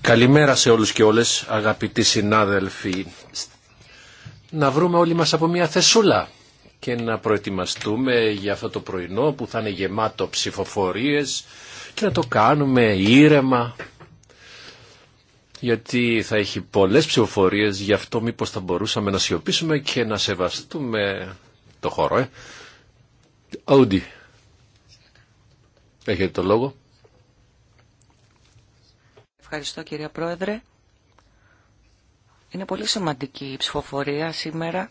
Καλημέρα σε όλους και όλες αγαπητοί συνάδελφοι. Να βρούμε όλοι μας από μια θεσούλα και να προετοιμαστούμε για αυτό το πρωινό που θα είναι γεμάτο ψηφοφορίες και να το κάνουμε ήρεμα γιατί θα έχει πολλές ψηφοφορίες γι' αυτό μήπως θα μπορούσαμε να σιωπήσουμε και να σεβαστούμε το χώρο. Ε. Audi. Έχετε το λόγο. Ευχαριστώ κυρία Πρόεδρε. Είναι πολύ σημαντική η ψηφοφορία σήμερα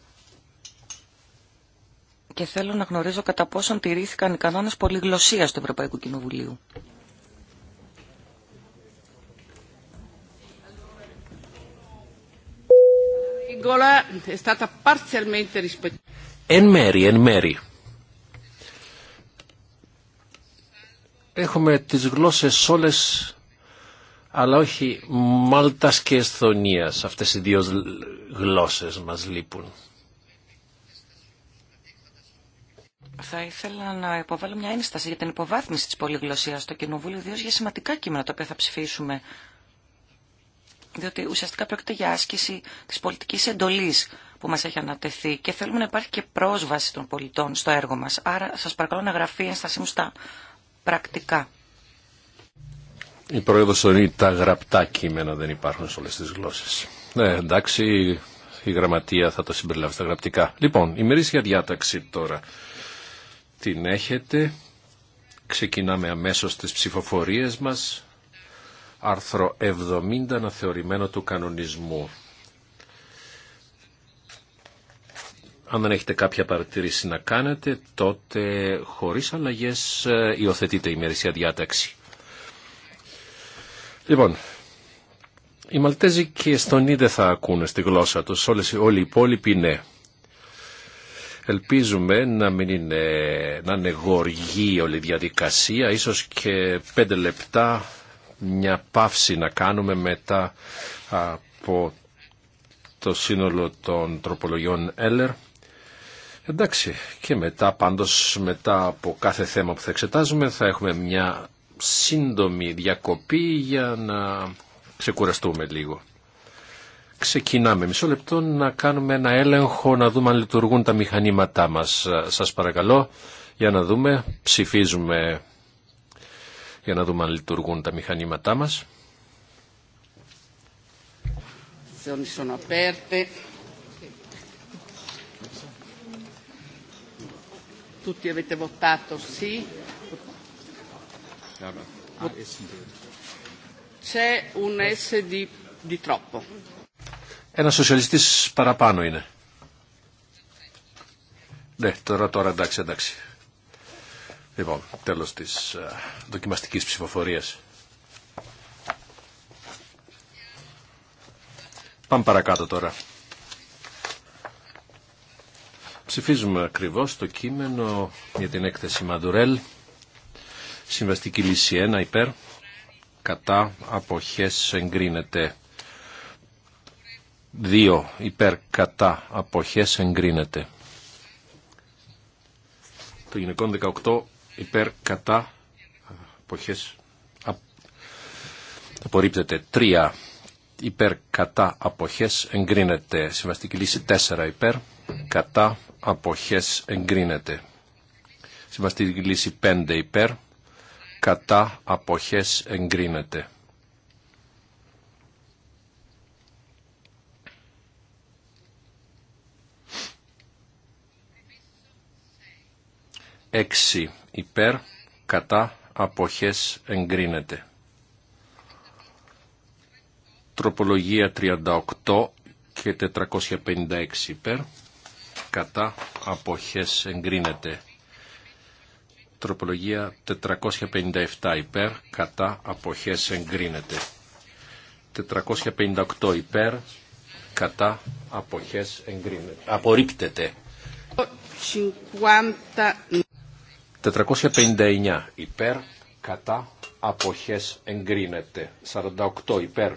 και θέλω να γνωρίζω κατά πόσον τηρήθηκαν οι κανόνες πολυγλωσσίας του Ευρωπαϊκού Κοινοβουλίου. Εν μέρη, εν μέρη. Έχουμε τις γλώσσες όλες αλλά όχι Μάλτας και Εσθονίας. Αυτές οι δύο γλώσσες μας λείπουν. Θα ήθελα να υποβάλω μια ένσταση για την υποβάθμιση της πολυγλωσσίας στο Κοινοβούλιο, ιδίως για σημαντικά κείμενα τα οποία θα ψηφίσουμε. Διότι ουσιαστικά πρόκειται για άσκηση της πολιτικής εντολής που μας έχει ανατεθεί και θέλουμε να υπάρχει και πρόσβαση των πολιτών στο έργο μας. Άρα σας παρακαλώ να γραφεί η ένστασή μου στα πρακτικά. Η πρόεδρο είναι τα γραπτά κείμενα δεν υπάρχουν σε όλες τις γλώσσες. Ναι, εντάξει, η γραμματεία θα τα συμπεριλάβει στα γραπτικά. Λοιπόν, η μερίσια διάταξη τώρα την έχετε. Ξεκινάμε αμέσως τις ψηφοφορίες μας. Άρθρο 70 αναθεωρημένο του κανονισμού. Αν δεν έχετε κάποια παρατήρηση να κάνετε, τότε χωρίς αλλαγές ε, υιοθετείτε η μερίσια διάταξη. Λοιπόν, οι Μαλτέζοι και οι Εστονοί δεν θα ακούνε στη γλώσσα τους, όλοι οι υπόλοιποι ναι. Ελπίζουμε να μην είναι, να είναι γοργή όλη η διαδικασία, ίσως και πέντε λεπτά μια παύση να κάνουμε μετά από το σύνολο των τροπολογιών Έλλερ. Εντάξει, και μετά πάντως μετά από κάθε θέμα που θα εξετάζουμε θα έχουμε μια σύντομη διακοπή για να ξεκουραστούμε λίγο. Ξεκινάμε. Μισό λεπτό να κάνουμε ένα έλεγχο, να δούμε αν λειτουργούν τα μηχανήματά μας. Σας παρακαλώ για να δούμε. Ψηφίζουμε για να δούμε αν λειτουργούν τα μηχανήματά μας. Tutti avete votato sì. Ένα σοσιαλιστής παραπάνω είναι. Ναι, τώρα, τώρα, εντάξει, εντάξει. Λοιπόν, τέλος της ε, δοκιμαστικής ψηφοφορίας. Πάμε παρακάτω τώρα. Ψηφίζουμε ακριβώς το κείμενο για την έκθεση Μαντουρέλ. Συμβαστική λύση 1 υπέρ κατά αποχές εγκρίνεται. 2 υπέρ κατά αποχές εγκρίνεται. Το γυναικών 18 υπέρ κατά αποχές απορρίπτεται. 3 υπέρ κατά αποχές εγκρίνεται. Συμβαστική λύση 4 υπέρ κατά αποχές εγκρίνεται. Συμβαστική λύση 5 υπέρ κατά αποχές εγκρίνεται. Έξι υπέρ κατά αποχές εγκρίνεται. Τροπολογία 38 και 456 υπέρ κατά αποχές εγκρίνεται. Τροπολογία 457 υπέρ, κατά αποχές εγκρίνεται. 458 υπέρ, κατά αποχές εγκρίνεται. Απορρίπτεται. 459 υπέρ, κατά αποχές εγκρίνεται. 48 υπέρ,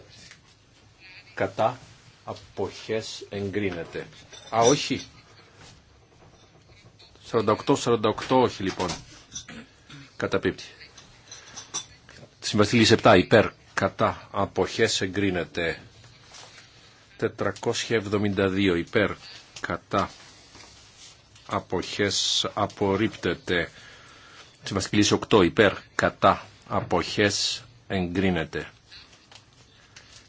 κατά αποχές εγκρίνεται. Α, όχι. 48-48 όχι λοιπόν. Καταπίπτει. Συμβαστή 7 υπέρ κατά αποχές εγκρίνεται. 472 υπέρ κατά αποχές απορρίπτεται. Συμβαστική 8 υπέρ κατά αποχές εγκρίνεται.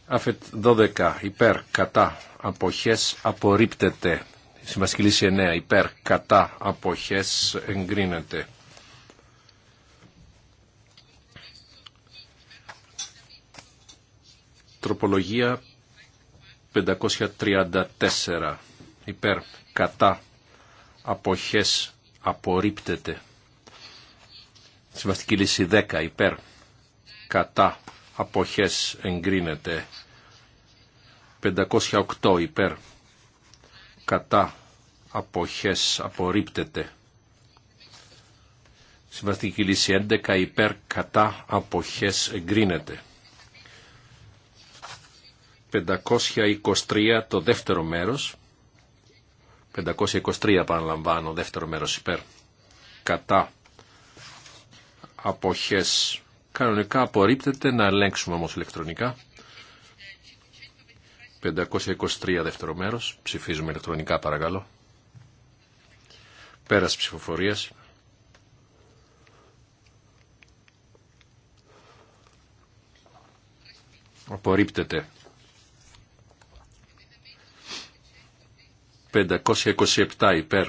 Αφετ 12 υπέρ κατά αποχές απορρίπτεται. Συμβαστική 9 υπέρ κατά αποχές εγκρίνεται. Τροπολογία 534 υπέρ κατά αποχές απορρίπτεται. Συμβαστική λύση 10 υπέρ κατά αποχές εγκρίνεται. 508 υπέρ κατά αποχές απορρίπτεται. Συμβαστική λύση 11 υπέρ κατά αποχές εγκρίνεται. 523 το δεύτερο μέρος. 523 παραλαμβάνω, δεύτερο μέρος υπέρ. Κατά αποχές. Κανονικά απορρίπτεται να ελέγξουμε όμως ηλεκτρονικά. 523 δεύτερο μέρος. Ψηφίζουμε ηλεκτρονικά παρακαλώ. Πέρας ψηφοφορίας. Απορρίπτεται. 527 υπέρ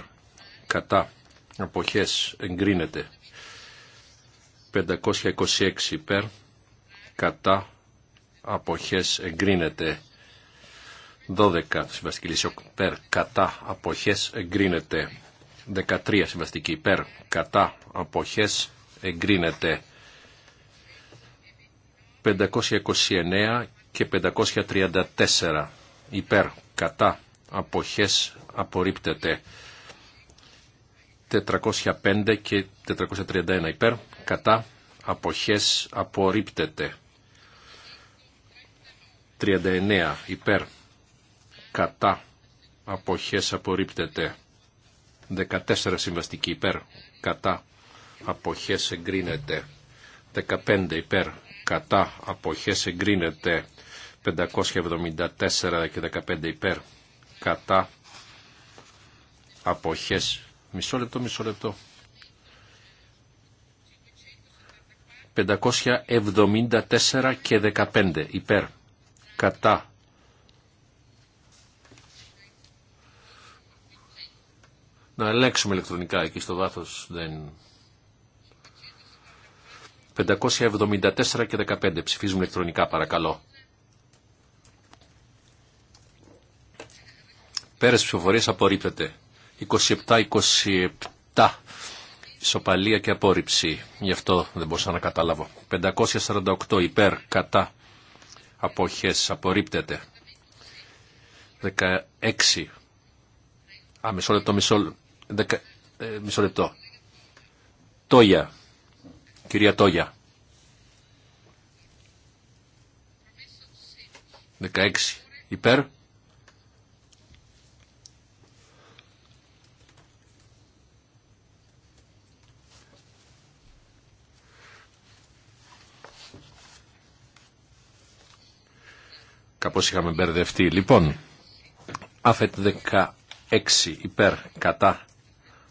κατά αποχές εγκρίνεται 526 υπέρ κατά αποχές εγκρίνεται 12 συμβαστική λύση υπέρ κατά αποχές εγκρίνεται 13 συμβαστική υπέρ κατά αποχές εγκρίνεται 529 και 534 υπέρ κατά αποχές απορρίπτεται 405 και 431 υπέρ κατά αποχές απορρίπτεται 39 υπέρ κατά αποχές απορρίπτεται 14 συμβαστική υπέρ κατά αποχές εγκρίνεται 15 υπέρ κατά αποχές εγκρίνεται 574 και 15 υπέρ κατά αποχές. Μισό λεπτό, μισό λεπτό. 574 και 15 υπέρ κατά να ελέγξουμε ηλεκτρονικά εκεί στο βάθος δεν 574 και 15 ψηφίζουμε ηλεκτρονικά παρακαλώ Πέρες ψηφοφορίες απορρίπτεται. 27-27. Ισοπαλία και απόρριψη. Γι' αυτό δεν μπορούσα να καταλάβω. 548 υπέρ κατά αποχές απορρίπτεται. 16. Α, μισό λεπτό, μισό, ε, μισό λεπτό. Τόγια. Κυρία Τόγια. 16. Υπέρ. Κάπως είχαμε μπερδευτεί. Λοιπόν, άφετ 16 υπέρ κατά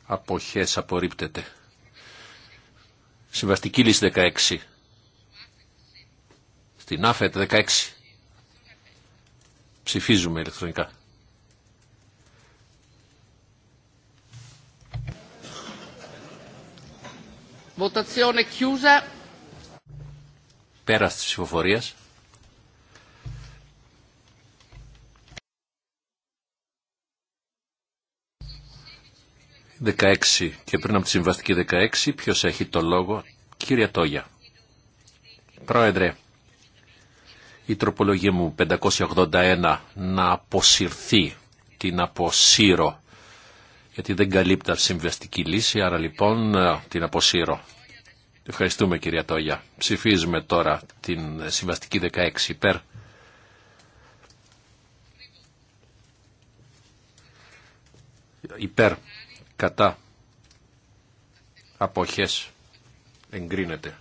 αποχές απορρίπτεται. Συμβαστική λύση 16. Στην άφετ 16. Ψηφίζουμε ηλεκτρονικά. Votazione chiusa. Πέρας τη ψηφοφορία. 16 και πριν από τη συμβαστική 16 ποιος έχει το λόγο. Κύριε Τόγια. Πρόεδρε, η τροπολογία μου 581 να αποσυρθεί, την αποσύρω, γιατί δεν καλύπτει συμβαστική λύση, άρα λοιπόν ε, την αποσύρω. Ευχαριστούμε κυρία Τόγια. Ψηφίζουμε τώρα την συμβαστική 16 υπέρ. Υπέρ κατά αποχές εγκρίνεται.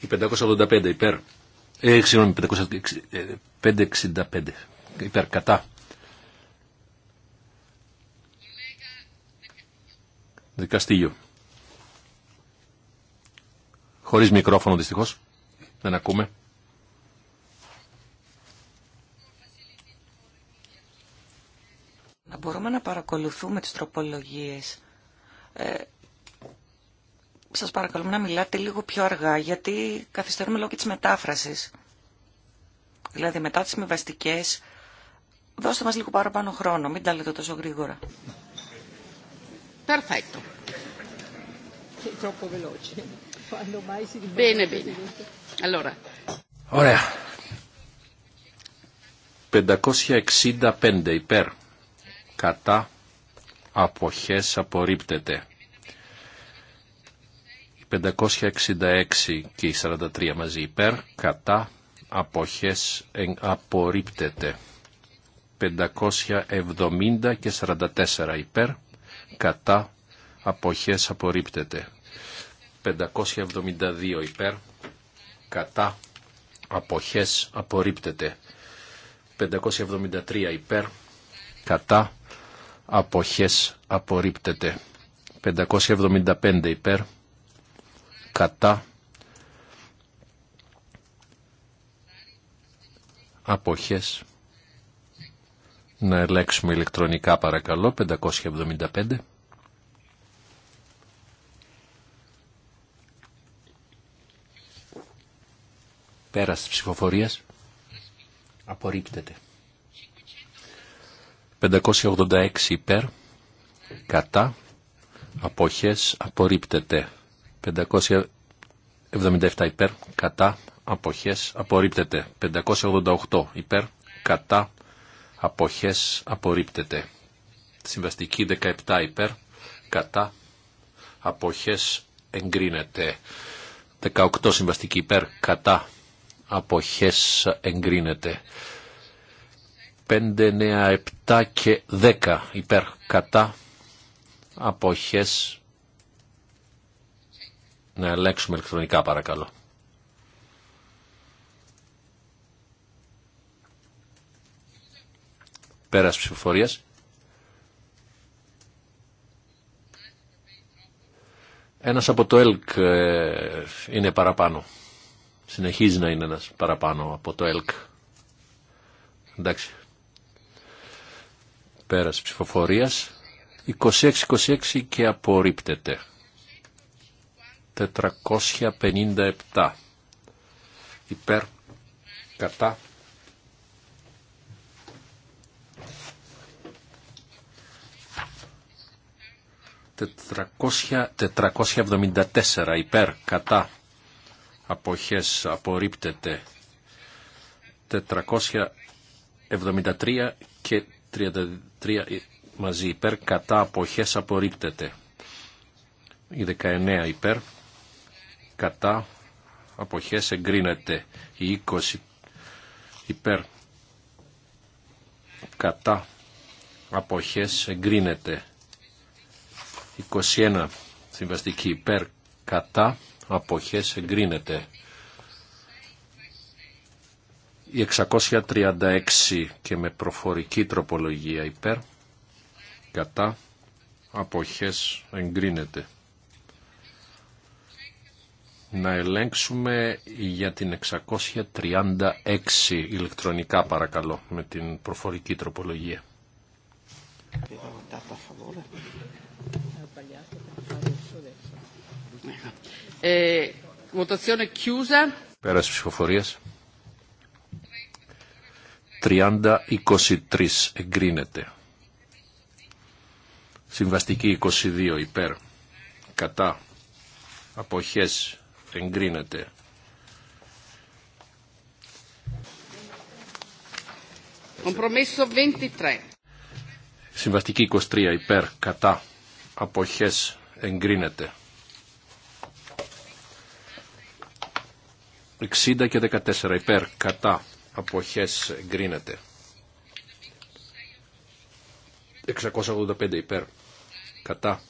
Η 585 υπέρ, ε, συγγνώμη, 565 ε, υπέρ κατά. Δικαστήριο. Χωρίς μικρόφωνο δυστυχώς. Δεν ακούμε. μπορούμε να παρακολουθούμε τις τροπολογίες. Ε, σας παρακαλούμε να μιλάτε λίγο πιο αργά, γιατί καθυστερούμε λόγω της μετάφρασης. Δηλαδή, μετά τις συμβαστικές, δώστε μας λίγο παραπάνω χρόνο, μην τα λέτε τόσο γρήγορα. Perfetto. Ωραία. 565 υπέρ κατά αποχές απορρίπτεται. 566 και 43 μαζί υπέρ, κατά αποχές απορρίπτεται. 570 και 44 υπέρ, κατά αποχές απορρίπτεται. 572 υπέρ, κατά αποχές απορρίπτεται. 573 υπέρ, κατά αποχές απορρίπτεται. 575 υπέρ, κατά, αποχές. Να ελέγξουμε ηλεκτρονικά παρακαλώ, 575. Πέρας της ψηφοφορίας απορρίπτεται. 586 υπέρ, κατά, αποχές, απορρίπτεται. 577 υπέρ, κατά, αποχές, απορρίπτεται. 588 υπέρ, κατά, αποχές, απορρίπτεται. Συμβαστική 17 υπέρ, κατά, αποχές, εγκρίνεται. 18 συμβαστική υπέρ, κατά, αποχές, εγκρίνεται. 5, 9, 7 και 10 υπέρ κατά αποχές. Να ελέγξουμε ηλεκτρονικά παρακαλώ. Πέρας ψηφοφορίας. Ένας από το ΕΛΚ ε, είναι παραπάνω. Συνεχίζει να είναι ένας παραπάνω από το ΕΛΚ. Εντάξει. Πέρας ψηφοφορίας. 26-26 και απορρίπτεται. 457. Υπέρ. Κατά. Τετρακόσια, 474 υπέρ, κατά, αποχές, απορρίπτεται, 473 και 32 3 ε, μαζί υπέρ κατά αποχές απορρίπτεται. Η 19 υπέρ κατά αποχές εγκρίνεται. Η 20 υπέρ κατά αποχές εγκρίνεται. 21 συμβαστική υπέρ κατά αποχές εγκρίνεται. Η 636 και με προφορική τροπολογία υπέρ, κατά, αποχές εγκρίνεται. Να ελέγξουμε για την 636 ηλεκτρονικά παρακαλώ με την προφορική τροπολογία. Ε, Πέρας ψηφοφορίας. 30-23 εγκρίνεται. Συμβαστική 22 υπέρ. Κατά. Αποχές εγκρίνεται. 23. Συμβαστική 23 υπέρ. Κατά. Αποχές εγκρίνεται. 60 και 14 υπέρ. Κατά αποχές εγκρίνεται. 685 υπέρ κατά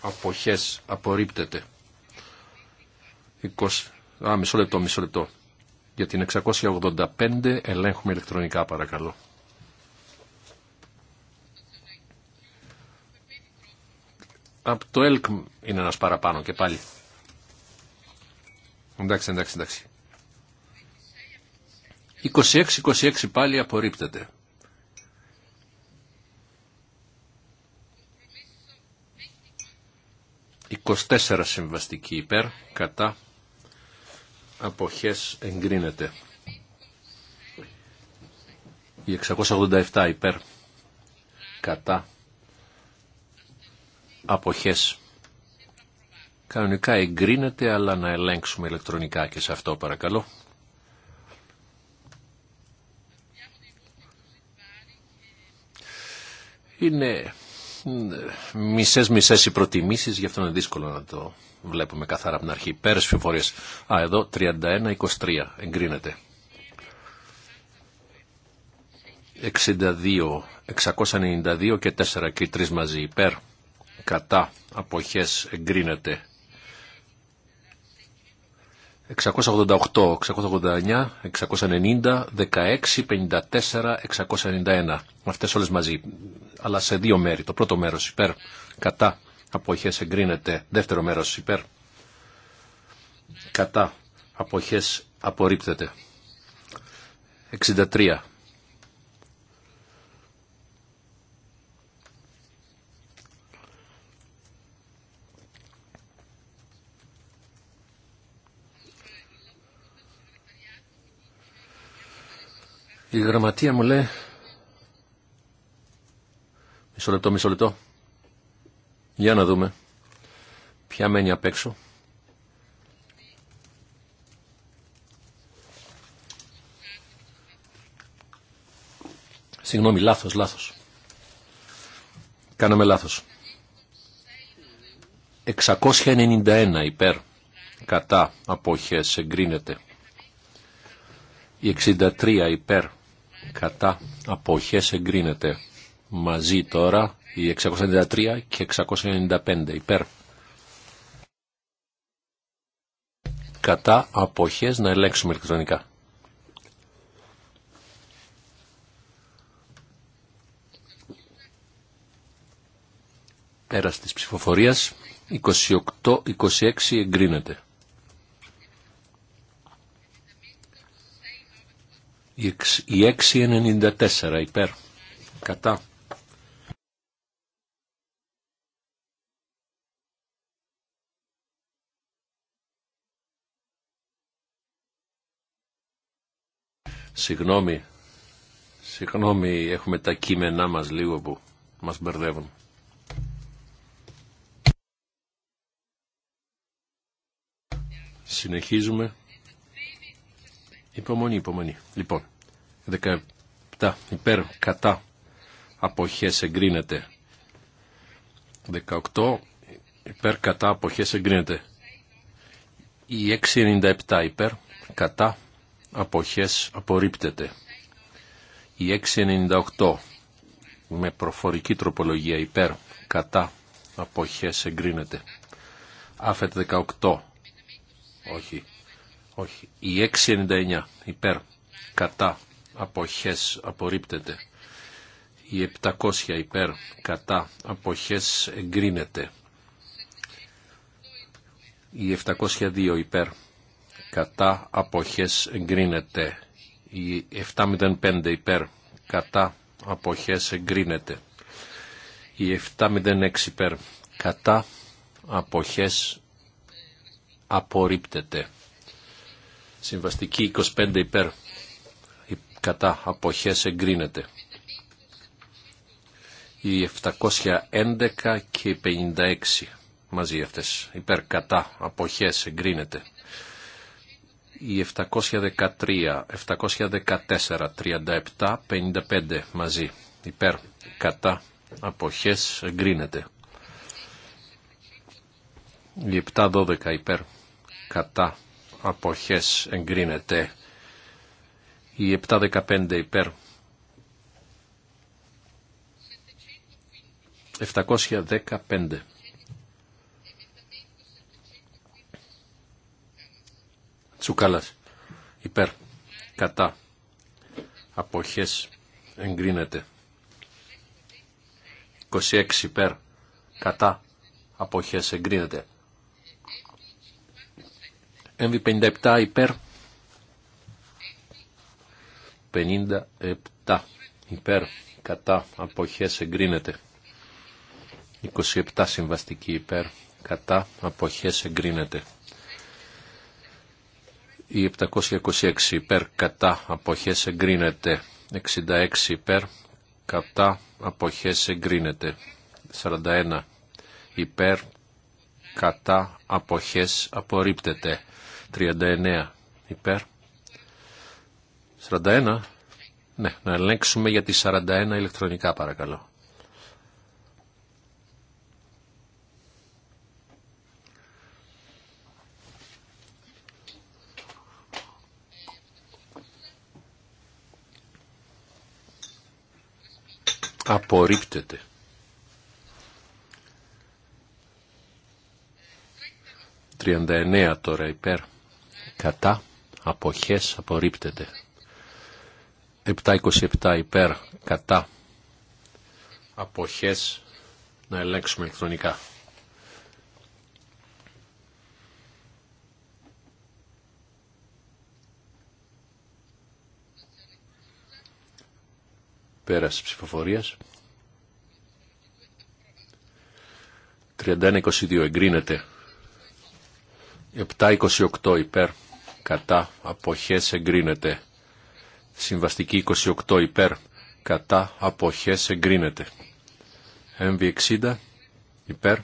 αποχές απορρίπτεται. 20... Α, μισό λεπτό, μισό λεπτό. Για την 685 ελέγχουμε ηλεκτρονικά παρακαλώ. Από το ΕΛΚ είναι ένας παραπάνω και πάλι. Εντάξει, εντάξει, εντάξει. 26-26 πάλι απορρίπτεται. «24 συμβαστική υπέρ, κατά, αποχές εγκρίνεται». Η 687 υπέρ, κατά, αποχές. Κανονικά εγκρίνεται, αλλά να ελέγξουμε ηλεκτρονικά και σε αυτό παρακαλώ. είναι μισές μισές οι προτιμήσεις, γι' αυτό είναι δύσκολο να το βλέπουμε καθαρά από την αρχή. Πέρες φιοφορίες. Α, εδώ 31-23 εγκρίνεται. 62, 692 και 4 και 3 μαζί υπέρ. Κατά αποχές εγκρίνεται. 688, 689, 690, 16, 54, 691. Αυτές όλες μαζί. Αλλά σε δύο μέρη. Το πρώτο μέρος υπέρ, κατά, αποχές εγκρίνεται. Δεύτερο μέρος υπέρ, κατά, αποχές απορρίπτεται. 63 Η γραμματεία μου λέει... Μισό λεπτό, μισό λεπτό. Για να δούμε. Ποια μένει απ' έξω. Συγγνώμη, λάθος, λάθος. Κάναμε λάθος. 691 υπέρ, κατά, απόχες, εγκρίνεται. Η 63 υπέρ, κατά αποχές εγκρίνεται. Μαζί τώρα οι 693 και 695 υπέρ. Κατά αποχές να ελέγξουμε ηλεκτρονικά. Πέρας της ψηφοφορίας 28-26 εγκρίνεται. Η 694 υπέρ. Κατά. Συγγνώμη. Συγγνώμη, έχουμε τα κείμενά μας λίγο που μας μπερδεύουν. Συνεχίζουμε. Υπομονή, υπομονή. Λοιπόν. 17 υπέρ κατά αποχές εγκρίνεται. 18 υπέρ κατά αποχές εγκρίνεται. Η 697 υπέρ κατά αποχές απορρίπτεται. Η 698 με προφορική τροπολογία υπέρ κατά αποχές εγκρίνεται. Άφετ 18. Όχι. Όχι. Η 699 υπέρ κατά αποχές απορρίπτεται. Η 700 υπέρ κατά αποχές εγκρίνεται. Η 702 υπέρ κατά αποχές εγκρίνεται. Η 705 υπέρ κατά αποχές εγκρίνεται. Η 706 υπέρ κατά αποχές απορρίπτεται. Συμβαστική 25 υπέρ κατά αποχές εγκρίνεται. Οι 711 και οι 56 μαζί αυτές υπέρ κατά αποχές εγκρίνεται. Οι 713, 714, 37, 55 μαζί υπέρ κατά αποχές εγκρίνεται. Οι 712 υπέρ κατά αποχές εγκρίνεται. Η 715 υπέρ. 715. Τσουκάλας. Υπέρ. Κατά. Αποχές. Εγκρίνεται. 26 υπέρ. Κατά. Αποχές. Εγκρίνεται. MV57 υπέρ. 57 υπέρ κατά αποχές εγκρίνεται 27 συμβαστική υπέρ κατά αποχές εγκρίνεται η 726 υπέρ κατά αποχές εγκρίνεται 66 υπέρ κατά αποχές εγκρίνεται 41 υπέρ κατά αποχές απορρίπτεται 39 υπέρ 41. Ναι, να ελέγξουμε για τη 41 ηλεκτρονικά παρακαλώ. Απορρίπτεται. 39 τώρα υπέρ. Κατά. Αποχές απορρίπτεται. 727 υπέρ κατά αποχές να ελέγξουμε ηλεκτρονικά. Πέρας ψηφοφορίας. 31-22 εγκρίνεται. 7-28 υπέρ κατά αποχές εγκρίνεται. Συμβαστική 28 υπέρ κατά αποχές εγκρίνεται. MV60 υπέρ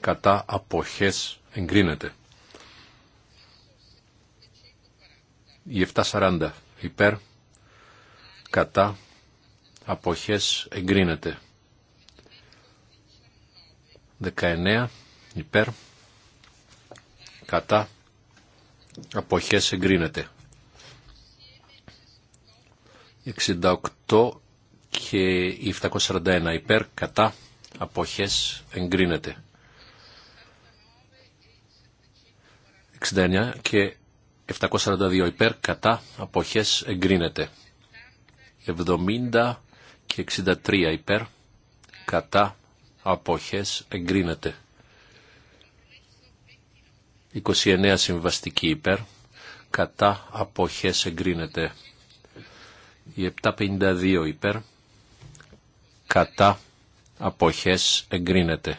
κατά αποχές εγκρίνεται. Η 740 υπέρ κατά αποχές εγκρίνεται. 19 υπέρ κατά αποχές εγκρίνεται. 68 και 741 υπέρ κατά αποχές εγκρίνεται. 69 και 742 υπέρ κατά αποχές εγκρίνεται. 70 και 63 υπέρ κατά αποχές εγκρίνεται. 29 συμβαστική υπέρ κατά αποχές εγκρίνεται. Η 752 υπέρ κατά αποχές εγκρίνεται.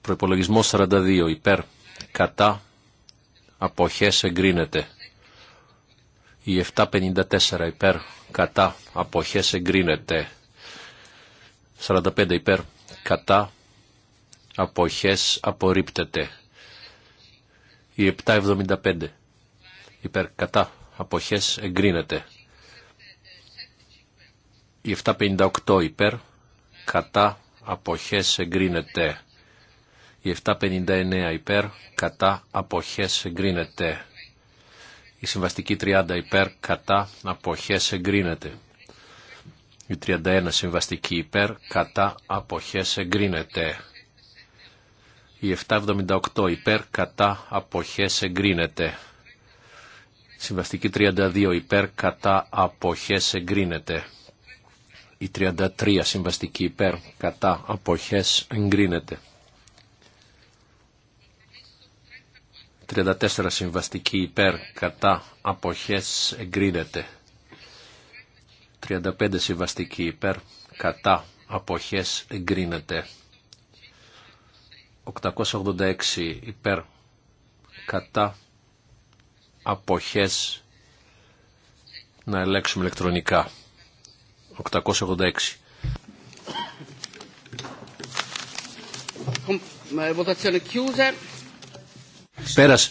Προπολογισμό 42 υπέρ κατά αποχές εγκρίνεται. Η 754 υπέρ κατά αποχές εγκρίνεται. 45 υπέρ κατά αποχές απορρίπτεται. Η 775 υπέρ κατά αποχές εγκρίνεται. Η 758 υπέρ κατά αποχές εγκρίνεται. Η 759 υπέρ κατά αποχές εγκρίνεται. Η συμβαστική 30 υπέρ κατά αποχές εγκρίνεται. Η 31 συμβαστική υπέρ κατά αποχές εγκρίνεται. Η 778 υπέρ κατά αποχές εγκρίνεται. Συμβαστική 32 υπέρ κατά αποχές εγκρίνεται. Η 33 συμβαστική υπέρ κατά αποχές εγκρίνεται. 34 συμβαστική υπέρ κατά αποχές εγκρίνεται. 35 συμβαστική υπέρ κατά αποχές εγκρίνεται. 886 υπέρ κατά αποχές να ελέγξουμε ηλεκτρονικά. 886. Πέρασε.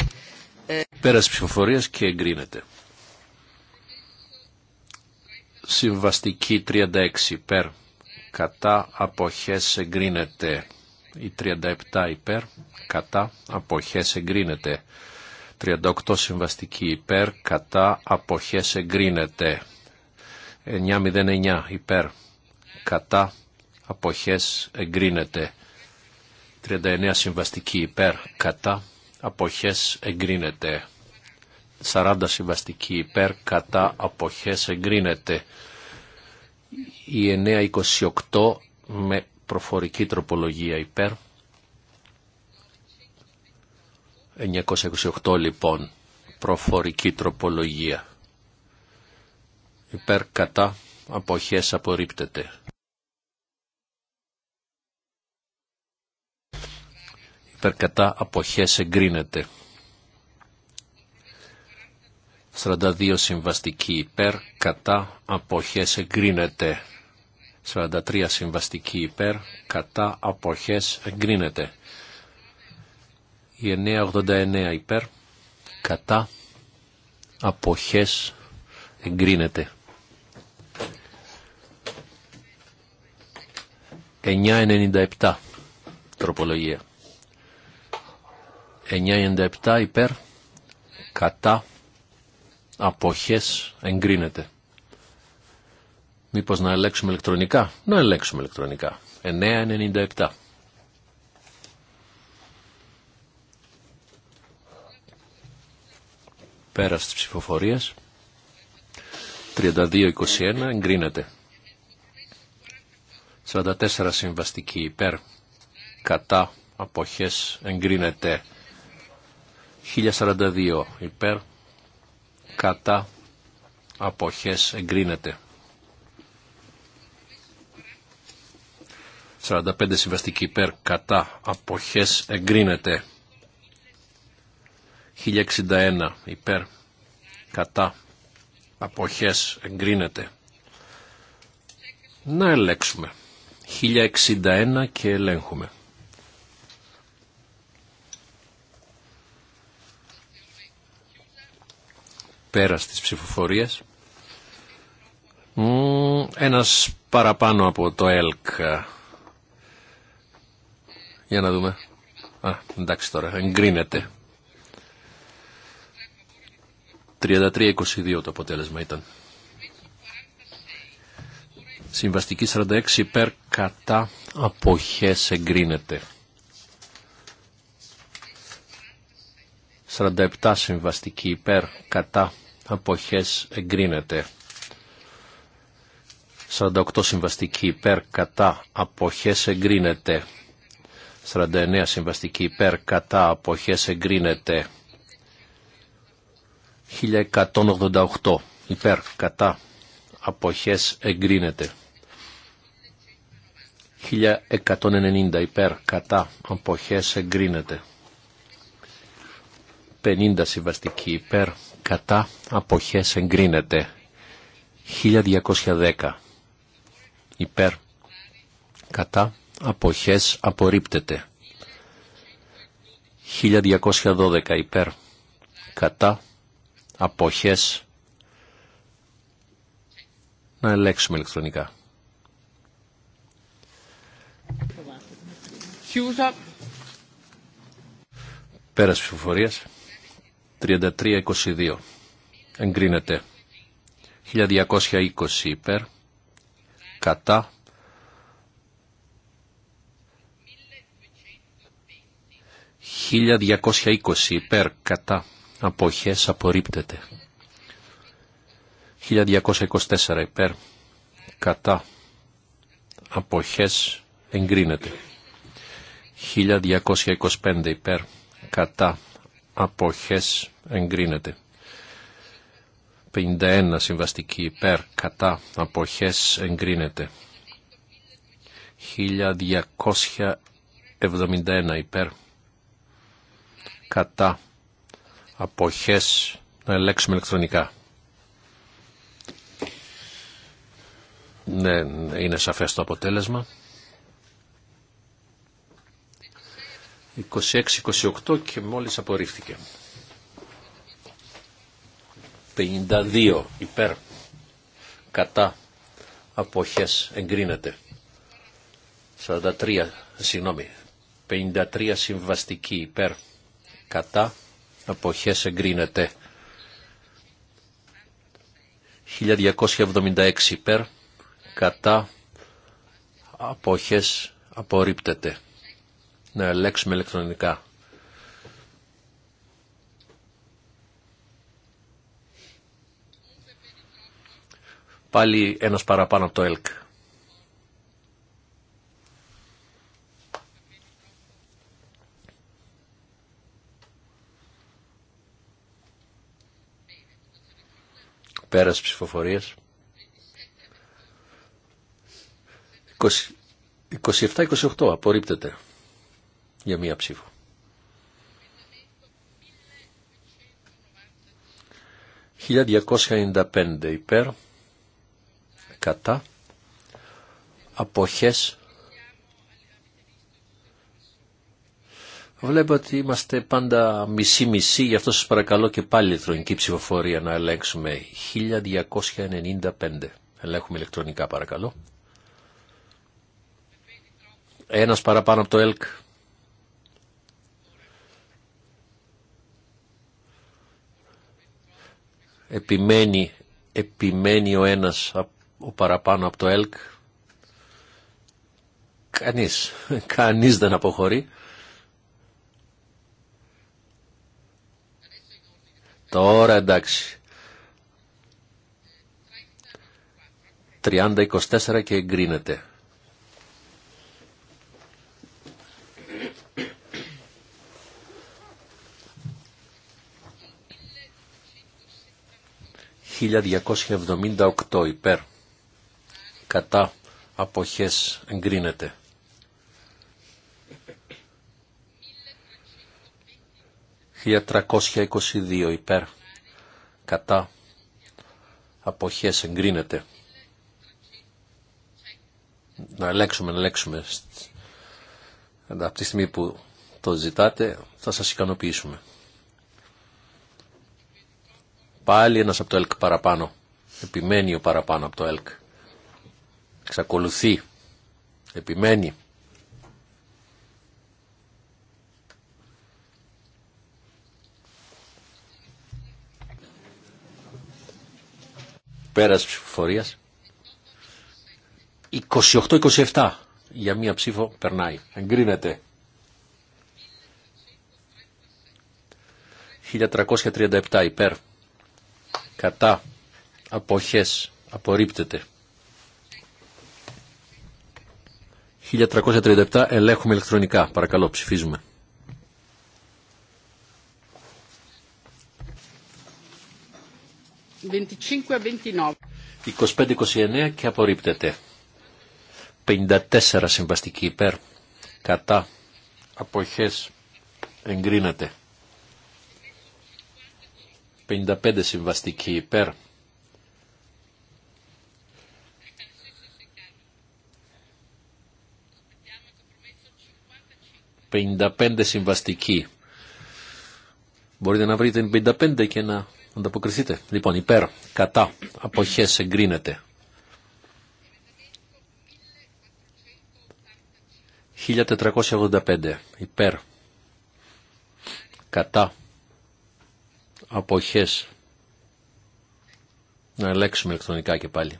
πέρας ψηφοφορίας και εγκρίνεται. Συμβαστική 36 υπέρ. Κατά αποχές εγκρίνεται. Η 37 υπέρ. Κατά αποχές εγκρίνεται. 38 συμβαστική υπέρ. Κατά αποχές εγκρίνεται. 909 υπέρ κατά αποχές εγκρίνεται 39 συμβαστική υπέρ κατά αποχές εγκρίνεται 40 συμβαστική υπέρ κατά αποχές εγκρίνεται η 928 με προφορική τροπολογία υπέρ 928 λοιπόν προφορική τροπολογία υπέρ κατά αποχές απορρίπτεται. Υπέρ κατά αποχές εγκρίνεται. 42 συμβαστική υπέρ κατά αποχές εγκρίνεται. 43 συμβαστική υπέρ κατά αποχές εγκρίνεται. Η 989 υπέρ κατά αποχές εγκρίνεται. 997 τροπολογία. 997 υπέρ, κατά, αποχές, εγκρίνεται. Μήπως να ελέγξουμε ηλεκτρονικά. Να ελέγξουμε ηλεκτρονικά. 997. Πέρα της ψηφοφοριας 32.21 32-21 εγκρίνεται. 44 συμβαστική υπέρ κατά αποχές εγκρίνεται 1042 υπέρ κατά αποχές εγκρίνεται 45 συμβαστική υπέρ κατά αποχές εγκρίνεται 1061 υπέρ κατά αποχές εγκρίνεται να ελέξουμε 1061 και ελέγχουμε. Πέρας της ψηφοφορίας. Ένας παραπάνω από το ΕΛΚ. Για να δούμε. Α, εντάξει τώρα, εγκρίνεται. 33-22 το αποτέλεσμα ήταν. Συμβαστική 46 υπέρ κατά αποχές εγκρίνεται. 47 συμβαστική υπέρ κατά αποχές εγκρίνεται. 48 συμβαστική υπέρ κατά αποχές εγκρίνεται. 49 συμβαστική υπέρ κατά αποχές εγκρίνεται. 1188 υπέρ κατά αποχές εγκρίνεται. 1190 υπέρ κατά αποχές εγκρίνεται. 50 συμβαστική υπέρ κατά αποχές εγκρίνεται. 1210 υπέρ κατά αποχές απορρίπτεται. 1212 υπέρ κατά αποχές να ελέγξουμε ηλεκτρονικά. Πέρας ψηφοφορίας. 33-22. Εγκρίνεται. 1220 υπέρ. Κατά. 1220 υπέρ. Κατά. Αποχές απορρίπτεται. 1224 υπέρ. Κατά. Αποχές εγκρίνεται. 1225 υπέρ κατά αποχές εγκρίνεται. 51 συμβαστική υπέρ κατά αποχές εγκρίνεται. 1271 υπέρ κατά αποχές να ελέγξουμε ηλεκτρονικά. Ναι, είναι σαφές το αποτέλεσμα. 26-28 και μόλις απορρίφθηκε. 52 υπέρ κατά αποχές εγκρίνεται. 43, συγγνώμη, 53 συμβαστική υπέρ κατά αποχές εγκρίνεται. 1276 υπέρ κατά αποχές απορρίπτεται να ελέγξουμε ηλεκτρονικά. Πάλι ένας παραπάνω από το ΕΛΚ. περας ψηφοφοριες ψηφοφορίας. 27-28 απορρίπτεται για μία ψήφο. «1295 υπέρ, κατά, αποχές». Βλέπω ότι είμαστε πάντα μισή-μισή, γι' αυτό σας παρακαλώ και πάλι ηλεκτρονική ψηφοφορία να ελέγξουμε. 1295. Ελέγχουμε ηλεκτρονικά παρακαλώ. Ένας παραπάνω από το ΕΛΚ. επιμένει, επιμένει ο ένας ο παραπάνω από το ΕΛΚ. Κανείς, κανείς δεν αποχωρεί. Τώρα εντάξει. 30-24 και εγκρίνεται. 1278 υπέρ. Κατά αποχές εγκρίνεται. 1322 υπέρ. Κατά αποχές εγκρίνεται. Να ελέξουμε, να ελέξουμε. Από τη στιγμή που το ζητάτε θα σας ικανοποιήσουμε. Πάλι ένας από το ΕΛΚ παραπάνω. Επιμένει ο παραπάνω από το ΕΛΚ. Εξακολουθεί. Επιμένει. Πέρας ψηφοφορίας. 28-27 για μία ψήφο περνάει. Εγκρίνεται. 1337 υπέρ κατά αποχές απορρίπτεται. 1337 ελέγχουμε ηλεκτρονικά. Παρακαλώ ψηφίζουμε. 25-29 και απορρίπτεται. 54 συμβαστική υπέρ. Κατά. Αποχές. Εγκρίνεται. 55 συμβαστικοί υπέρ. «55 συμβαστικοί. Μπορείτε να βρείτε την 55 και να ανταποκριθείτε. Λοιπόν, υπέρ, κατά, αποχές εγκρίνεται. 1485, υπέρ, κατά, αποχές να ελέγξουμε ηλεκτρονικά και πάλι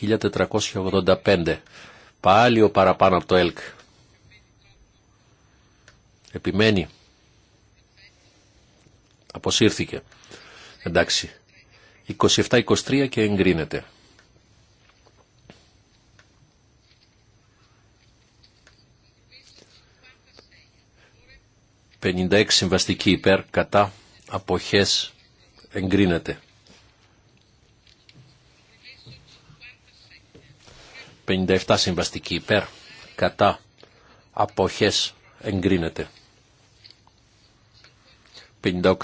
1485 πάλι ο παραπάνω από το ΕΛΚ επιμένει αποσύρθηκε εντάξει 27-23 και εγκρίνεται 56 συμβαστικοί υπέρ κατά αποχές εγκρίνεται. 57 συμβαστικοί υπέρ κατά αποχές εγκρίνεται.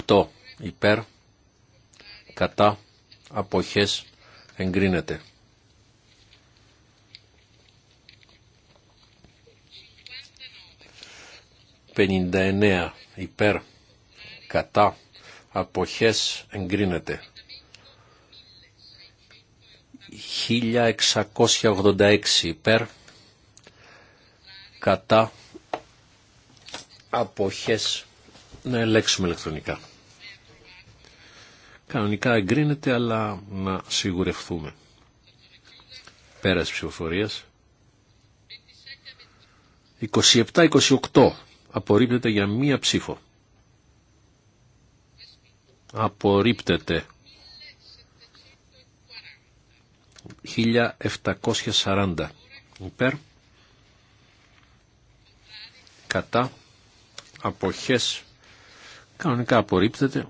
58 υπέρ κατά αποχές εγκρίνεται. 59 υπέρ κατά αποχές εγκρίνεται. 1686 υπέρ κατά αποχές να ελέγξουμε ηλεκτρονικά. Κανονικά εγκρίνεται αλλά να σιγουρευτούμε. Πέρας ψηφοφορίας. 27-28 απορρίπτεται για μία ψήφο. Απορρίπτεται. 1740 υπέρ κατά αποχές κανονικά απορρίπτεται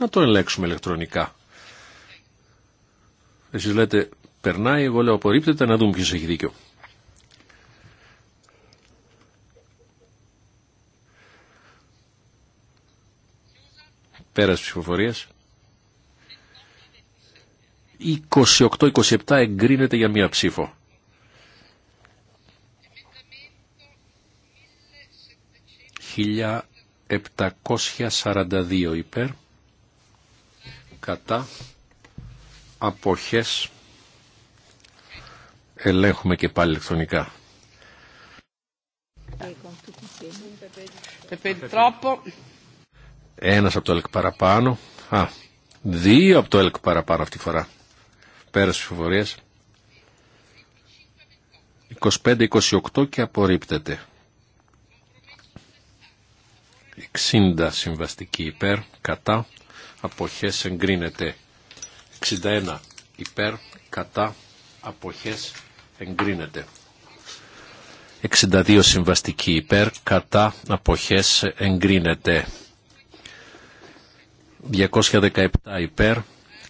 να το ελέγξουμε ηλεκτρονικά εσείς λέτε περνάει εγώ λέω απορρίπτεται να δούμε ποιος έχει δίκιο Πέρας ψηφοφορίας. 28-27 εγκρίνεται για μία ψήφο. 1742 υπέρ κατά αποχές ελέγχουμε και πάλι ηλεκτρονικά. Επιτρόπο. Ένας από το ΕΛΚ παραπάνω. Α, δύο από το ΕΛΚ παραπάνω αυτή τη φορά. φοβοριες ψηφοφορίας. 25-28 και απορρίπτεται. 60 συμβαστική υπέρ, κατά, αποχές εγκρίνεται. 61 υπέρ, κατά, αποχές εγκρίνεται. 62 συμβαστική υπέρ, κατά, αποχές εγκρίνεται. 217 υπέρ,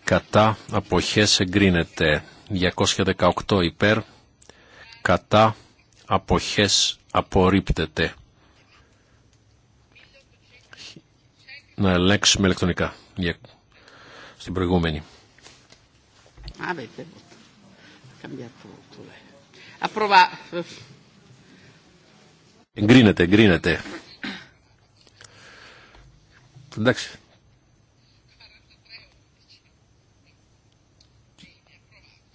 κατά αποχές εγκρίνεται. 218 υπέρ, κατά αποχές απορρίπτεται. Να ελέγξουμε ηλεκτρονικά στην προηγούμενη. Εγκρίνεται, εγκρίνεται. Εντάξει.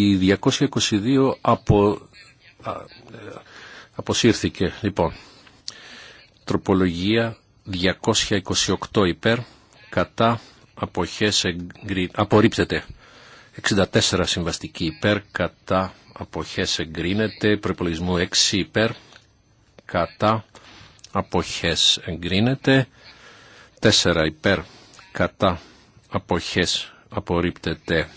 Η 222 απο... αποσύρθηκε. Λοιπόν, τροπολογία 228 υπέρ, κατά αποχές απορρίπτεται. 64 συμβαστική υπέρ, κατά αποχές εγκρίνεται. Προπολογισμό 6 υπέρ, κατά αποχές εγκρίνεται. 4 υπέρ, κατά αποχές απορρίπτεται.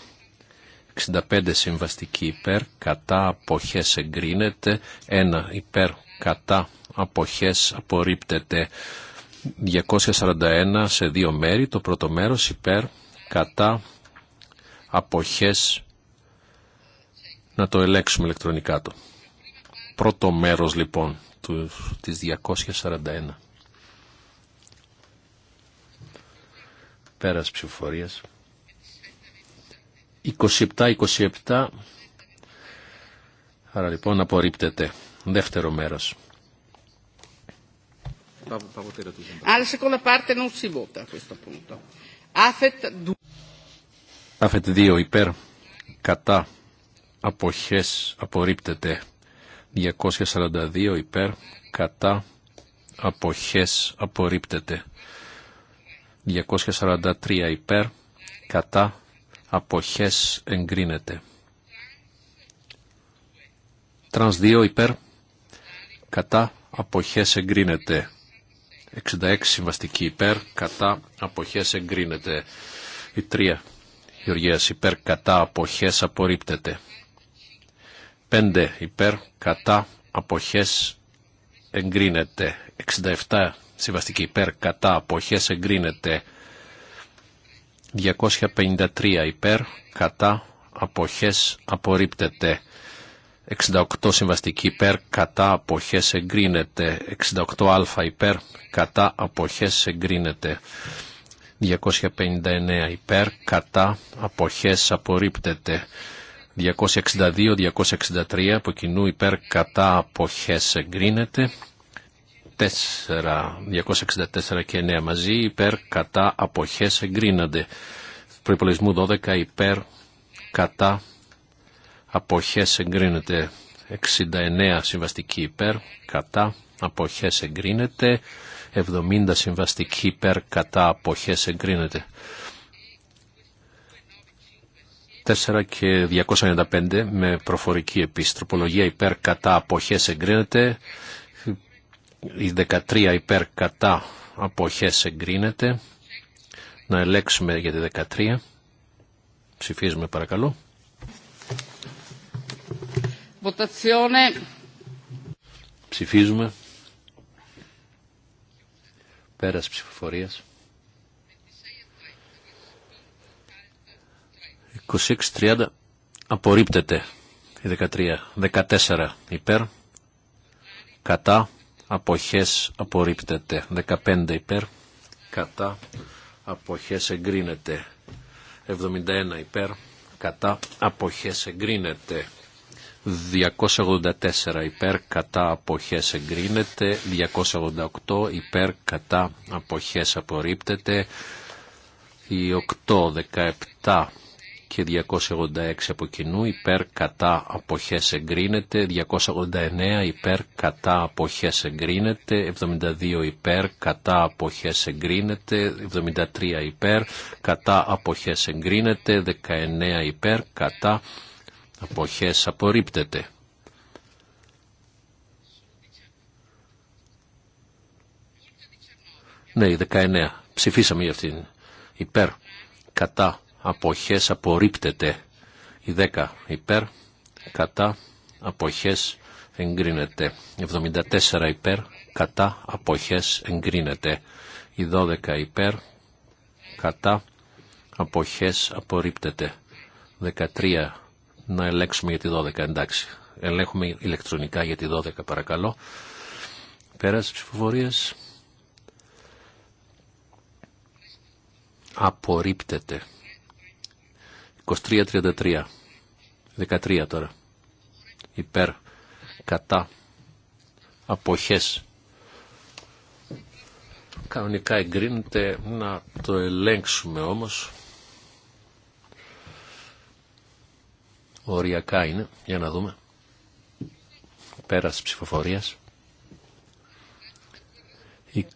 65 συμβαστική υπέρ, κατά αποχές εγκρίνεται, ένα υπέρ, κατά αποχές απορρίπτεται. 241 σε δύο μέρη, το πρώτο μέρος υπέρ, κατά αποχές να το ελέξουμε ηλεκτρονικά το. Πρώτο μέρος λοιπόν του, της 241. Πέρας ψηφοφορίας. 27-27. Άρα λοιπόν απορρίπτεται. Δεύτερο μέρος. Άρα σε αυτό Αφετ 2 υπέρ, κατά, αποχές, απορρίπτεται. 242 υπέρ, κατά, αποχές, απορρίπτεται. 243 υπέρ, κατά, αποχές εγκρίνεται. Τρανς 2 υπέρ κατά αποχές εγκρίνεται. 66 συμβαστική υπέρ κατά αποχές εγκρίνεται. Η 3 Γεωργίας υπέρ κατά αποχές απορρίπτεται. 5 υπέρ κατά αποχές εγκρίνεται. 67 συμβαστική υπέρ κατά αποχές εγκρίνεται. 253 υπέρ, κατά, αποχές απορρίπτεται. 68 συμβαστική υπέρ, κατά, αποχές εγκρίνεται. 68α υπέρ, κατά, αποχές εγκρίνεται. 259 υπέρ, κατά, αποχές απορρίπτεται. 262-263 από κοινού υπέρ κατά αποχές εγκρίνεται. 264 και 9 μαζί υπέρ κατά αποχές εγκρίνονται. Προπολογισμού 12 υπέρ κατά αποχές εγκρίνεται. 69 συμβαστική υπέρ κατά αποχές εγκρίνεται. 70 συμβαστική υπέρ κατά αποχές εγκρίνεται. 4 και 295 με προφορική επιστροπολογία υπέρ κατά αποχές εγκρίνεται η 13 υπέρ κατά αποχές εγκρίνεται. Να ελέξουμε για τη 13. Ψηφίζουμε παρακαλώ. Votazione. Ψηφίζουμε. Πέρας ψηφοφορίας. 26-30 απορρίπτεται η 13. 14 υπέρ. Κατά αποχές απορρίπτεται. 15 υπέρ κατά αποχές εγκρίνεται. 71 υπέρ κατά αποχές εγκρίνεται. 284 υπέρ κατά αποχές εγκρίνεται. 288 υπέρ κατά αποχές απορρίπτεται. Η 8, 17 και 286 από κοινού υπέρ κατά αποχές εγκρίνεται, 289 υπέρ κατά αποχές εγκρίνεται, 72 υπέρ κατά αποχές εγκρίνεται, 73 υπέρ κατά αποχές εγκρίνεται, 19 υπέρ κατά αποχές απορρίπτεται. Ναι, 19. Ψηφίσαμε για αυτήν. Υπέρ, κατά, αποχές απορρίπτεται. Η 10 υπέρ, κατά, αποχές εγκρίνεται. 74 υπέρ, κατά, αποχές εγκρίνεται. Η 12 υπέρ, κατά, αποχές απορρίπτεται. 13 να ελέγξουμε για τη 12, εντάξει. Ελέγχουμε ηλεκτρονικά για τη 12 παρακαλώ. Πέρας ψηφοφορίες Απορρίπτεται. 23-33. 13 τώρα. Υπέρ. Κατά. Αποχές. Κανονικά εγκρίνεται να το ελέγξουμε όμως. Οριακά είναι. Για να δούμε. Πέρας ψηφοφορίας.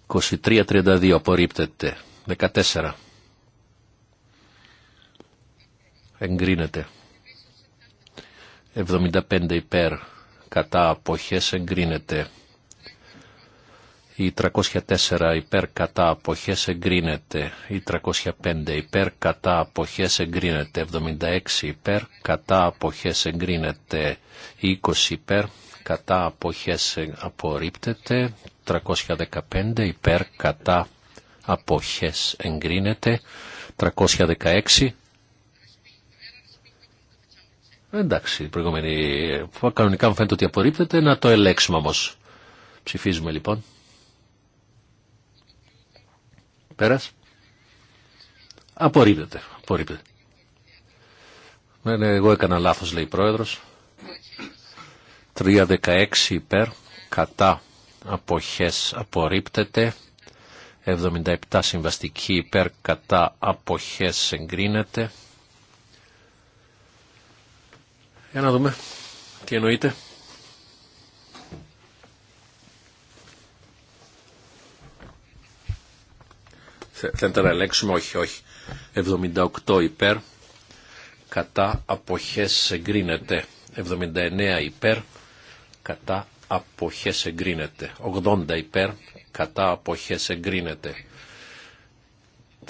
23-32 απορρίπτεται. 14. εγκρίνεται. 75 υπέρ κατά αποχές εγκρίνεται. Η 304 υπέρ κατά αποχές εγκρίνεται. Η 305 υπέρ κατά αποχές εγκρίνεται. 76 υπέρ κατά αποχές εγκρίνεται. Η 20 υπέρ κατά αποχές απορρίπτεται. 315 υπέρ κατά αποχές εγκρίνεται. 316 Εντάξει, η προηγούμενη ε, κανονικά μου φαίνεται ότι απορρίπτεται. Να το ελέξουμε ομω Ψηφίζουμε λοιπόν. Πέρας. Απορρίπτεται. Απορρίπτεται. Ναι, ναι, εγώ έκανα λάθος λέει η πρόεδρος. 3.16 υπέρ. Κατά αποχές απορρίπτεται. 77 συμβαστική υπέρ κατά αποχές εγκρίνεται. Για να δούμε τι εννοείται. Θέλετε να ελέγξουμε, όχι, όχι. 78 υπέρ, κατά αποχές εγκρίνεται. 79 υπέρ, κατά αποχές εγκρίνεται. 80 υπέρ, κατά αποχές εγκρίνεται.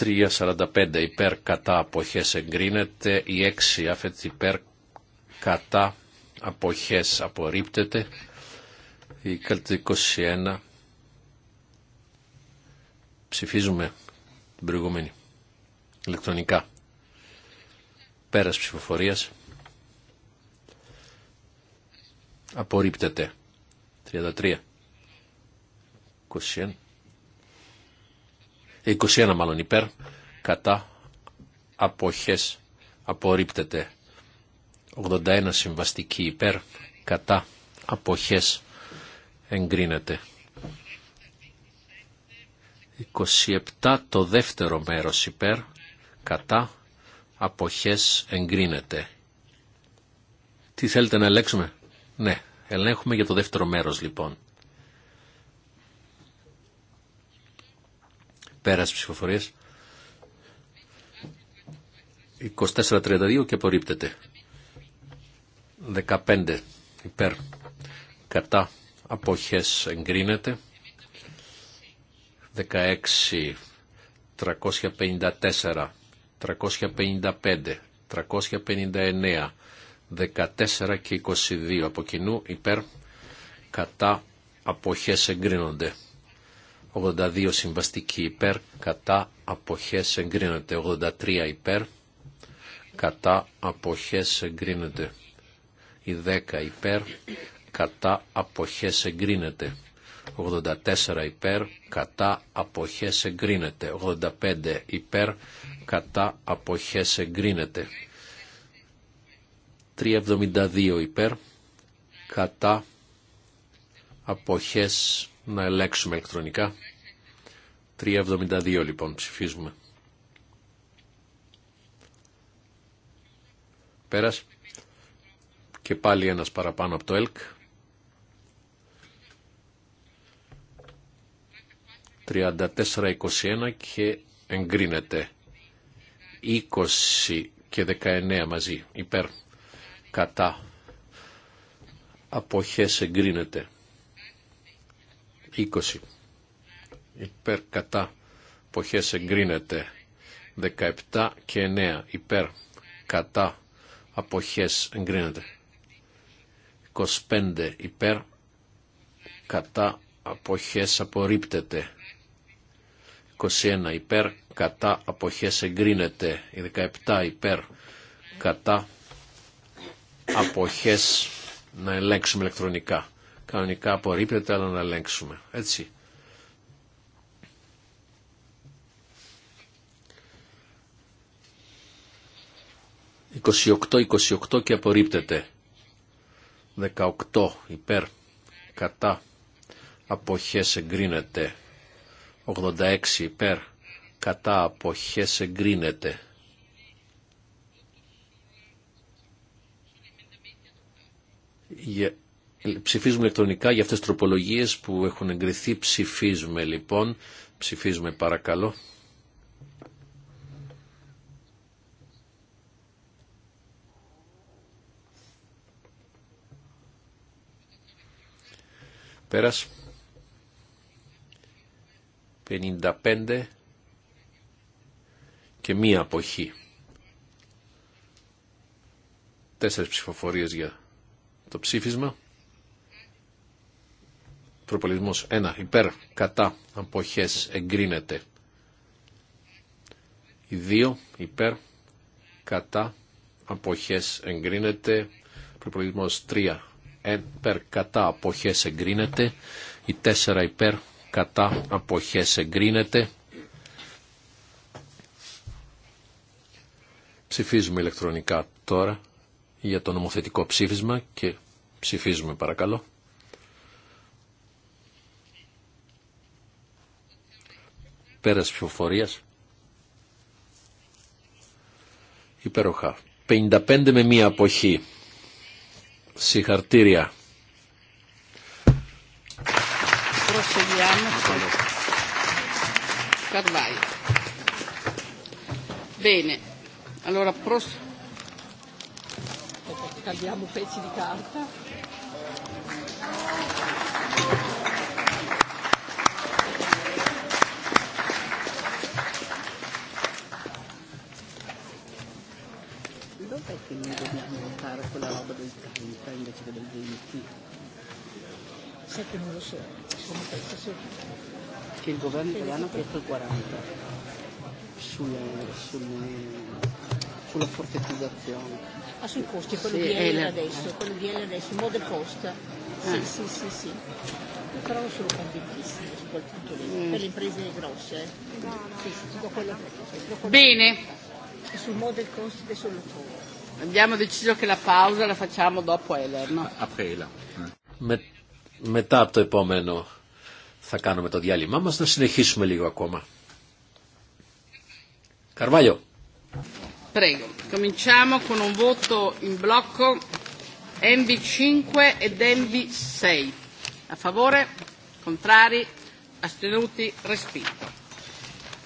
3.45 υπέρ κατά αποχές εγκρίνεται, η 6 αφέτη υπέρ κατά αποχές απορρίπτεται η κατά 21 ψηφίζουμε την προηγούμενη ηλεκτρονικά πέρας ψηφοφορίας απορρίπτεται 33 21 21 μάλλον υπέρ κατά αποχές απορρίπτεται 81 συμβαστική υπέρ κατά αποχές εγκρίνεται. 27 το δεύτερο μέρος υπέρ κατά αποχές εγκρίνεται. Τι θέλετε να ελέγξουμε. Ναι, ελέγχουμε για το δεύτερο μέρος λοιπόν. ψηφοφορίες ψηφοφορίας. 24-32 και απορρίπτεται. 15 υπέρ κατά αποχές εγκρίνεται 16 354 355 359 14 και 22 από κοινού υπέρ κατά αποχές εγκρίνονται 82 συμβαστική υπέρ κατά αποχές εγκρίνεται 83 υπέρ κατά αποχές εγκρίνεται η 10 υπέρ, κατά αποχές εγκρίνεται. 84 υπέρ, κατά αποχές εγκρίνεται. 85 υπέρ, κατά αποχές εγκρίνεται. 372 υπέρ, κατά αποχές να ελέξουμε ηλεκτρονικά. 372 λοιπόν ψηφίζουμε. Πέρασε. Και πάλι ένας παραπάνω από το ΕΛΚ. 34-21 και εγκρίνεται. 20 και 19 μαζί υπέρ κατά αποχές εγκρίνεται. 20 υπέρ κατά αποχές εγκρίνεται. 17 και 9 υπέρ κατά αποχές εγκρίνεται. 25 υπέρ κατά αποχές απορρίπτεται. 21 υπέρ κατά αποχές εγκρίνεται. 17 υπέρ κατά αποχές να ελέγξουμε ηλεκτρονικά. Κανονικά απορρίπτεται αλλά να ελέγξουμε. Έτσι. «28-28 και απορρίπτεται». 18 υπέρ κατά αποχές εγκρίνεται 86 υπέρ κατά αποχές εγκρίνεται Ψηφίζουμε ηλεκτρονικά για αυτές τις τροπολογίες που έχουν εγκριθεί. Ψηφίζουμε λοιπόν. Ψηφίζουμε παρακαλώ. Πέρας. 55 και μία αποχή. Τέσσερις ψηφοφορίες για το ψήφισμα. Προπολισμός 1. Υπέρ, κατά, αποχές, εγκρίνεται. 2. Υπέρ, κατά, αποχές, εγκρίνεται. Προπολισμός 3 περ κατά αποχές εγκρίνεται. Η τέσσερα υπέρ κατά αποχές εγκρίνεται. Ψηφίζουμε ηλεκτρονικά τώρα για το νομοθετικό ψήφισμα και ψηφίζουμε παρακαλώ. Πέρας ψηφοφορίας. Υπέροχα. 55 με μία αποχή. Συγχαρτήρια. Bene, allora prossimo. Cambiamo pezzi di carta. non perché noi dobbiamo votare quella roba del 30 invece che del 20. Sai che non lo so, come questa sì. Che il governo italiano ha chiesto il 40 sulle, sulle sulla fortificazione. Ah, sui costi, quello sì, di L adesso, quello di L adesso, il modo cost. Sì, sì, sì, sì. Però non sono convintissimo su quel punto lì, per le imprese grosse. Sì, sì, tutto quello che... Bene. Sul model cost adesso lo trovo. Abbiamo deciso che la pausa la facciamo dopo Eller, no? Με, μετά από το επόμενο θα κάνουμε το διάλειμμά μας, να συνεχίσουμε λίγο ακόμα. Καρβάλιο. Prego. Cominciamo con un voto in blocco NV5 ed NV6. A favore? Contrari? Astenuti? Respinto.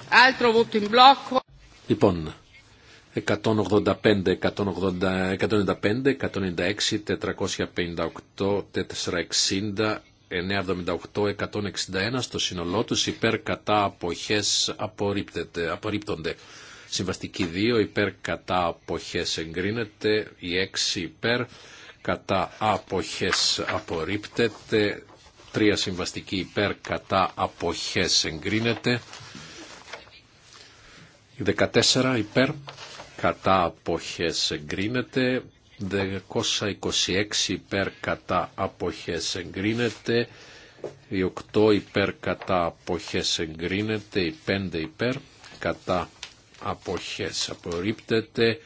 Altro voto in blocco. Λοιπόν, 185, 195, 196, 458, 460, 978, 161 στο σύνολό τους υπέρ κατά αποχές απορρίπτονται. Συμβαστική 2 υπέρ κατά αποχές εγκρίνεται, η 6 υπέρ κατά αποχές απορρίπτεται, 3 συμβαστική υπέρ κατά αποχές εγκρίνεται, η 14 υπέρ κατά αποχές εγκρίνεται, 226 υπέρ κατά αποχές εγκρίνεται, οι 8 υπέρ κατά αποχές εγκρίνεται, οι 5 υπέρ κατά αποχές απορρίπτεται,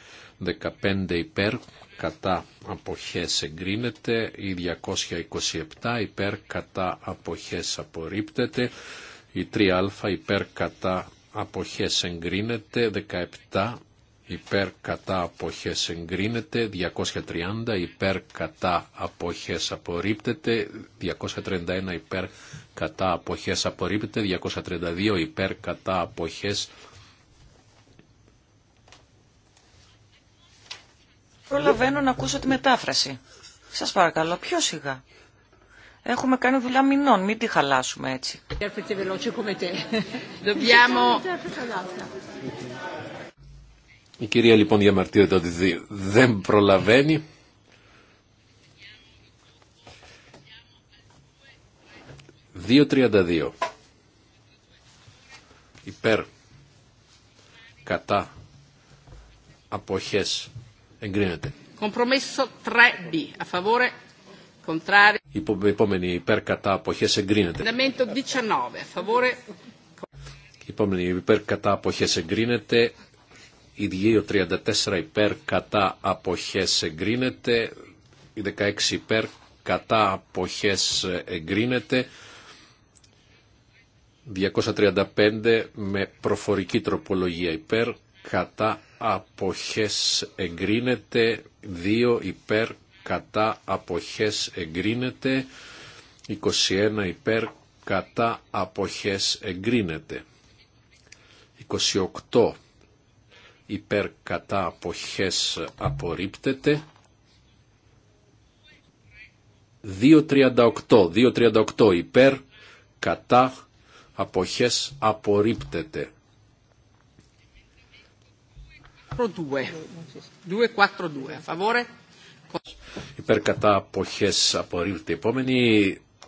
15 υπέρ κατά αποχές εγκρίνεται, οι 227 υπέρ κατά αποχές απορρίπτεται, η 3α υπέρ κατά αποχές εγκρίνεται, 17 υπέρ κατά αποχές εγκρίνεται, 230 υπέρ κατά αποχές απορρίπτεται, 231 υπέρ κατά αποχές απορρίπτεται, 232 υπέρ κατά αποχές Προλαβαίνω να ακούσω τη μετάφραση. Σας παρακαλώ, πιο σιγά. Έχουμε κάνει δουλειά μηνών, μην τη χαλάσουμε έτσι. Η κυρία λοιπόν διαμαρτύρεται ότι δεν προλαβαίνει. Δύο τριανταδύο. Υπέρ. Κατά. Αποχές. Εγκρίνεται. Compromesso 3B. A favore. contrari. Η επόμενη υπέρ κατά αποχές εγκρίνεται. Emendamento 19. A favore. Η επόμενη υπέρ κατά αποχές εγκρίνεται. Η 34 υπέρ κατά αποχές εγκρίνεται. Η 16 υπέρ κατά αποχές εγκρίνεται. 235 με προφορική τροπολογία υπέρ κατά αποχές εγκρίνεται. 2 υπέρ κατά αποχές εγκρίνεται. 21 υπέρ κατά αποχές εγκρίνεται. 28 υπέρ κατά αποχές απορρίπτεται. 2.38, 2.38 υπέρ κατά αποχές απορρίπτεται. 2.42, Υπέρ κατά αποχές απορρίπτεται. Επόμενη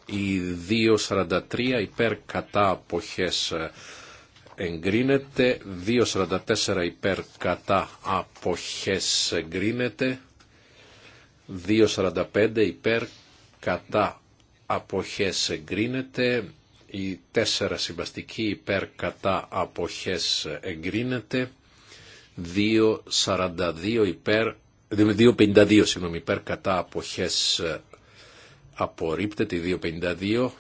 η 2.43 υπέρ κατά αποχές εγκρίνεται, 2.44 υπέρ κατά αποχές εγκρίνεται, 2.45 υπέρ κατά αποχές εγκρίνεται, η 4 συμβαστική υπέρ κατά αποχές εγκρίνεται, 2.42 υπέρ 2.52 συγγνώμη, υπέρ κατά αποχές απορρίπτεται, 2.52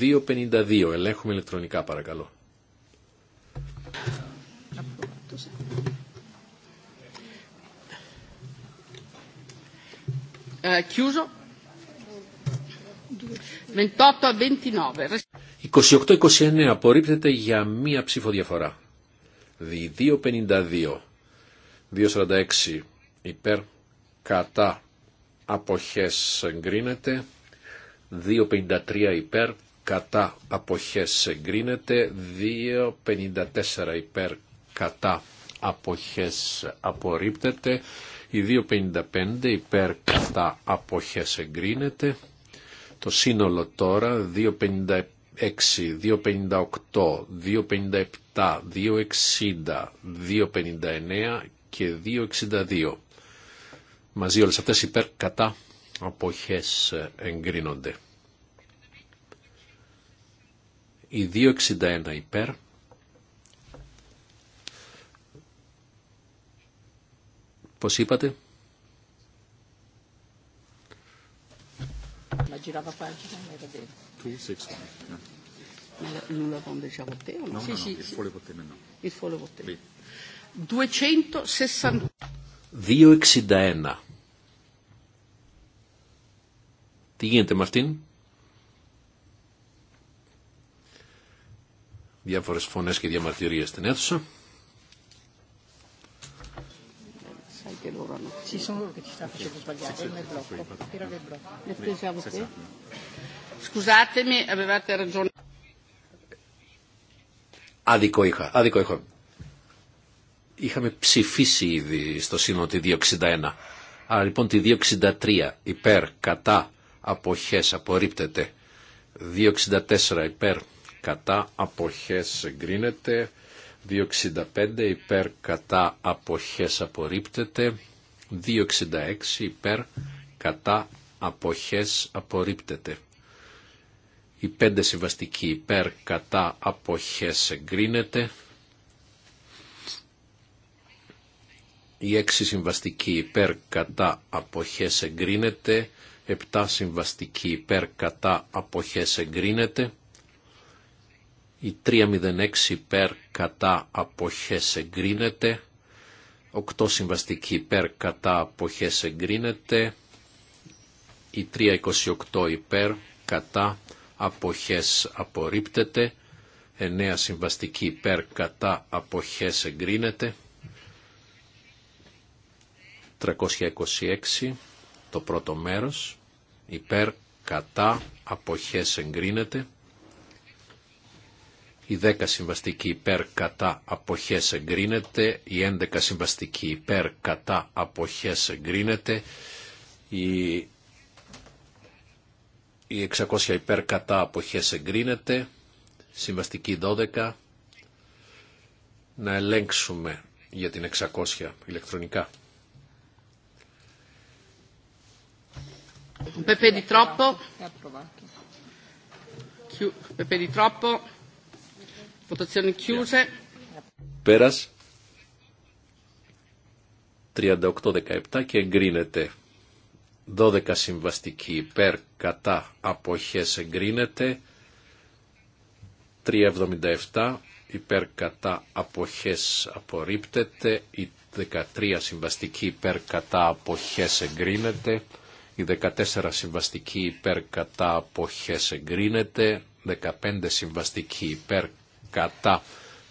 2.52 ελέγχουμε ηλεκτρονικά παρακαλώ. Ε, chiuso. 28 29. 28-29 απορρίπτεται για μία ψηφοδιαφορά. 2-52. 2-46 υπέρ κατά αποχές εγκρίνεται. 2-53 υπέρ κατά αποχές εγκρίνεται, 2.54 υπέρ κατά αποχές απορρίπτεται, η 2.55 υπέρ κατά αποχές εγκρίνεται, το σύνολο τώρα 2.56, 2.58, 2.57, 2.60, 2.59 και 2.62. Μαζί όλες αυτές υπέρ κατά αποχές εγκρίνονται. Η 261 υπέρ. Πώς είπατε. La girava Τι γίνεται διάφορες φωνές και διαμαρτυρίες στην αίθουσα. Άδικο είχα, άδικο είχα. Είχαμε ψηφίσει ήδη στο σύνολο τη 261. Άρα λοιπόν τη 263 υπέρ, κατά, αποχές, απορρίπτεται. 264 υπέρ, κατά αποχές εγκρίνεται, 265 υπέρ κατά αποχές απορρίπτεται, 266 υπέρ κατά αποχές απορρίπτεται. Η 5 συμβαστική υπέρ κατά αποχές εγκρίνεται. Η 6 συμβαστική υπέρ κατά αποχές εγκρίνεται. 7 συμβαστική υπέρ κατά αποχές εγκρίνεται. Η 306 υπέρ κατά αποχές εγκρίνεται. 8 συμβαστική υπέρ κατά αποχές εγκρίνεται. Η 328 υπέρ κατά αποχές απορρίπτεται. 9 συμβαστική υπέρ κατά αποχές εγκρίνεται. 326 το πρώτο μέρος υπέρ κατά αποχές εγκρίνεται η 10 συμβαστική υπέρ κατά αποχές εγκρίνεται. Η 11 συμβαστική υπέρ κατά αποχές εγκρίνεται. Η, η 600 υπέρ κατά αποχές εγκρίνεται. Συμβαστική 12. Να ελέγξουμε για την 600 ηλεκτρονικά. Pepe di troppo. Pepe Πέρας. 38-17 και εγκρίνεται. 12 συμβαστική υπέρ κατά αποχές εγκρίνεται. 377 υπέρ κατά αποχές απορρίπτεται. Η 13 συμβαστική υπέρ κατά αποχές εγκρίνεται. Η 14 συμβαστική υπέρ κατά αποχές εγκρίνεται. 15 συμβαστική υπέρ κατά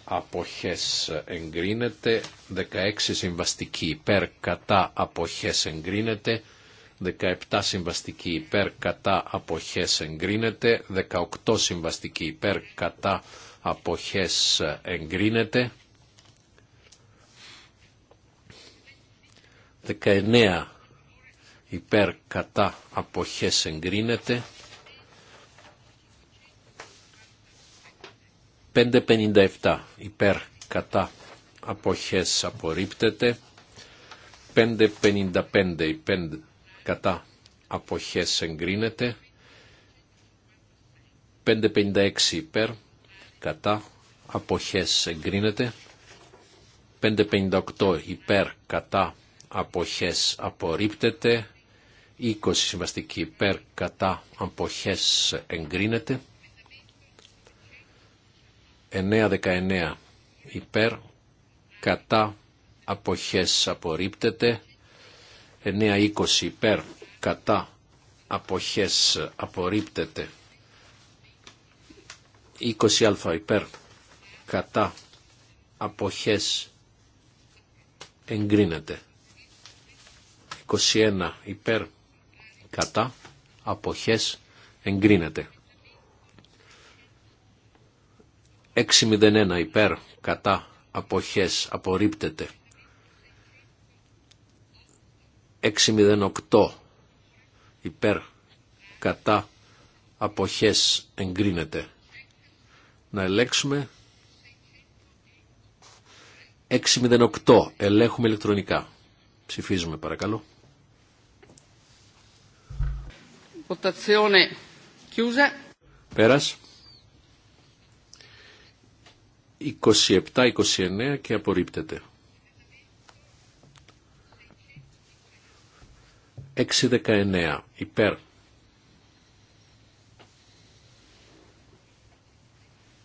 αποχές εγκρίνεται, 16 συμβαστική υπέρ κατά αποχές εγκρίνεται, 17 συμβαστική υπέρ κατά αποχές εγκρίνεται, 18 συμβαστική υπέρ κατά αποχές εγκρίνεται, 19 υπέρ κατά αποχές εγκρίνεται, 5.57 υπέρ κατά αποχές απορρίπτεται. 5.55 υπέρ κατά αποχές εγκρίνεται. 5.56 υπέρ κατά αποχές εγκρίνεται. 5.58 υπέρ κατά αποχές απορρίπτεται. 20 συμβαστική υπέρ κατά αποχές εγκρίνεται. 919 υπέρ κατά αποχές απορρίπτεται 920 υπέρ κατά αποχές απορρίπτεται 20α υπέρ κατά αποχές εγκρίνεται 21 υπέρ κατά αποχές εγκρίνεται 601 υπέρ κατά αποχές απορρίπτεται. 608 υπέρ κατά αποχές εγκρίνεται. Να ελέξουμε 608 ελέγχουμε ηλεκτρονικά. Ψηφίζουμε παρακαλώ. Votazione chiusa. Πέρας. 27-29 και απορρίπτεται. 6-19 υπέρ.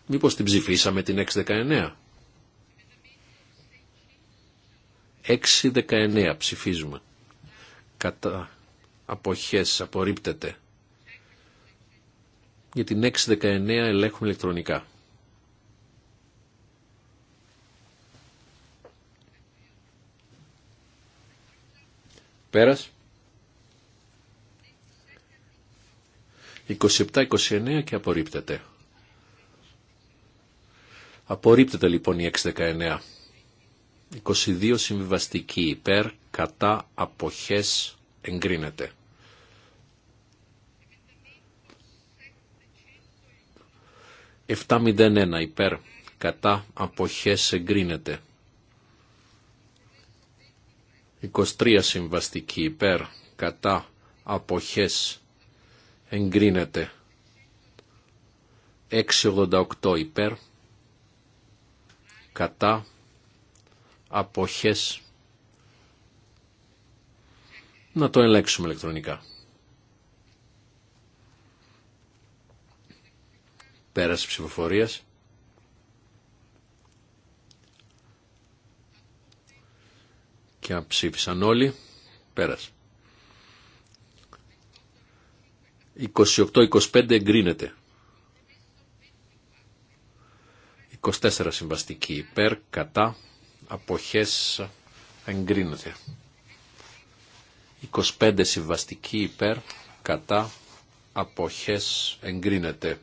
Μήπως την ψηφίσαμε την 6-19. 6-19 ψηφίζουμε. Κατά αποχές απορρίπτεται. Για την 6-19 ελέγχουμε ηλεκτρονικά. Πέρας. 27-29 και απορρίπτεται. Απορρίπτεται λοιπόν η 6-19. 22 συμβιβαστική υπέρ κατά αποχές εγκρίνεται. «701 υπέρ κατά αποχές εγκρίνεται». 23 συμβαστική υπέρ κατά αποχές εγκρίνεται 688 υπέρ κατά αποχές να το ελέγξουμε ηλεκτρονικά. Πέραση ψηφοφορίας και ψήφισαν όλοι, πέρας. 28-25 εγκρίνεται. 24 συμβαστική υπέρ, κατά, αποχές εγκρίνεται. 25 συμβαστική υπέρ, κατά, αποχές εγκρίνεται.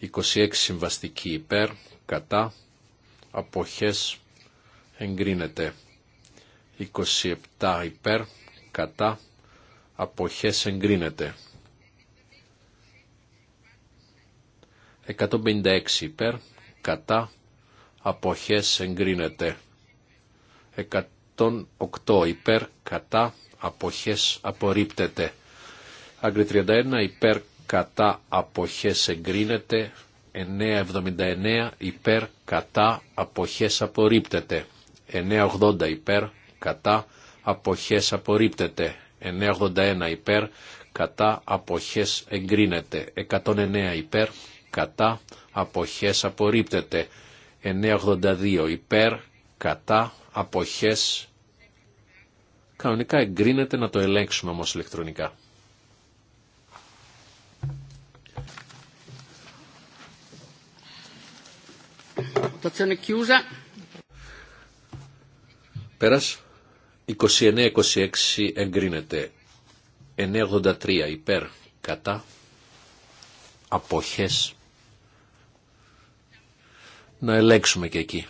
26 συμβαστική υπέρ, κατά, αποχές εγκρίνεται. 27 υπέρ, κατά, αποχές εγκρίνεται. 156 υπέρ, κατά, αποχές εγκρίνεται. 108 υπέρ, κατά, αποχές απορρίπτεται. Άγκρι 31 υπέρ, κατά, αποχές εγκρίνεται. 979 υπέρ, κατά, αποχές απορρίπτεται. 980 υπέρ, κατά αποχές απορρίπτεται. 981 υπέρ κατά αποχές εγκρίνεται. 109 υπέρ κατά αποχές απορρίπτεται. 982 υπέρ κατά αποχές Κανονικά εγκρίνεται να το ελέγξουμε όμως ηλεκτρονικά. Πέρασε. 29-26 εγκρίνεται. 9-83 83 υπέρ κατά αποχές. Να ελέγξουμε και εκεί.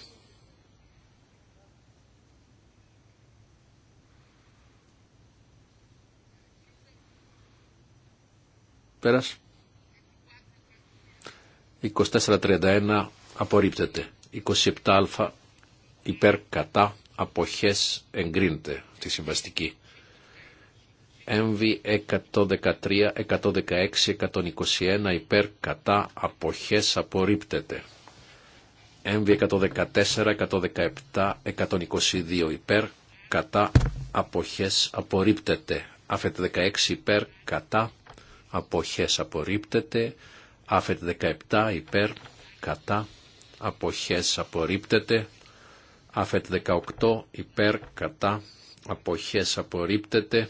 Πέρας. 24-31 απορρίπτεται. 27α υπέρ κατά αποχές εγκρίνεται τη συμβαστική. Έμβη 113, 116, 121 υπέρ κατά αποχές απορρίπτεται. Έμβη 114, 117, 122 υπέρ κατά αποχές απορρίπτεται. Άφετ 16 υπέρ κατά αποχές απορρίπτεται. Άφετ 17 υπέρ κατά αποχές απορρίπτεται. Άφετ 18 υπέρ κατά αποχές απορρίπτεται.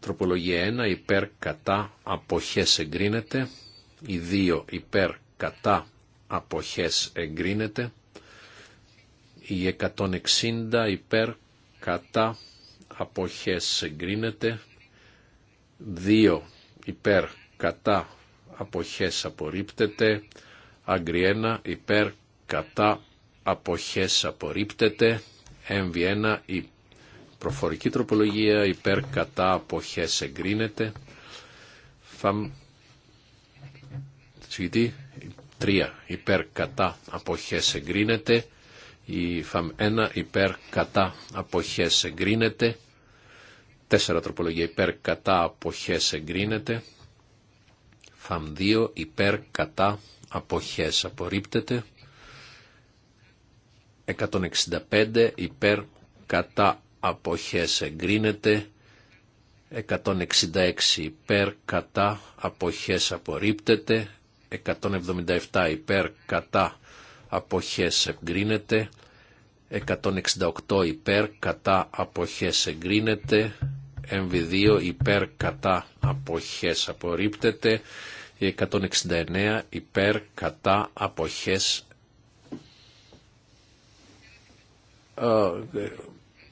Τροπολογία 1 υπέρ κατά αποχές εγκρίνεται. Η 2 υπέρ κατά αποχές εγκρίνεται. Η 160 υπέρ κατά αποχές εγκρίνεται. 2 υπέρ κατά αποχές απορρίπτεται. Αγκριένα υπέρ κατά αποχές απορρίπτεται, MV1 η προφορική τροπολογία υπέρ κατά αποχές εγκρίνεται, ΦΑΜ 3 υπέρ κατά αποχές εγκρίνεται, η ΦΑΜ ένα υπέρ κατά αποχές εγκρίνεται, τέσσερα τροπολογία υπέρ κατά αποχές εγκρίνεται, ΦΑΜ δύο υπέρ κατά αποχές απορρίπτεται, 165 υπέρ κατά αποχές εγκρίνεται. 166 υπέρ κατά αποχές απορρίπτεται. 177 υπέρ κατά αποχές εγκρίνεται. 168 υπέρ κατά αποχές εγκρίνεται. MV2 υπέρ κατά αποχές απορρίπτεται. 169 υπέρ κατά αποχές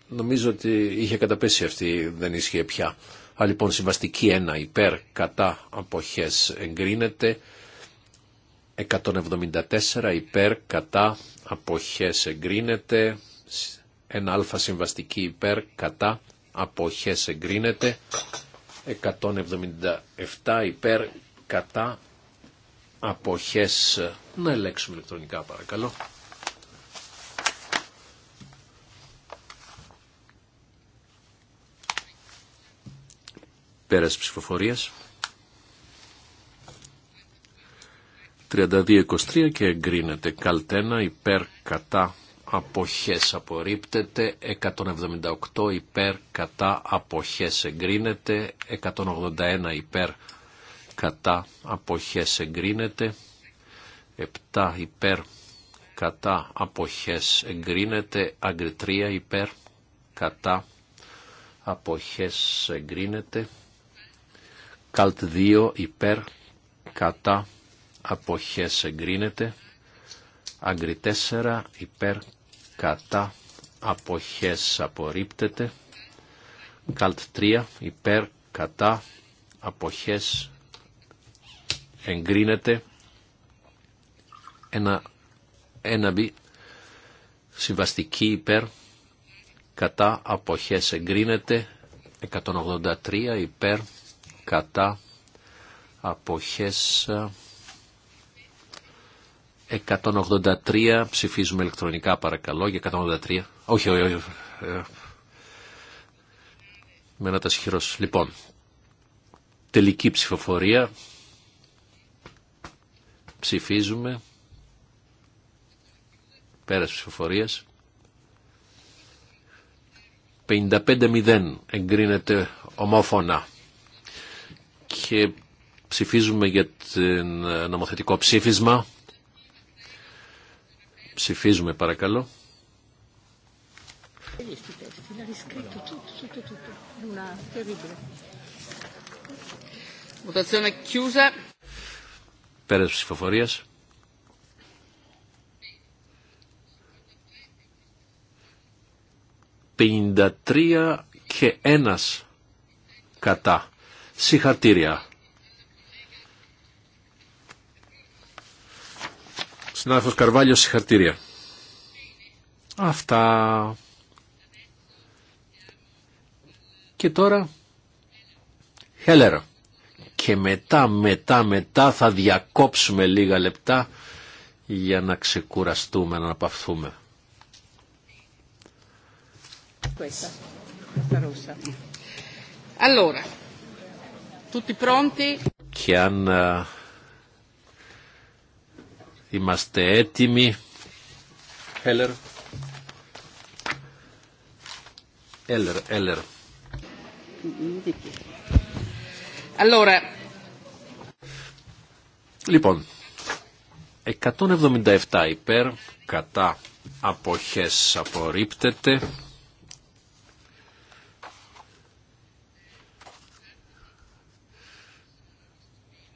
νομίζω ότι είχε καταπέσει αυτή, δεν ίσχυε πια. Α, λοιπόν, συμβαστική 1 υπέρ κατά αποχές εγκρίνεται. 174 υπέρ κατά αποχές εγκρίνεται. 1α συμβαστική υπέρ κατά αποχές εγκρίνεται. 177 υπέρ κατά αποχές. Να ελέγξουμε ηλεκτρονικά παρακαλώ. Πέρας ψηφοφορίας. 32-23 και εγκρίνεται. Καλτένα υπέρ κατά αποχές απορρίπτεται. 178 υπέρ κατά αποχές εγκρίνεται. 181 υπέρ κατά αποχές εγκρίνεται. 7 υπέρ κατά αποχές εγκρίνεται. Αγκριτρία υπέρ κατά αποχές εγκρίνεται. Καλτ 2 υπέρ κατά αποχές εγκρίνεται. Άγκρι 4 υπέρ κατά αποχές απορρίπτεται. Καλτ 3 υπέρ κατά αποχές εγκρίνεται. Ένα, ένα μπι συμβαστική υπέρ κατά αποχές εγκρίνεται. 183 υπέρ κατά αποχές 183 ψηφίζουμε ηλεκτρονικά παρακαλώ για 183 όχι όχι, όχι. Ε, με ένα τασχυρός λοιπόν τελική ψηφοφορία ψηφίζουμε πέρας ψηφοφορίας 55-0 εγκρίνεται ομόφωνα και ψηφίζουμε για την ε, νομοθετικό ψήφισμα. Ψηφίζουμε παρακαλώ. Πέρας ψηφοφορίας. 53 και ένας κατά. Συγχαρτήρια. Συνάδελφος Καρβάλιο, συγχαρτήρια. Αυτά. Και τώρα, Χέλερα. Και μετά, μετά, μετά θα διακόψουμε λίγα λεπτά για να ξεκουραστούμε, να απαυθούμε. Allora. Και αν είμαστε έτοιμοι. Έλερ. Έλερ, έλερ. Allora. Λοιπόν, 177 υπέρ, κατά αποχές απορρίπτεται.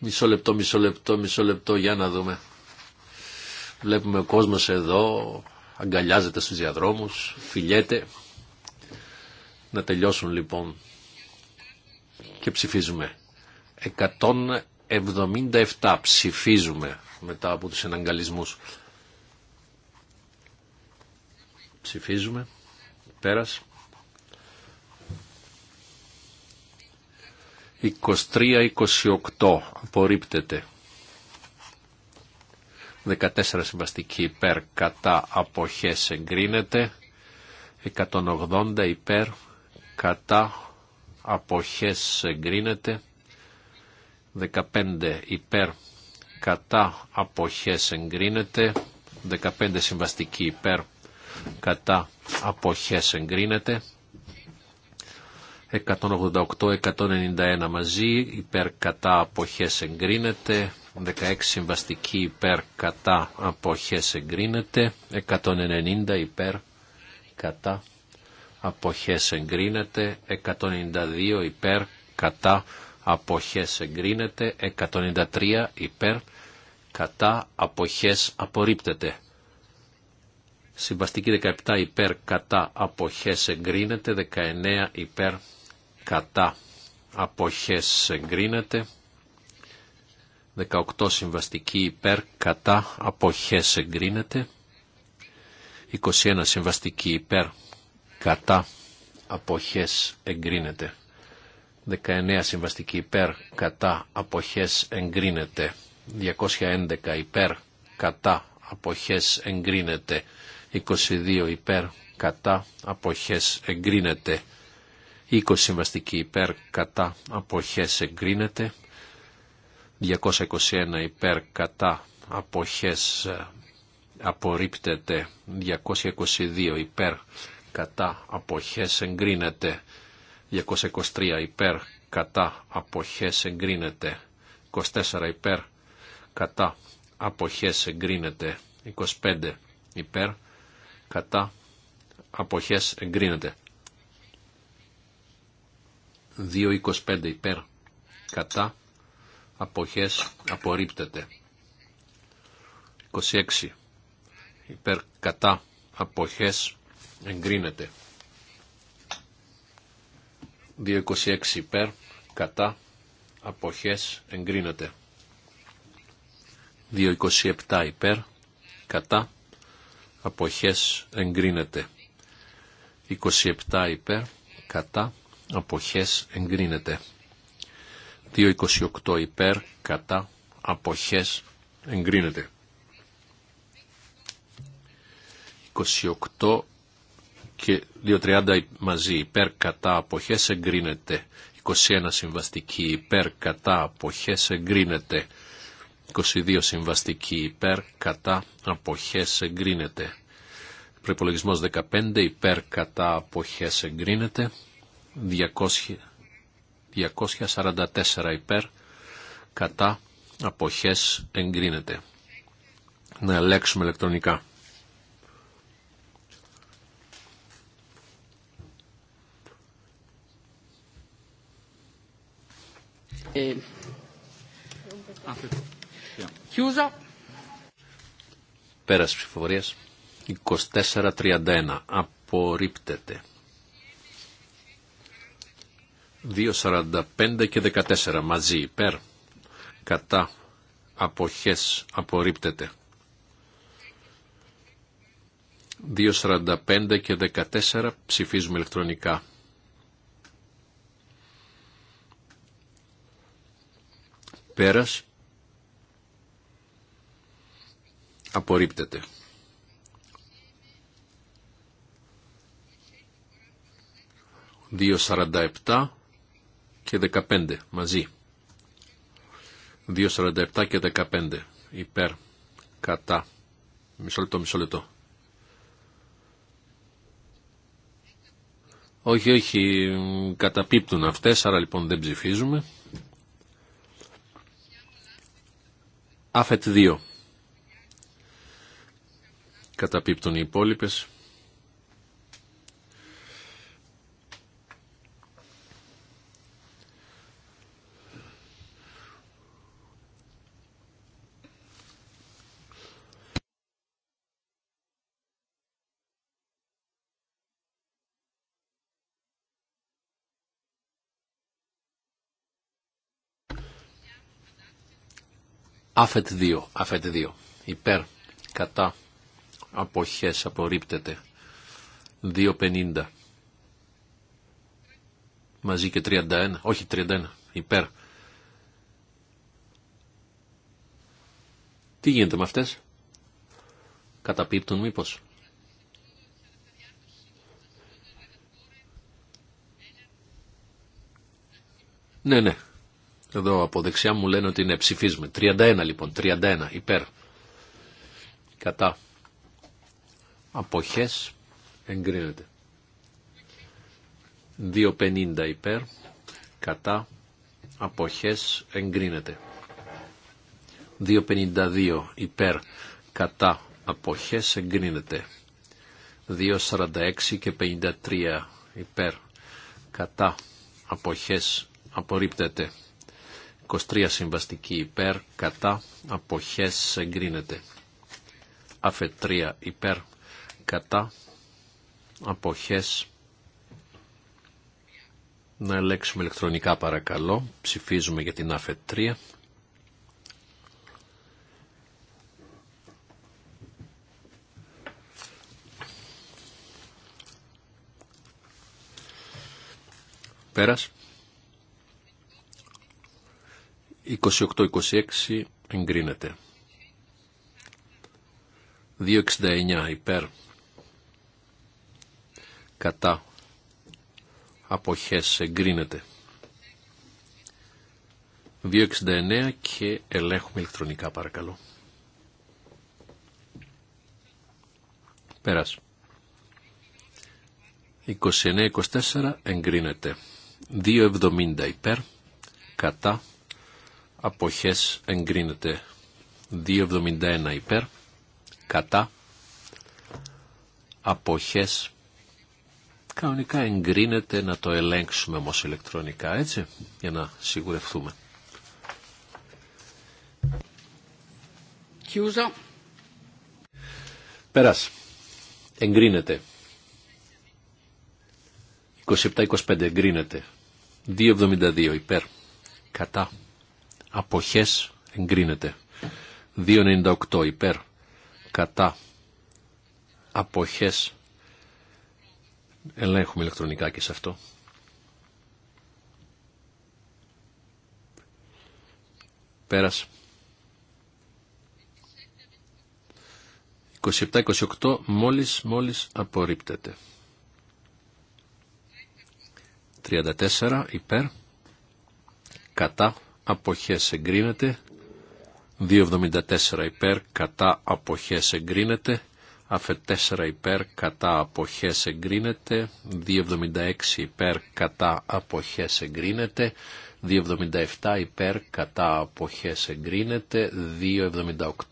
Μισό λεπτό, μισό λεπτό, μισό λεπτό, για να δούμε. Βλέπουμε ο κόσμος εδώ, αγκαλιάζεται στους διαδρόμους, φιλιέται. Να τελειώσουν λοιπόν και ψηφίζουμε. 177 ψηφίζουμε μετά από τους εναγκαλισμούς. Ψηφίζουμε. Πέρας. 23-28 απορρίπτεται. 14 συμβαστική υπέρ κατά αποχές εγκρίνεται. 180 υπέρ κατά αποχές εγκρίνεται. 15 υπέρ κατά αποχές εγκρίνεται. 15 συμβαστική υπέρ κατά αποχές εγκρίνεται. 188-191 μαζί, υπέρ κατά αποχές εγκρίνεται, 16 συμβαστική υπέρ κατά αποχές εγκρίνεται, 190 υπέρ κατά αποχές εγκρίνεται, 192 υπέρ κατά αποχές εγκρίνεται, 193 υπέρ κατά αποχές απορρίπτεται. Συμβαστική 17 υπέρ κατά αποχές εγκρίνεται, 19 υπέρ κατά αποχές εγκρίνεται. 18 συμβαστική υπέρ κατά αποχές εγκρίνεται. 21 συμβαστική υπέρ κατά αποχές εγκρίνεται. 19 συμβαστική υπέρ κατά αποχές εγκρίνεται. 211 υπέρ κατά αποχές εγκρίνεται. 22 υπέρ κατά αποχές εγκρίνεται. 20 συμβαστική υπέρ κατά αποχές εγκρίνεται. 221 υπέρ κατά αποχές ε, απορρίπτεται. 222 υπέρ κατά αποχές εγκρίνεται. 223 υπέρ κατά αποχές εγκρίνεται. 24 υπέρ κατά αποχές εγκρίνεται. 25 υπέρ κατά αποχές εγκρίνεται. 2.25 υπέρ κατά αποχές απορρίπτεται. 26 υπέρ κατά αποχές εγκρίνεται. 2.26 υπέρ κατά αποχές εγκρίνεται. 2.27 υπέρ κατά αποχές εγκρίνεται. 27 υπέρ κατά αποχές εγκρίνεται. 2.28 υπέρ κατά αποχές εγκρίνεται. 28 και 2.30 μαζί υπέρ κατά αποχές εγκρίνεται. 21 συμβαστική υπέρ κατά αποχές εγκρίνεται. 22 συμβαστική υπέρ κατά αποχές εγκρίνεται. Προπολογισμό 15 υπέρ κατά αποχές εγκρίνεται. 244 υπέρ κατά αποχές εγκρίνεται. Να ελέξουμε ηλεκτρονικά. Ε, Χιούζα. Πέρας ψηφοφορίας. 24-31. Απορρίπτεται. 2.45 και 14 μαζί υπέρ κατά αποχές απορρίπτεται. 2.45 και 14 ψηφίζουμε ηλεκτρονικά. Πέρας απορρίπτεται. Δύο και 15 μαζί. 2.47 και 15 υπέρ, κατά, μισό λεπτό, μισό λεπτό. Όχι, όχι, καταπίπτουν αυτές, άρα λοιπόν δεν ψηφίζουμε. Άφετ 2. Καταπίπτουν οι υπόλοιπες. Αφετ 2. Αφετ 2. Υπέρ. Κατά. Αποχές. Απορρίπτεται. 2.50. Μαζί και 31. Όχι 31. Υπέρ. Τι γίνεται με αυτές. Καταπίπτουν μήπως. Ναι, ναι. Εδώ από δεξιά μου λένε ότι είναι ψηφίσμε. 31 λοιπόν, 31 υπέρ. Κατά. Αποχές εγκρίνεται. 2.50 υπέρ. Κατά. Αποχές εγκρίνεται. 2.52 υπέρ. Κατά. Αποχές εγκρίνεται. 2.46 και 53 υπέρ. Κατά. Αποχές απορρίπτεται. 23 συμβαστική υπέρ κατά αποχές εγκρίνεται. αφετρία υπέρ κατά αποχές να ελέγξουμε ηλεκτρονικά παρακαλώ. Ψηφίζουμε για την αφετρία Πέρας. 28-26 εγκρίνεται. 269 υπέρ κατά αποχές εγκρίνεται. 269 και ελέγχουμε ηλεκτρονικά παρακαλώ. Πέρας. 29-24 εγκρίνεται. 270 υπέρ κατά αποχές εγκρίνεται 2.71 υπέρ κατά αποχές κανονικά εγκρίνεται να το ελέγξουμε όμως ηλεκτρονικά έτσι για να σιγουρευτούμε Κιούζα Περάς εγκρίνεται 27-25 εγκρίνεται 2.72 υπέρ κατά αποχές εγκρίνεται. 2.98 υπέρ κατά αποχές ελέγχουμε ηλεκτρονικά και σε αυτό. Πέρας. 27-28 μόλις μόλις απορρίπτεται. 34 υπέρ κατά αποχές εγκρίνεται. 2.74 υπέρ κατά αποχές εγκρίνεται. Αφε 4 υπέρ κατά αποχές εγκρίνεται. 2.76 υπέρ κατά αποχές εγκρίνεται. 2.77 υπέρ κατά αποχές εγκρίνεται.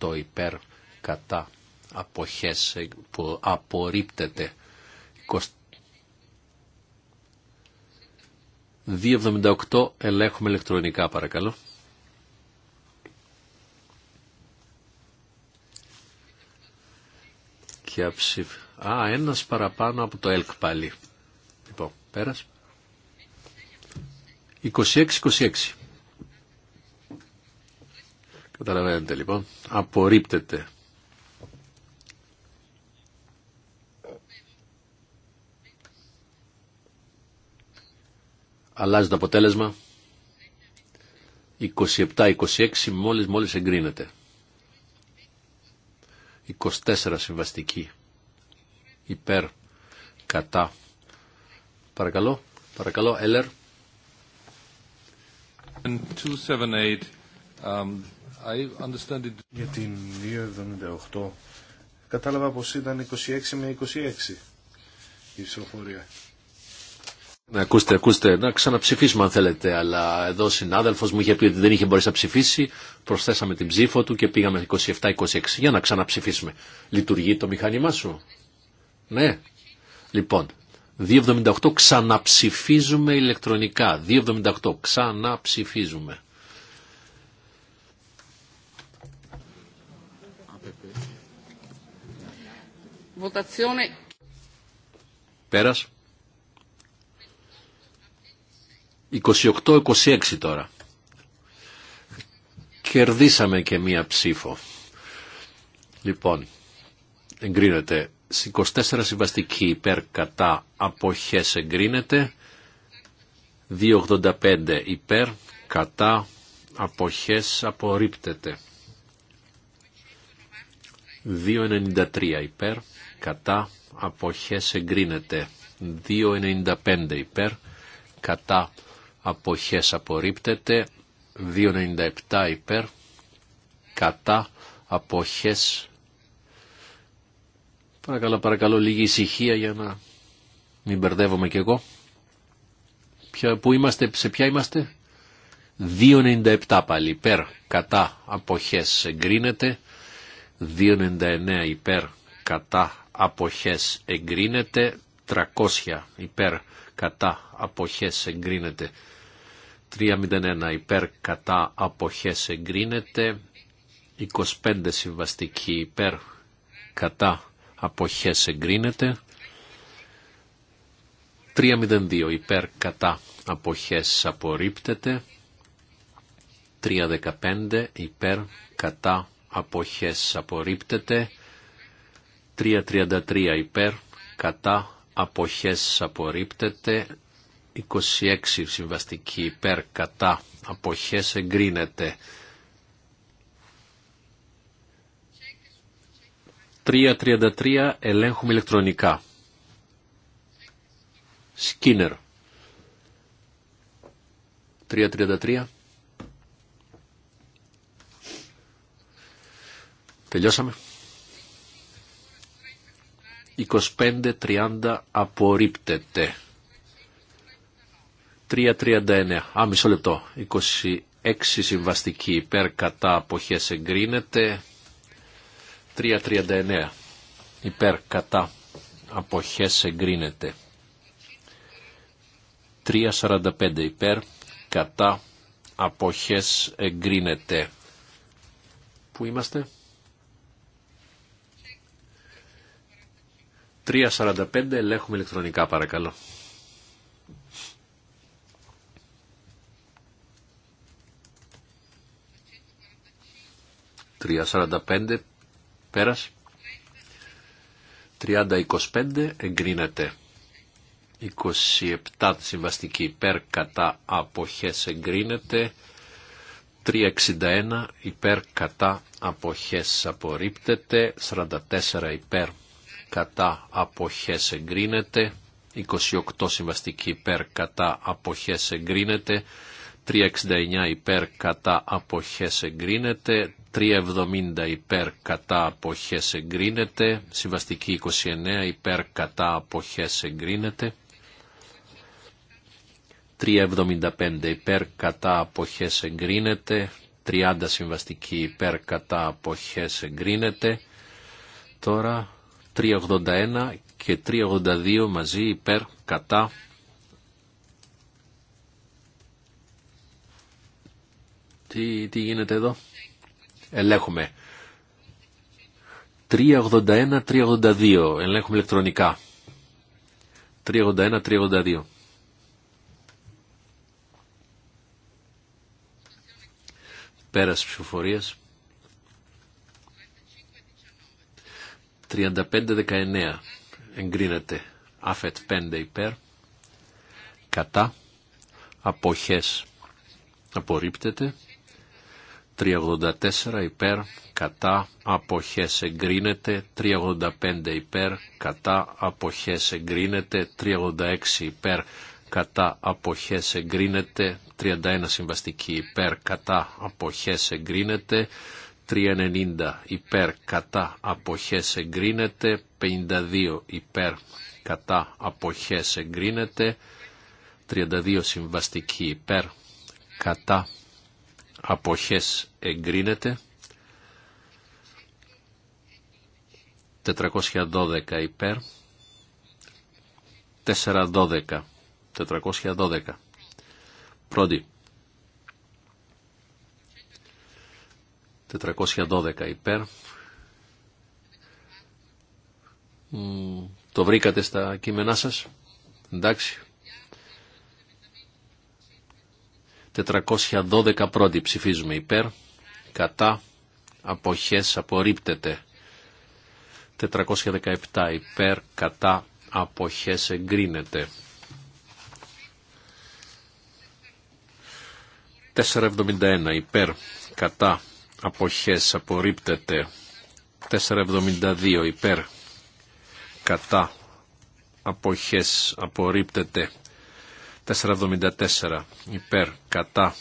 2.78 υπέρ κατά αποχές που απορρίπτεται. 278 ελέγχουμε ηλεκτρονικά παρακαλώ. Και Α, ένας παραπάνω από το ΕΛΚ πάλι. Λοιπόν, πέρας. 26-26. Καταλαβαίνετε λοιπόν, απορρίπτεται. αλλάζει το αποτέλεσμα. 27-26 μόλις μόλις εγκρίνεται. 24 συμβαστική. Υπέρ. Κατά. Παρακαλώ. Παρακαλώ. Έλερ. 278. Um, I understand it. Για την 278 κατάλαβα πως ήταν 26 με 26 η ψηφοφορία. Ναι, ακούστε, ακούστε, να ξαναψηφίσουμε αν θέλετε, αλλά εδώ ο συνάδελφος μου είχε πει ότι δεν είχε μπορέσει να ψηφίσει, προσθέσαμε την ψήφο του και πήγαμε 27-26 για να ξαναψηφίσουμε. Λειτουργεί το μηχάνημά σου. Ναι. Λοιπόν, 2.78 ξαναψηφίζουμε ηλεκτρονικά. 2.78 ξαναψηφίζουμε. Πέρας. 28-26 τώρα. Κερδίσαμε και μία ψήφο. Λοιπόν, εγκρίνεται. 24 συμβαστική υπέρ κατά αποχές εγκρίνεται. 285 υπέρ κατά αποχές απορρίπτεται. 293 υπέρ κατά αποχές εγκρίνεται. 295 υπέρ κατά αποχές απορρίπτεται 297 υπέρ κατά αποχές παρακαλώ παρακαλώ λίγη ησυχία για να μην μπερδεύομαι κι εγώ που είμαστε, σε ποια είμαστε 2.97 πάλι υπέρ κατά αποχές εγκρίνεται 2.99 υπέρ κατά αποχές εγκρίνεται 300 υπέρ κατά αποχές εγκρίνεται. 301 υπέρ κατά αποχές εγκρίνεται. 25 συμβαστική υπέρ κατά αποχές εγκρίνεται. 302 υπέρ κατά αποχές απορρίπτεται. 315 υπέρ κατά αποχές απορρίπτεται. 333 υπέρ κατά αποχές απορρίπτεται 26 συμβαστική υπέρ κατά αποχές εγκρίνεται 3.33 ελέγχουμε ηλεκτρονικά. Σκίνερ. 3.33. Τελειώσαμε. 25-30 απορρίπτεται. 3-39. Α, μισό λεπτό. 26 συμβαστική υπέρ κατά αποχές εγκρίνεται. 3-39. Υπέρ κατά αποχές εγκρίνεται. 3-45 υπέρ κατά αποχές εγκρίνεται. Πού είμαστε? 3.45 ελέγχουμε ηλεκτρονικά παρακαλώ. ...3.45 πέρας... ...30.25 εγκρίνεται... ...27 συμβαστική υπέρ κατά αποχές εγκρίνεται... 361 υπέρ κατά αποχές απορρίπτεται, 44 υπέρ κατά αποχές εγκρίνεται, 28 συμβαστική υπέρ κατά αποχές εγκρίνεται, 369 υπέρ κατά αποχές εγκρίνεται, 370 υπέρ κατά αποχές εγκρίνεται, συμβαστική 29 υπέρ κατά αποχές εγκρίνεται, 375 υπέρ κατά αποχές εγκρίνεται, 30 συμβαστική υπέρ κατά αποχές εγκρίνεται. Τώρα 381 και 382 μαζί υπέρ κατά τι, τι γίνεται εδώ ελέγχουμε 381-382 ελέγχουμε ηλεκτρονικά 381-382 Πέρας ψηφοφορίας 35-19 εγκρίνεται. Αφετ 5 υπέρ. Κατά. Αποχές. Απορρίπτεται. 384 υπέρ. Κατά. Αποχές εγκρίνεται. 385 υπέρ. Κατά. Αποχές εγκρίνεται. 386 υπέρ. Κατά. Αποχές εγκρίνεται. 31 συμβαστική υπέρ. Κατά. Αποχές εγκρίνεται. 390 υπέρ κατά αποχές εγκρίνεται, 52 υπέρ κατά αποχές εγκρίνεται, 32 συμβαστική υπέρ κατά αποχές εγκρίνεται, 412 υπέρ, 412, 412, πρώτη 412 υπέρ. Το βρήκατε στα κείμενά σας. Εντάξει. 412 πρώτη ψηφίζουμε υπέρ. Κατά. Αποχές απορρίπτεται. 417 υπέρ. Κατά. Αποχές εγκρίνεται. 471 υπέρ. Κατά αποχές απορρίπτεται 472 υπέρ κατά αποχές απορρίπτεται 474 υπέρ κατά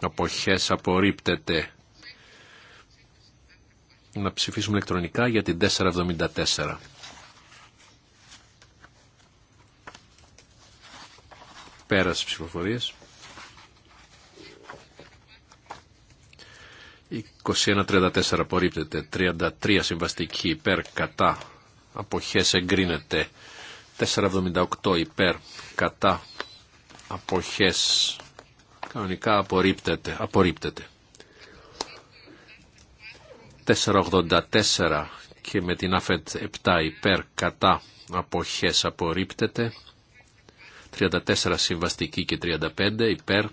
αποχές απορρίπτεται να ψηφίσουμε ηλεκτρονικά για την 474 πέρας ψηφοφορίες 21-34 απορρίπτεται. 33 συμβαστική υπέρ κατά. Αποχές εγκρίνεται. 478 υπέρ κατά. Αποχές κανονικά απορρίπτεται. απορρίπτεται. 4-84 και με την ΑΦΕΤ 7 υπέρ κατά αποχές απορρίπτεται. 34 συμβαστική και 35 υπέρ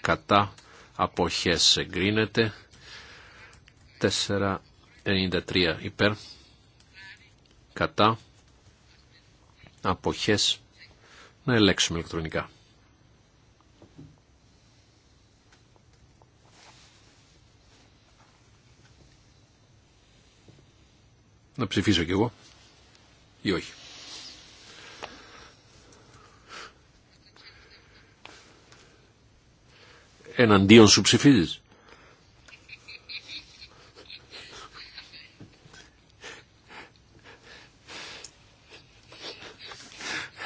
κατά αποχές εγκρίνεται. 493 υπέρ κατά αποχές να ελέξουμε ηλεκτρονικά. Να ψηφίσω κι εγώ ή όχι. Εναντίον σου ψηφίζεις.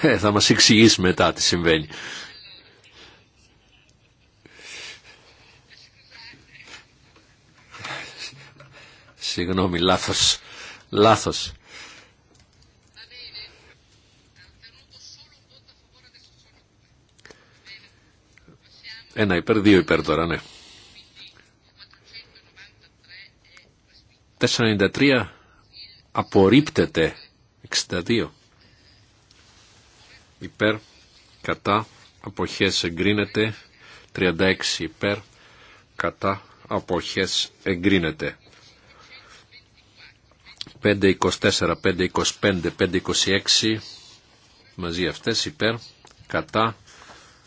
Ε, θα μας εξηγήσει μετά τι συμβαίνει. Συγγνώμη, λάθος. Λάθος. Ένα υπέρ, δύο υπέρ τώρα, ναι. 493 απορρίπτεται. 62 υπέρ, κατά, αποχές εγκρίνεται. 36 υπέρ, κατά, αποχές εγκρίνεται. 5.24, 5.25, 5.26 μαζί αυτές υπέρ, κατά,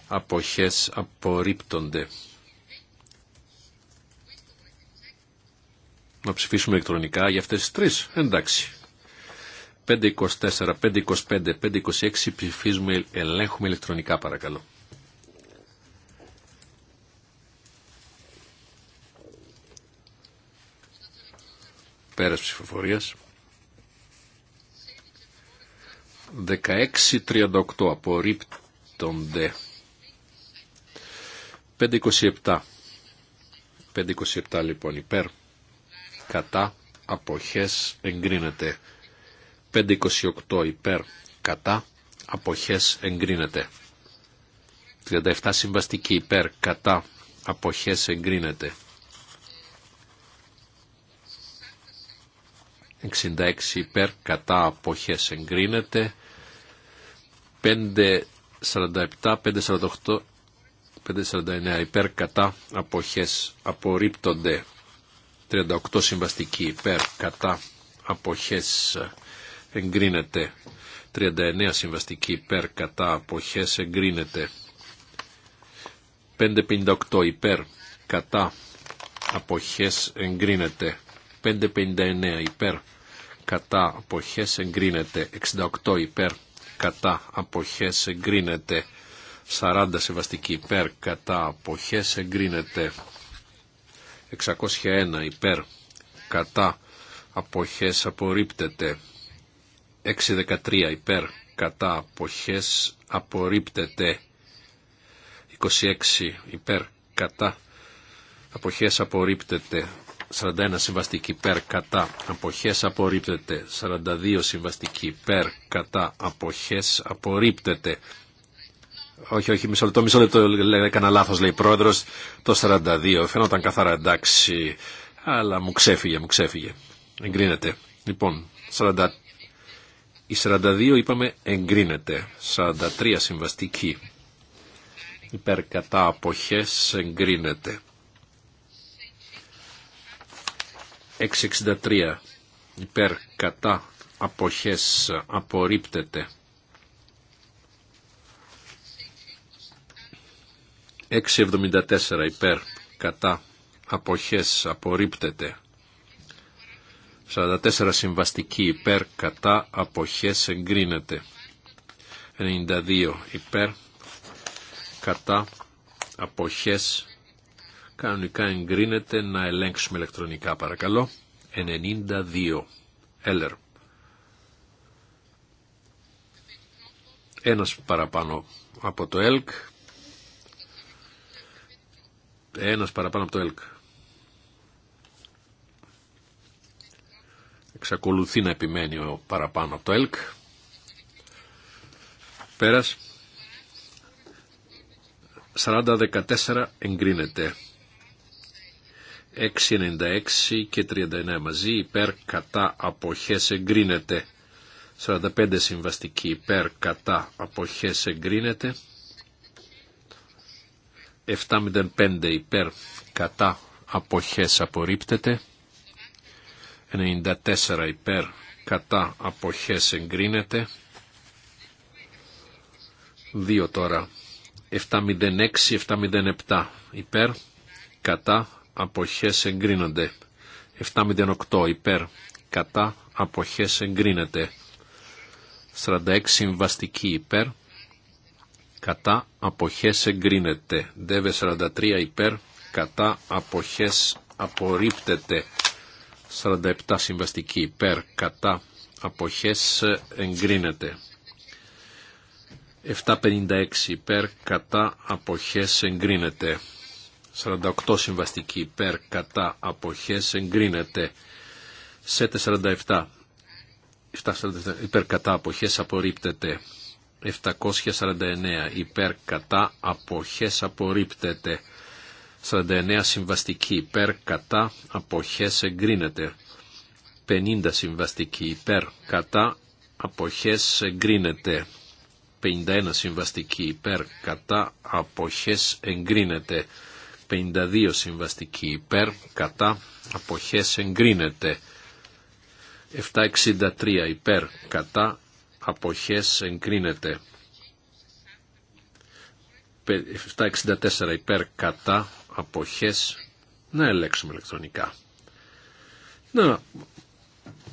αποχές απορρίπτονται. Να ψηφίσουμε ηλεκτρονικά για αυτές τις τρεις. Εντάξει. 524, 525, 526 ψηφίζουμε, ελέγχουμε ηλεκτρονικά παρακαλώ. Πέρας ψηφοφορίας. 16.38 απορρίπτονται. 5.27. 5.27 λοιπόν υπέρ. Κατά αποχές εγκρίνεται. 528 υπέρ κατά αποχές εγκρίνεται. 37 συμβαστική υπέρ κατά αποχές εγκρίνεται. 66 υπέρ κατά αποχές εγκρίνεται. 547, 548, 549 υπέρ κατά αποχές απορρίπτονται. 38 συμβαστική υπέρ κατά αποχές εγκρίνεται εγκρίνεται. 39 συμβαστική υπέρ κατά αποχές εγκρίνεται. 558 υπέρ κατά αποχές εγκρίνεται. 559 υπέρ κατά αποχές εγκρίνεται. 68 υπέρ κατά αποχές εγκρίνεται. 40 συμβαστική υπέρ κατά αποχές εγκρίνεται. 601 υπέρ κατά αποχές απορρίπτεται. 613 υπέρ κατά αποχές απορρίπτεται 26 υπέρ κατά αποχές απορρίπτεται 41 συμβαστική υπέρ κατά αποχές απορρίπτεται 42 συμβαστική υπέρ κατά αποχές απορρίπτεται όχι, όχι, μισό λεπτό, μισό λεπτό, έκανα λάθος, λέει πρόεδρος, το 42, φαίνονταν καθαρά εντάξει, αλλά μου ξέφυγε, μου ξέφυγε, εγκρίνεται. Λοιπόν, η 42 είπαμε εγκρίνεται. 43 συμβαστική. Υπέρ κατά αποχές εγκρίνεται. 663 υπέρ κατά αποχές απορρίπτεται. 674 υπέρ κατά αποχές απορρίπτεται. 44 συμβαστική υπέρ κατά αποχές εγκρίνεται. 92 υπέρ κατά αποχές κανονικά εγκρίνεται να ελέγξουμε ηλεκτρονικά παρακαλώ. 92 Έλερ. Ένας παραπάνω από το ΕΛΚ. Ένας παραπάνω από το ΕΛΚ. εξακολουθεί να επιμένει ο παραπάνω από το ΕΛΚ. Πέρας. 40-14 εγκρίνεται. 6-96 και 39 μαζί υπέρ κατά αποχές εγκρίνεται. 45 συμβαστική υπέρ κατά αποχές εγκρίνεται. 705 υπέρ κατά αποχές απορρίπτεται. 94 υπέρ κατά αποχές εγκρίνεται. 2 τώρα. 706-707 υπέρ κατά αποχές εγκρίνονται. 708 υπέρ κατά αποχές εγκρίνεται. 46 συμβαστική υπέρ κατά αποχές εγκρίνεται. ΔΕΒΕ 43 υπέρ κατά αποχές απορρίπτεται. 47 συμβαστική υπέρ κατά αποχές εγκρίνεται. 756 υπέρ κατά αποχές εγκρίνεται. 48 συμβαστική υπέρ κατά αποχές εγκρίνεται. Σε 47 υπέρ κατά αποχές απορρίπτεται. 749 υπέρ κατά αποχές απορρίπτεται. 49 συμβαστικοί υπέρ κατά αποχές εγκρίνεται. 50 συμβαστικοί υπέρ κατά αποχές εγκρίνεται. 51 συμβαστικοί υπέρ κατά αποχές εγκρίνεται. 52 συμβαστικοί υπέρ κατά αποχές εγκρίνεται. 763 υπέρ κατά αποχές εγκρίνεται. 764 υπέρ κατά αποχές να ελέγξουμε ηλεκτρονικά. Να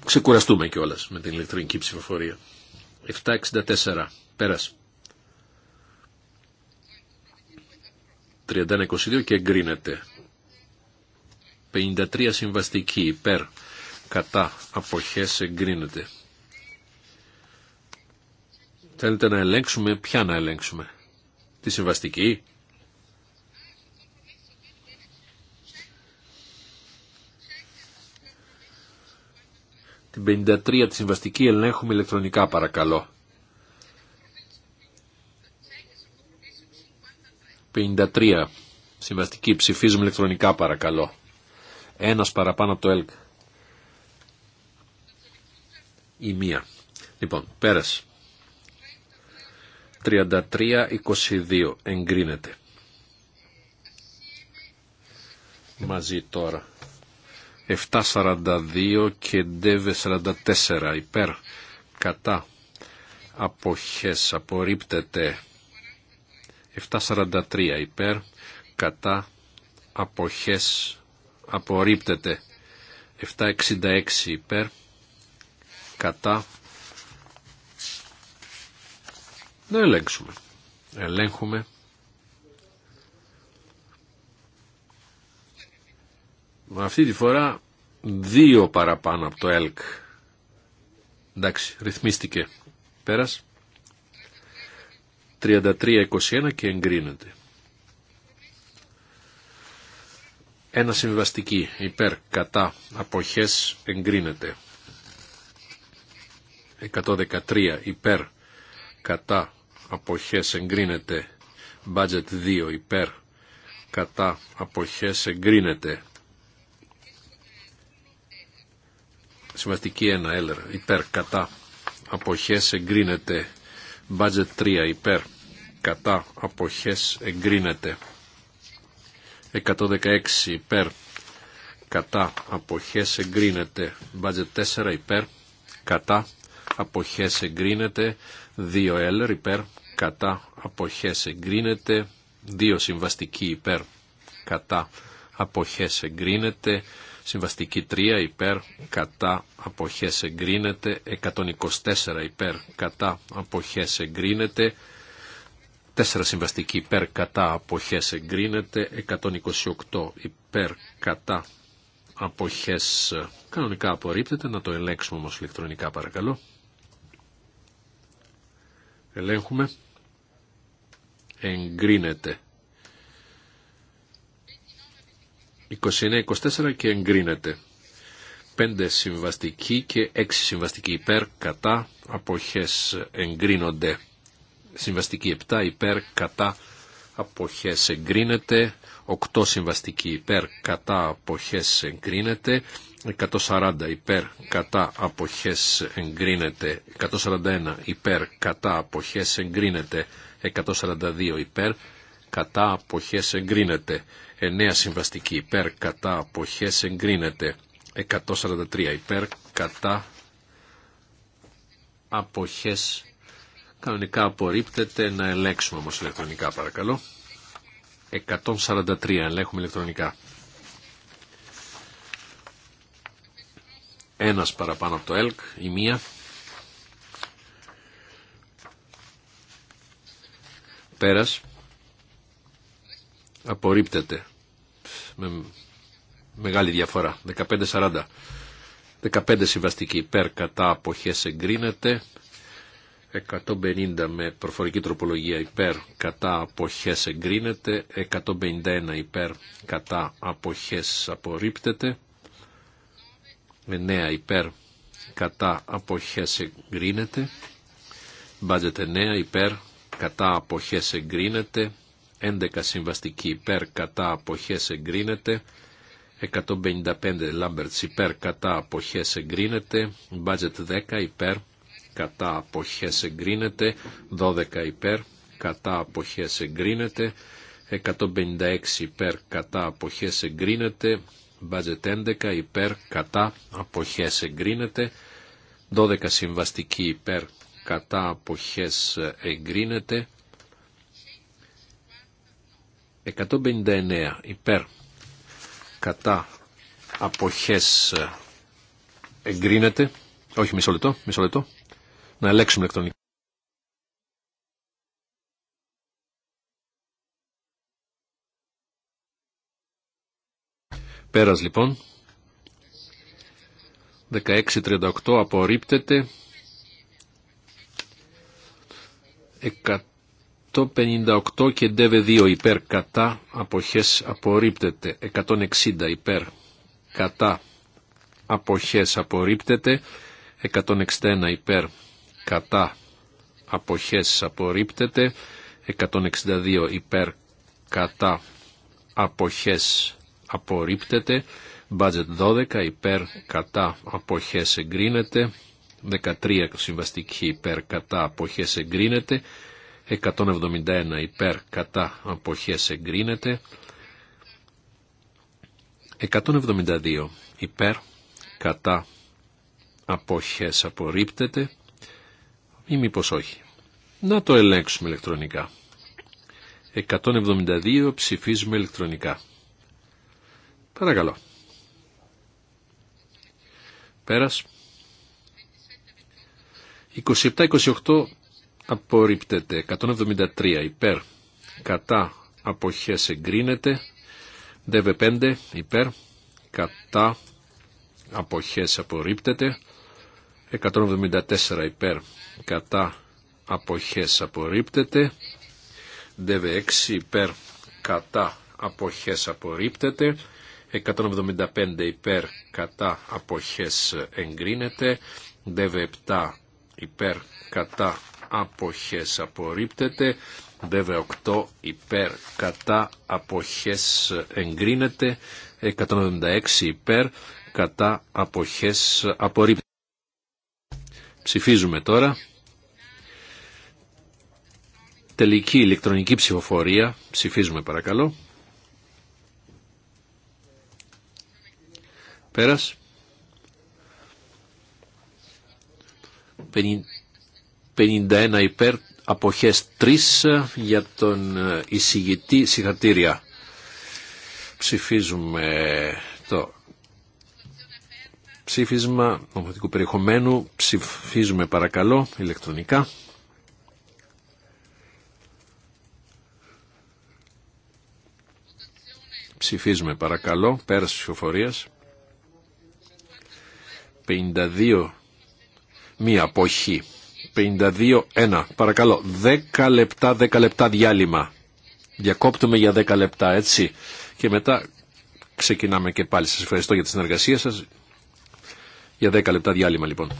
ξεκουραστούμε κιόλα με την ηλεκτρονική ψηφοφορία. 764. Πέρασε. 3122 και εγκρίνεται. 53 συμβαστική υπέρ κατά αποχές εγκρίνεται. Θέλετε να ελέγξουμε, ποια να ελέγξουμε. Τη συμβαστική, 53 τη συμβαστική ελέγχουμε ηλεκτρονικά παρακαλώ. 53 συμβαστική ψηφίζουμε ηλεκτρονικά παρακαλώ. Ένας παραπάνω από το ΕΛΚ. Η μία. Λοιπόν, πέρασε. 33-22 εγκρίνεται. Μαζί τώρα. 742 και ντεβε 44 υπέρ κατά αποχές απορρίπτεται 743 υπέρ κατά αποχές απορρίπτεται 766 υπέρ κατά να ελέγξουμε ελέγχουμε Αυτή τη φορά δύο παραπάνω από το ΕΛΚ. Εντάξει, ρυθμίστηκε. Πέρας. 33-21 και εγκρίνεται. Ένα συμβαστική υπέρ κατά αποχές εγκρίνεται. 113 υπέρ κατά αποχές εγκρίνεται. Budget 2 υπέρ κατά αποχές εγκρίνεται. Συμβαστική 1 έλερ υπέρ κατά αποχές εγκρίνεται. Budget 3 υπέρ κατά αποχές εγκρίνεται. 116 υπέρ κατά αποχές εγκρίνεται. Budget 4 υπέρ κατά αποχές εγκρίνεται. 2 έλερ υπέρ κατά αποχές εγκρίνεται. 2 συμβαστική υπέρ κατά αποχές εγκρίνεται. Συμβαστική 3 υπέρ κατά αποχές εγκρίνεται. 124 υπέρ κατά αποχές εγκρίνεται. 4 συμβαστική υπέρ κατά αποχές εγκρίνεται. 128 υπέρ κατά αποχές κανονικά απορρίπτεται. Να το ελέγξουμε όμως ηλεκτρονικά παρακαλώ. Ελέγχουμε. Εγκρίνεται. 29-24 και εγκρίνεται. 5 συμβαστικοί και 6 συμβαστικοί υπέρ κατά αποχές εγκρίνονται. Συμβαστικοί 7 υπέρ κατά αποχές εγκρίνεται. 8 συμβαστικοί υπέρ κατά αποχές εγκρίνεται. 140 υπέρ κατά αποχές εγκρίνεται. 141 υπέρ κατά αποχές εγκρίνεται. 142 υπέρ κατά αποχές εγκρίνεται. 9 συμβαστική υπέρ κατά αποχές εγκρίνεται. 143 υπέρ κατά αποχές κανονικά απορρίπτεται να ελέγξουμε όμως ηλεκτρονικά παρακαλώ. 143 ελέγχουμε ηλεκτρονικά. Ένας παραπάνω από το ΕΛΚ, η μία. Πέρας απορρίπτεται με μεγάλη διαφορά. 15-40. 15 συμβαστική υπέρ κατά αποχές εγκρίνεται. 150 με προφορική τροπολογία υπέρ κατά αποχές εγκρίνεται. 151 υπέρ κατά αποχές απορρίπτεται. 9 υπέρ κατά αποχές εγκρίνεται. Budget 9 υπέρ κατά αποχές εγκρίνεται. 11 συμβαστική υπέρ κατά αποχές εγκρίνεται. 155 Λάμπερτς υπέρ κατά αποχές εγκρίνεται. Budget 10 υπέρ κατά αποχές εγκρίνεται. 12 υπέρ κατά αποχές εγκρίνεται. 156 υπέρ κατά αποχές εγκρίνεται. Budget 11 υπέρ κατά αποχές εγκρίνεται. 12 συμβαστική υπέρ κατά αποχές εγκρίνεται. 159 υπέρ κατά αποχές ε, εγκρίνεται. Όχι, μισό λεπτό, μισό λεπτό. Να ελέγξουμε ηλεκτρονικά. Πέρας λοιπόν. 16.38 απορρίπτεται. 158 και ντεβε 2 υπέρ κατά αποχές απορρίπτεται. 160 υπέρ κατά αποχές απορρίπτεται. 161 υπέρ κατά αποχές απορρίπτεται. 162 υπέρ κατά αποχές απορρίπτεται. Budget 12 υπέρ κατά αποχές εγκρίνεται. 13 συμβαστική υπέρ κατά αποχές εγκρίνεται. 171 υπέρ κατά αποχές εγκρίνεται. 172 υπέρ κατά αποχές απορρίπτεται ή μήπω όχι. Να το ελέγξουμε ηλεκτρονικά. 172 ψηφίζουμε ηλεκτρονικά. Παρακαλώ. Πέρας. 27-28 απορρίπτεται. 173 υπέρ κατά αποχές εγκρίνεται. DV5 υπέρ κατά αποχές απορρίπτεται. 174 υπέρ κατά αποχές απορρίπτεται. DV6 υπέρ κατά αποχές απορρίπτεται. 175 υπέρ κατά αποχές εγκρίνεται. DV7 υπέρ κατά αποχές απορρίπτεται. βέβαια 8 υπέρ κατά αποχές εγκρίνεται. 176 υπέρ κατά αποχές απορρίπτεται. Ψηφίζουμε τώρα. Τελική ηλεκτρονική ψηφοφορία. Ψηφίζουμε παρακαλώ. Πέρας. 51 υπέρ, αποχές 3 για τον ε, εισηγητή συγχαρτήρια. Ψηφίζουμε το ψήφισμα νομοθετικού περιεχομένου. Ψηφίζουμε παρακαλώ ηλεκτρονικά. Ψηφίζουμε παρακαλώ, πέρας της ψηφοφορίας. 52, μία αποχή. 52-1. Παρακαλώ, 10 λεπτά, 10 λεπτά διάλειμμα. Διακόπτουμε για 10 λεπτά, έτσι. Και μετά ξεκινάμε και πάλι. Σα ευχαριστώ για τη συνεργασία σα. Για 10 λεπτά διάλειμμα, λοιπόν.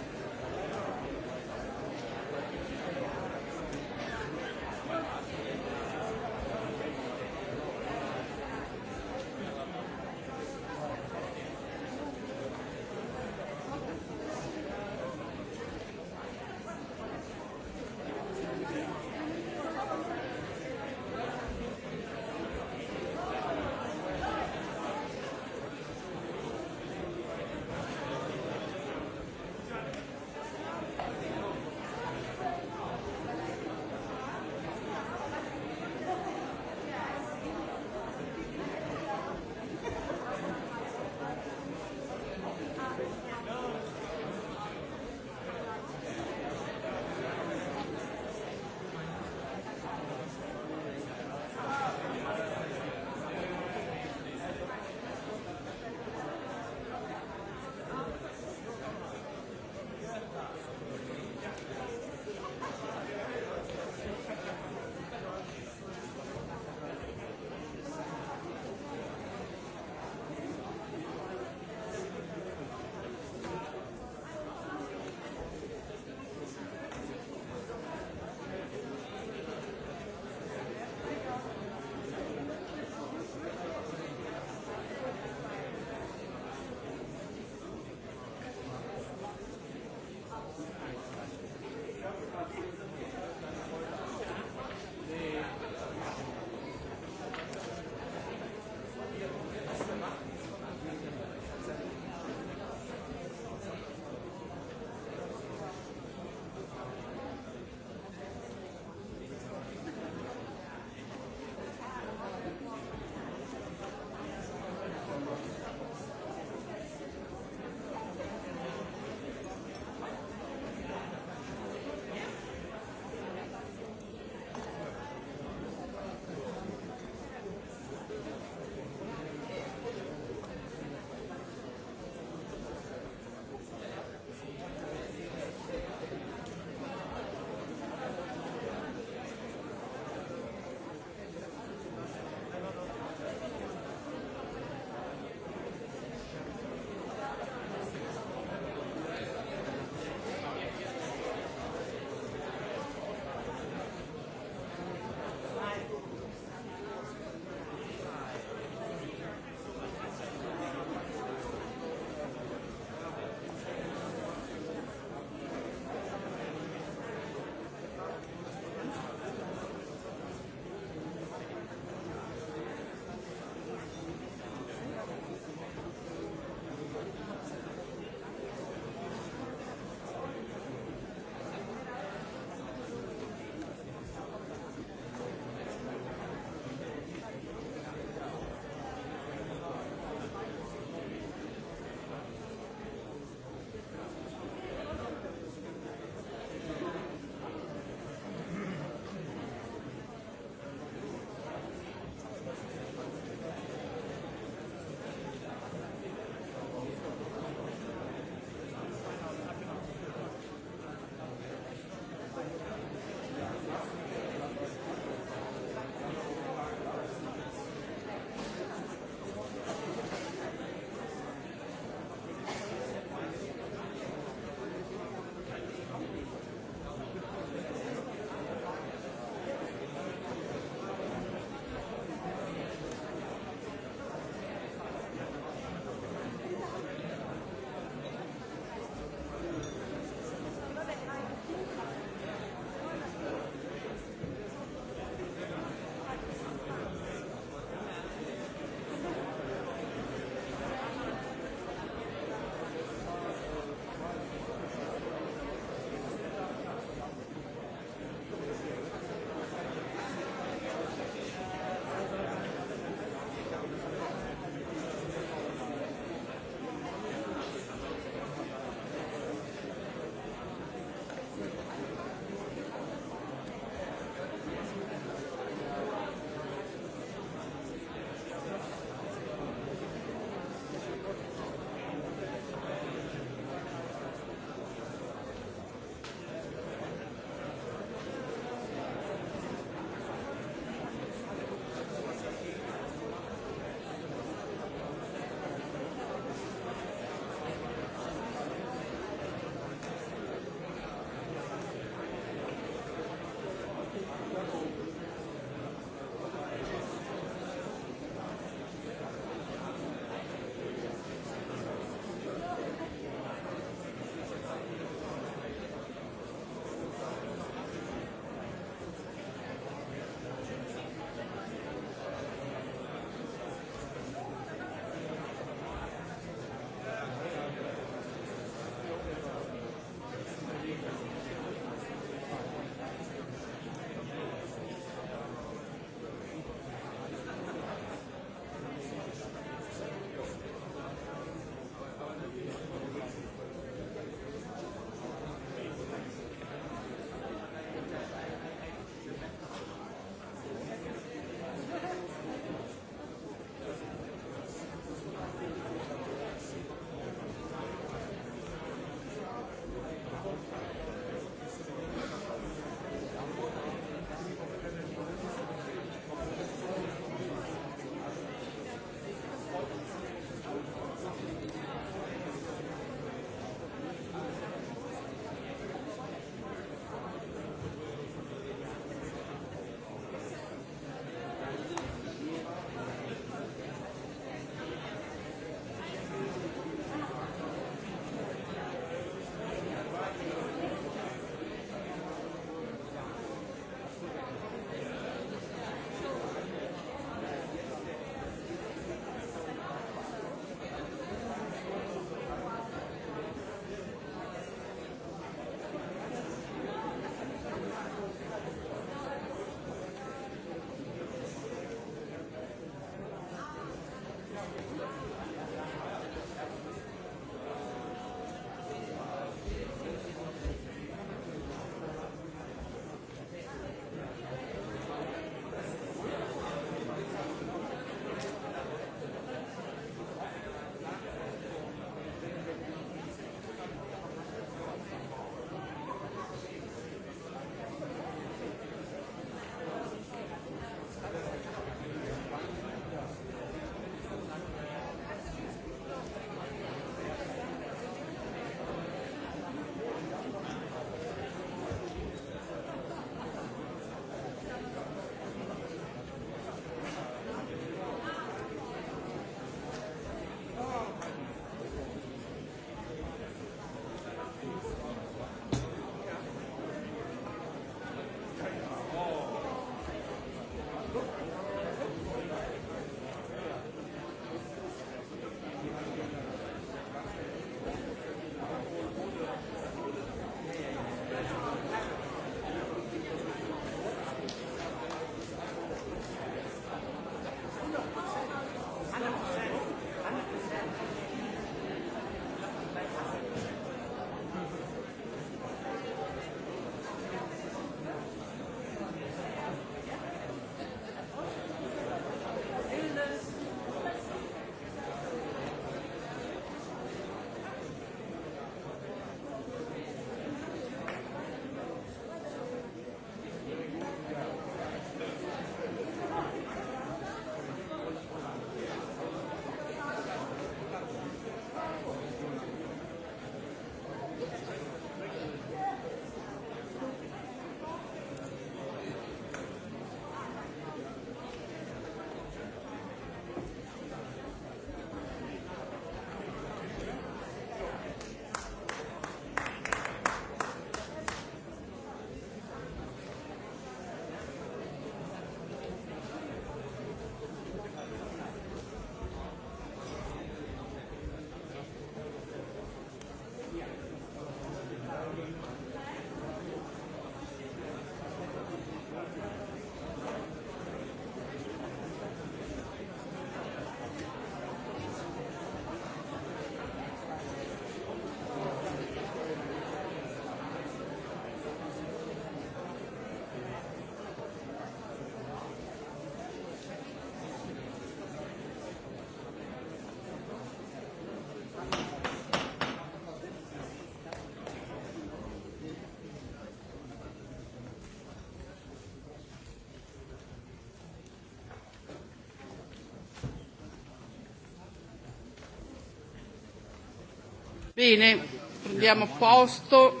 Bene, prendiamo posto.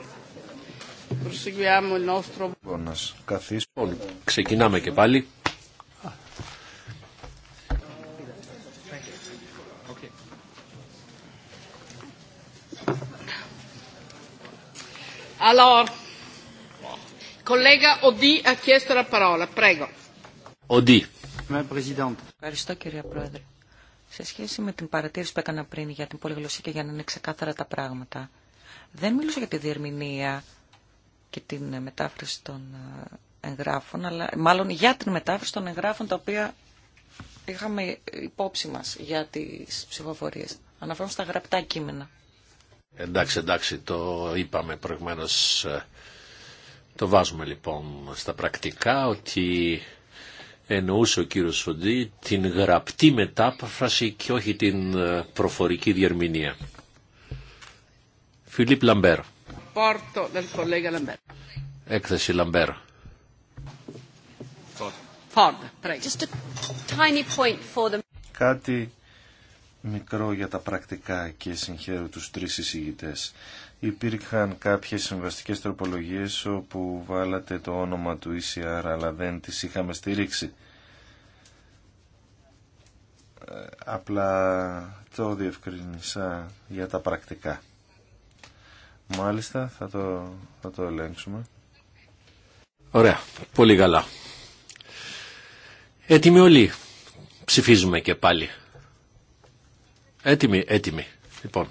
Proseguiamo il nostro. Ξεκινάμε και πάλι. Allora, collega Odi ha chiesto la parola, prego. Odi. Ευχαριστώ κυρία Πρόεδρε. Σε σχέση με την παρατήρηση που έκανα πριν για την πολυγλωσσία και για να είναι ξεκάθαρα τα πράγματα, δεν μίλησα για τη διερμηνία και την μετάφραση των ε, εγγράφων, αλλά μάλλον για την μετάφραση των εγγράφων τα οποία είχαμε υπόψη μας για τις ψηφοφορίες. Αναφέρομαι στα γραπτά κείμενα. Εντάξει, εντάξει, το είπαμε προηγουμένως, ε, το βάζουμε λοιπόν στα πρακτικά ότι εννοούσε ο κύριος Φοντή την γραπτή μετάφραση και όχι την ε, προφορική διερμηνία. Φιλίπ Λαμπέρ. Έκθεση Λαμπέρ. Κάτι μικρό για τα πρακτικά και συγχαίρω τους τρεις εισηγητές. Υπήρχαν κάποιες συμβαστικές τροπολογίες όπου βάλατε το όνομα του ECR αλλά δεν τις είχαμε στηρίξει. Ε, απλά το διευκρινίσα για τα πρακτικά. Μάλιστα, θα το, θα το ελέγξουμε. Ωραία, πολύ καλά. Έτοιμοι όλοι. Ψηφίζουμε και πάλι. Έτοιμοι, έτοιμοι. Λοιπόν.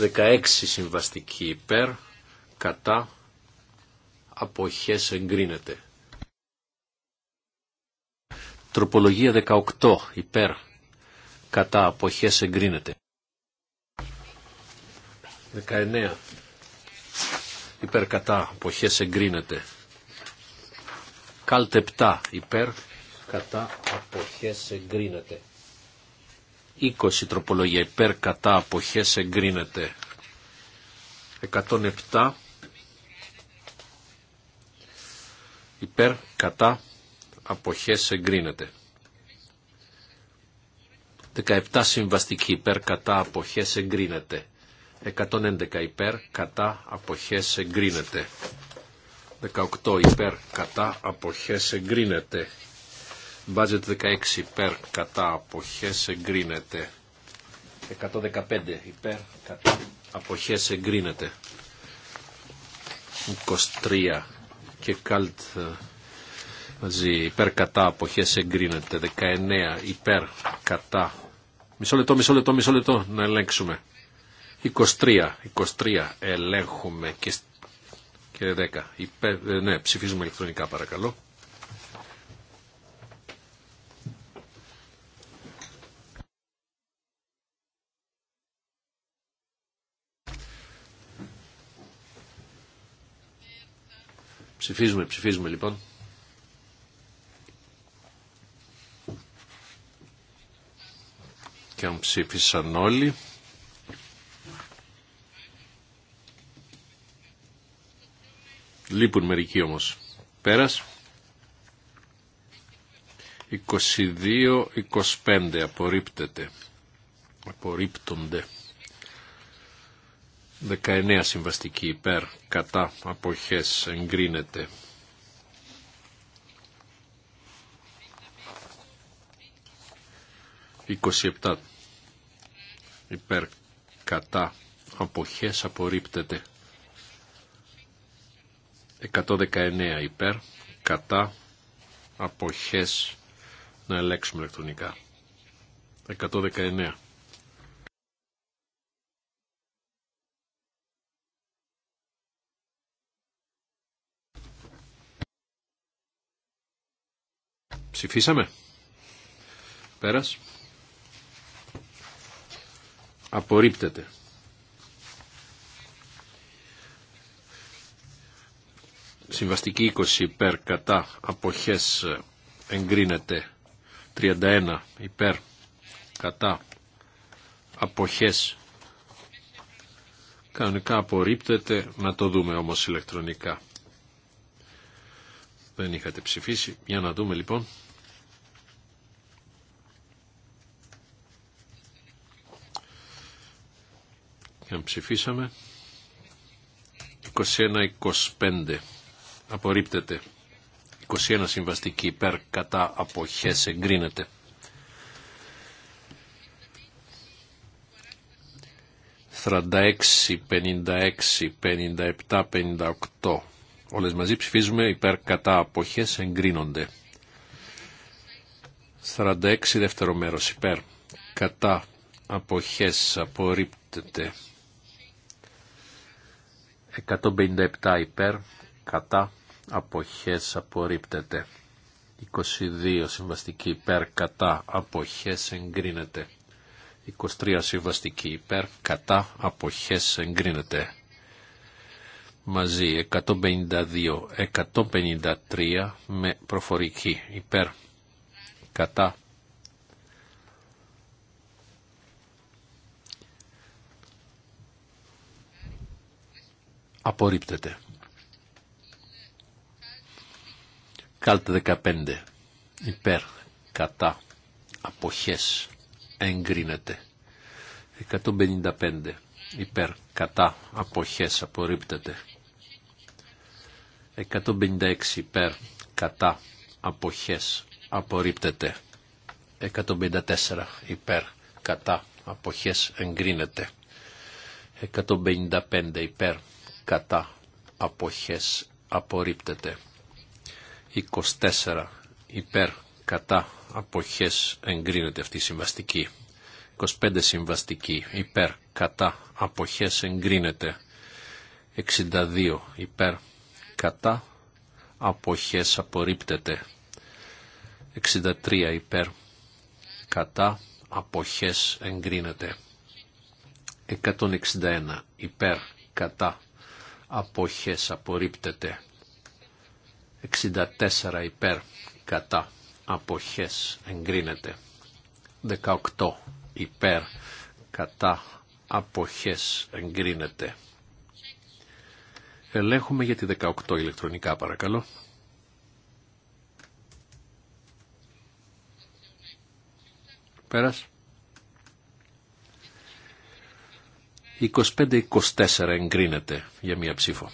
16 συμβαστική υπέρ, κατά, αποχές εγκρίνεται. Τροπολογία 18 υπέρ, κατά, αποχές εγκρίνεται. 19 υπέρ, κατά, αποχές εγκρίνεται. Κάλτε 7 υπέρ, κατά, αποχές εγκρίνεται. 20 τροπολογία υπέρ κατά αποχές εγκρίνεται. 107 υπέρ κατά αποχές εγκρίνεται. 17 συμβαστική υπέρ κατά αποχές εγκρίνεται. 111 υπέρ κατά αποχές εγκρίνεται. 18 υπέρ κατά αποχές εγκρίνεται. Budget 16 υπέρ κατά αποχές εγκρίνεται. 115 υπέρ κατά αποχές εγκρίνεται. 23 και καλτ ε, μαζί υπέρ κατά αποχές εγκρίνεται. 19 υπέρ κατά. Μισό λεπτό, μισό λεπτό, μισό λεπτό να ελέγξουμε. 23, 23 ελέγχουμε και, και 10. Ε, ναι, ψηφίζουμε ηλεκτρονικά παρακαλώ. Ψηφίζουμε, ψηφίζουμε λοιπόν. Και αν ψήφισαν όλοι. Λείπουν μερικοί όμως. Πέρας. 22-25 απορρίπτεται. Απορρίπτονται. 19 συμβαστική υπέρ κατά αποχές εγκρίνεται. 27 υπέρ κατά αποχές απορρίπτεται. 119 υπέρ κατά αποχές να ελέγξουμε ηλεκτρονικά. 119. Ψηφίσαμε. Πέρας. Απορρίπτεται. Συμβαστική 20 υπέρ κατά αποχές εγκρίνεται 31 υπέρ κατά αποχές κανονικά απορρίπτεται να το δούμε όμως ηλεκτρονικά. Δεν είχατε ψηφίσει. Για να δούμε λοιπόν. αν ψηφίσαμε. 21-25 απορρίπτεται. 21 συμβαστική υπέρ κατά αποχές εγκρίνεται. 36, 56, 57, 58. Όλες μαζί ψηφίζουμε υπέρ κατά αποχές εγκρίνονται. 46 δεύτερο μέρος υπέρ κατά αποχές απορρίπτεται. 157 υπέρ, κατά, αποχές απορρίπτεται. 22 συμβαστική υπέρ, κατά, αποχές εγκρίνεται. 23 συμβαστική υπέρ, κατά, αποχές εγκρίνεται. Μαζί 152, 153 με προφορική υπέρ, κατά, Απορρίπτεται. Κάλτ 15. Υπέρ. Κατά. Αποχές. Εγκρίνεται. 155. Υπέρ. Κατά. Αποχές. Απορρίπτεται. 156. Υπέρ. Κατά. Αποχές. Απορρίπτεται. 154. Υπέρ. Κατά. Αποχές. Εγκρίνεται. 155. Υπέρ κατά αποχές απορρίπτεται. 24 υπέρ κατά αποχές εγκρίνεται αυτή η συμβαστική. 25 συμβαστική υπέρ κατά αποχές εγκρίνεται. 62 υπέρ κατά αποχές απορρίπτεται. 63 υπέρ κατά αποχές εγκρίνεται. 161 υπέρ κατά αποχές απορρίπτεται 64 υπέρ κατά αποχές εγκρίνεται 18 υπέρ κατά αποχές εγκρίνεται Ελέγχουμε για τη 18 ηλεκτρονικά παρακαλώ. Πέρας. 25-24 εγκρίνεται για μία ψήφο.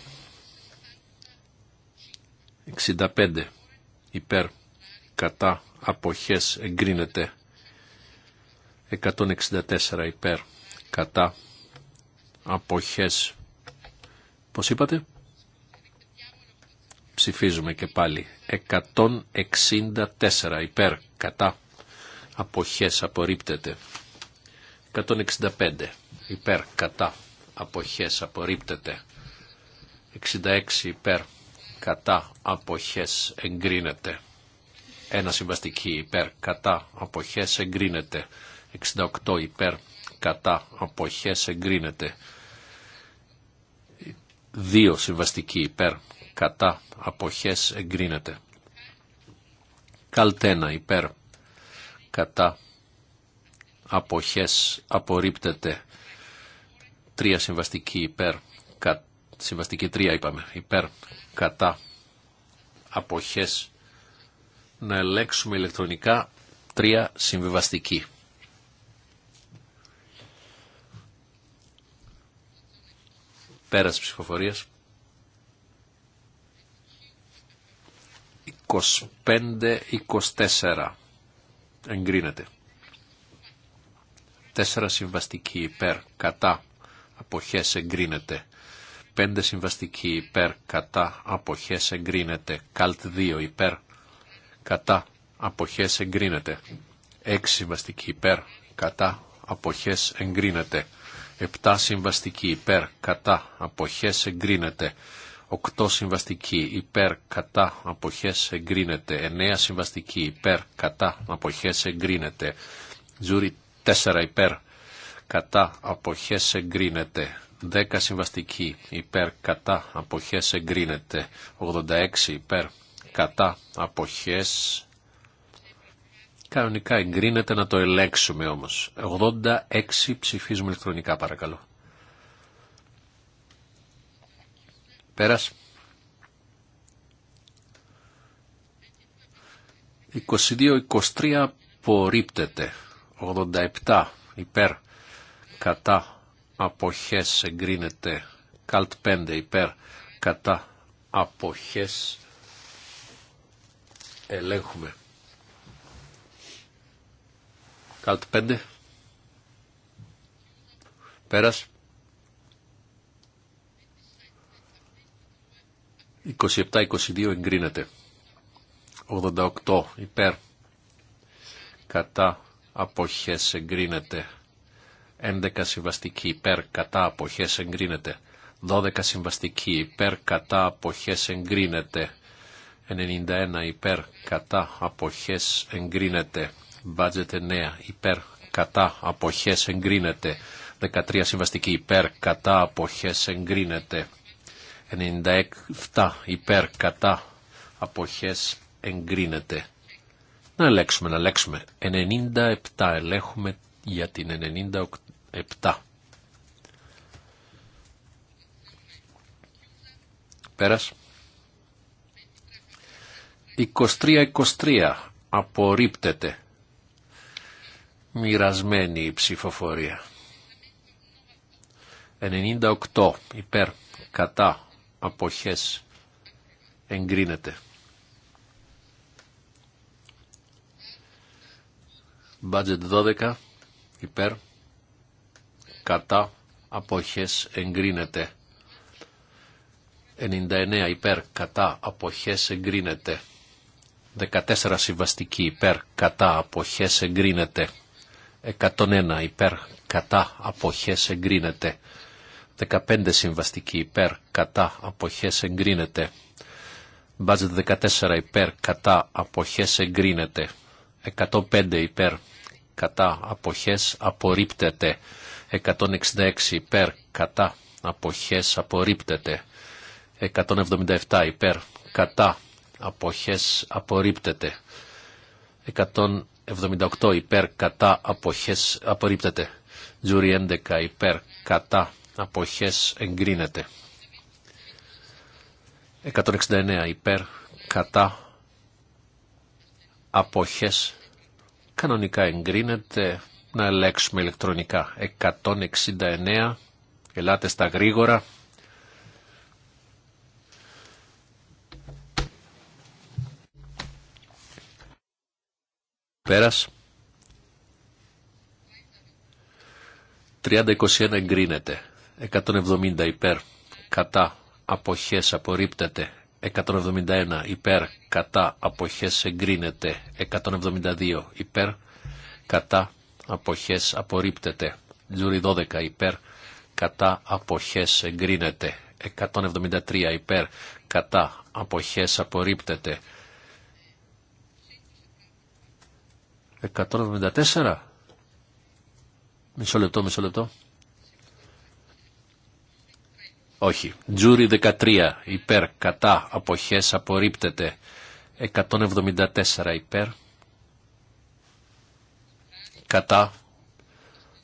65 υπέρ κατά αποχές εγκρίνεται. 164 υπέρ κατά αποχές. Πώς είπατε? Ψηφίζουμε και πάλι. 164 υπέρ κατά αποχές απορρίπτεται. 165 υπέρ κατά αποχές απορρίπτεται 66 υπέρ κατά αποχές εγκρίνεται ένα συμβαστική υπέρ κατά αποχές εγκρίνεται 68 υπέρ κατά αποχές εγκρίνεται 2 συμβαστική υπέρ κατά αποχές εγκρίνεται καλτένα υπέρ κατά αποχές απορρίπτεται Τρία συμβαστική υπέρ, κα, συμβαστική τρία είπαμε, υπέρ, κατά, αποχές, να ελέγξουμε ηλεκτρονικά ηλεκτρονικά συμβιβαστική. Πέρας ψηφοφορίας. 25-24 εγκρίνεται. 4 συμβαστική υπέρ, κατά, αποχές εγκρίνεται. Πέντε συμβαστικοί υπέρ κατά αποχές εγκρίνεται. Καλτ 2 υπέρ κατά αποχές εγκρίνεται. Έξι συμβαστικοί υπέρ κατά αποχές εγκρίνεται. 7 συμβαστικοί υπέρ κατά αποχές εγκρίνεται. 8 συμβαστικοί υπέρ κατά αποχές εγκρίνεται. Εννέα συμβαστικοί υπέρ κατά αποχές εγκρίνεται. Ζούρι 4 υπέρ κατά αποχές εγκρίνεται. 10 συμβαστική υπέρ κατά αποχές εγκρίνεται. 86 υπέρ κατά αποχές Κανονικά εγκρίνεται να το ελέξουμε όμως. 86 ψηφίζουμε ηλεκτρονικά παρακαλώ. Πέρας. 22-23 απορρίπτεται. 87 υπέρ κατά αποχές εγκρίνεται καλτ 5 υπέρ κατά αποχές ελέγχουμε καλτ 5 πέρας 27-22 εγκρίνεται 88 υπέρ κατά αποχές εγκρίνεται 11 συμβαστικοί υπέρ κατά αποχές εγκρίνεται. 12 συμβαστικοί υπέρ κατά αποχές εγκρίνεται. 91 υπέρ κατά αποχές εγκρίνεται. Budget 9 υπέρ κατά αποχές εγκρίνεται. 13 συμβαστικοί υπέρ κατά αποχές εγκρίνεται. 97 υπέρ κατά αποχές εγκρίνεται. Να ελέξουμε, να ελέξουμε. 97 ελέγχουμε για την 97. Πέρας. 23-23 απορρίπτεται μοιρασμένη η ψηφοφορία. 98 υπέρ κατά αποχές εγκρίνεται. Budget 12 υπέρ κατά αποχές εγκρίνεται. 99 υπέρ κατά αποχές εγκρίνεται. 14 συμβαστική υπέρ κατά αποχές εγκρίνεται. 101 υπέρ κατά αποχές εγκρίνεται. 15 συμβαστική υπέρ κατά αποχές εγκρίνεται. Μπάζετ 14 υπέρ κατά αποχές εγκρίνεται. 105 υπέρ κατά αποχές απορρίπτεται. 166 υπέρ κατά αποχές απορρίπτεται. 177 υπέρ κατά αποχές απορρίπτεται. 178 υπέρ κατά αποχές απορρίπτεται. Τζούρι 11 υπέρ κατά αποχές εγκρίνεται. 169 υπέρ κατά αποχές Κανονικά εγκρίνεται να ελέξουμε ηλεκτρονικά. 169. Ελάτε στα γρήγορα. Πέρας. 30-21 εγκρίνεται. 170 υπέρ. Κατά. Αποχές απορρίπτεται. 171 υπέρ κατά αποχές εγκρίνεται. 172 υπέρ κατά αποχές απορρίπτεται. Τζούρι 12 υπέρ κατά αποχές εγκρίνεται. 173 υπέρ κατά αποχές απορρίπτεται. 174. Μισό λεπτό, μισό λεπτό όχι, τζούρι 13 υπέρ κατά αποχές απορρίπτεται 174 υπέρ κατά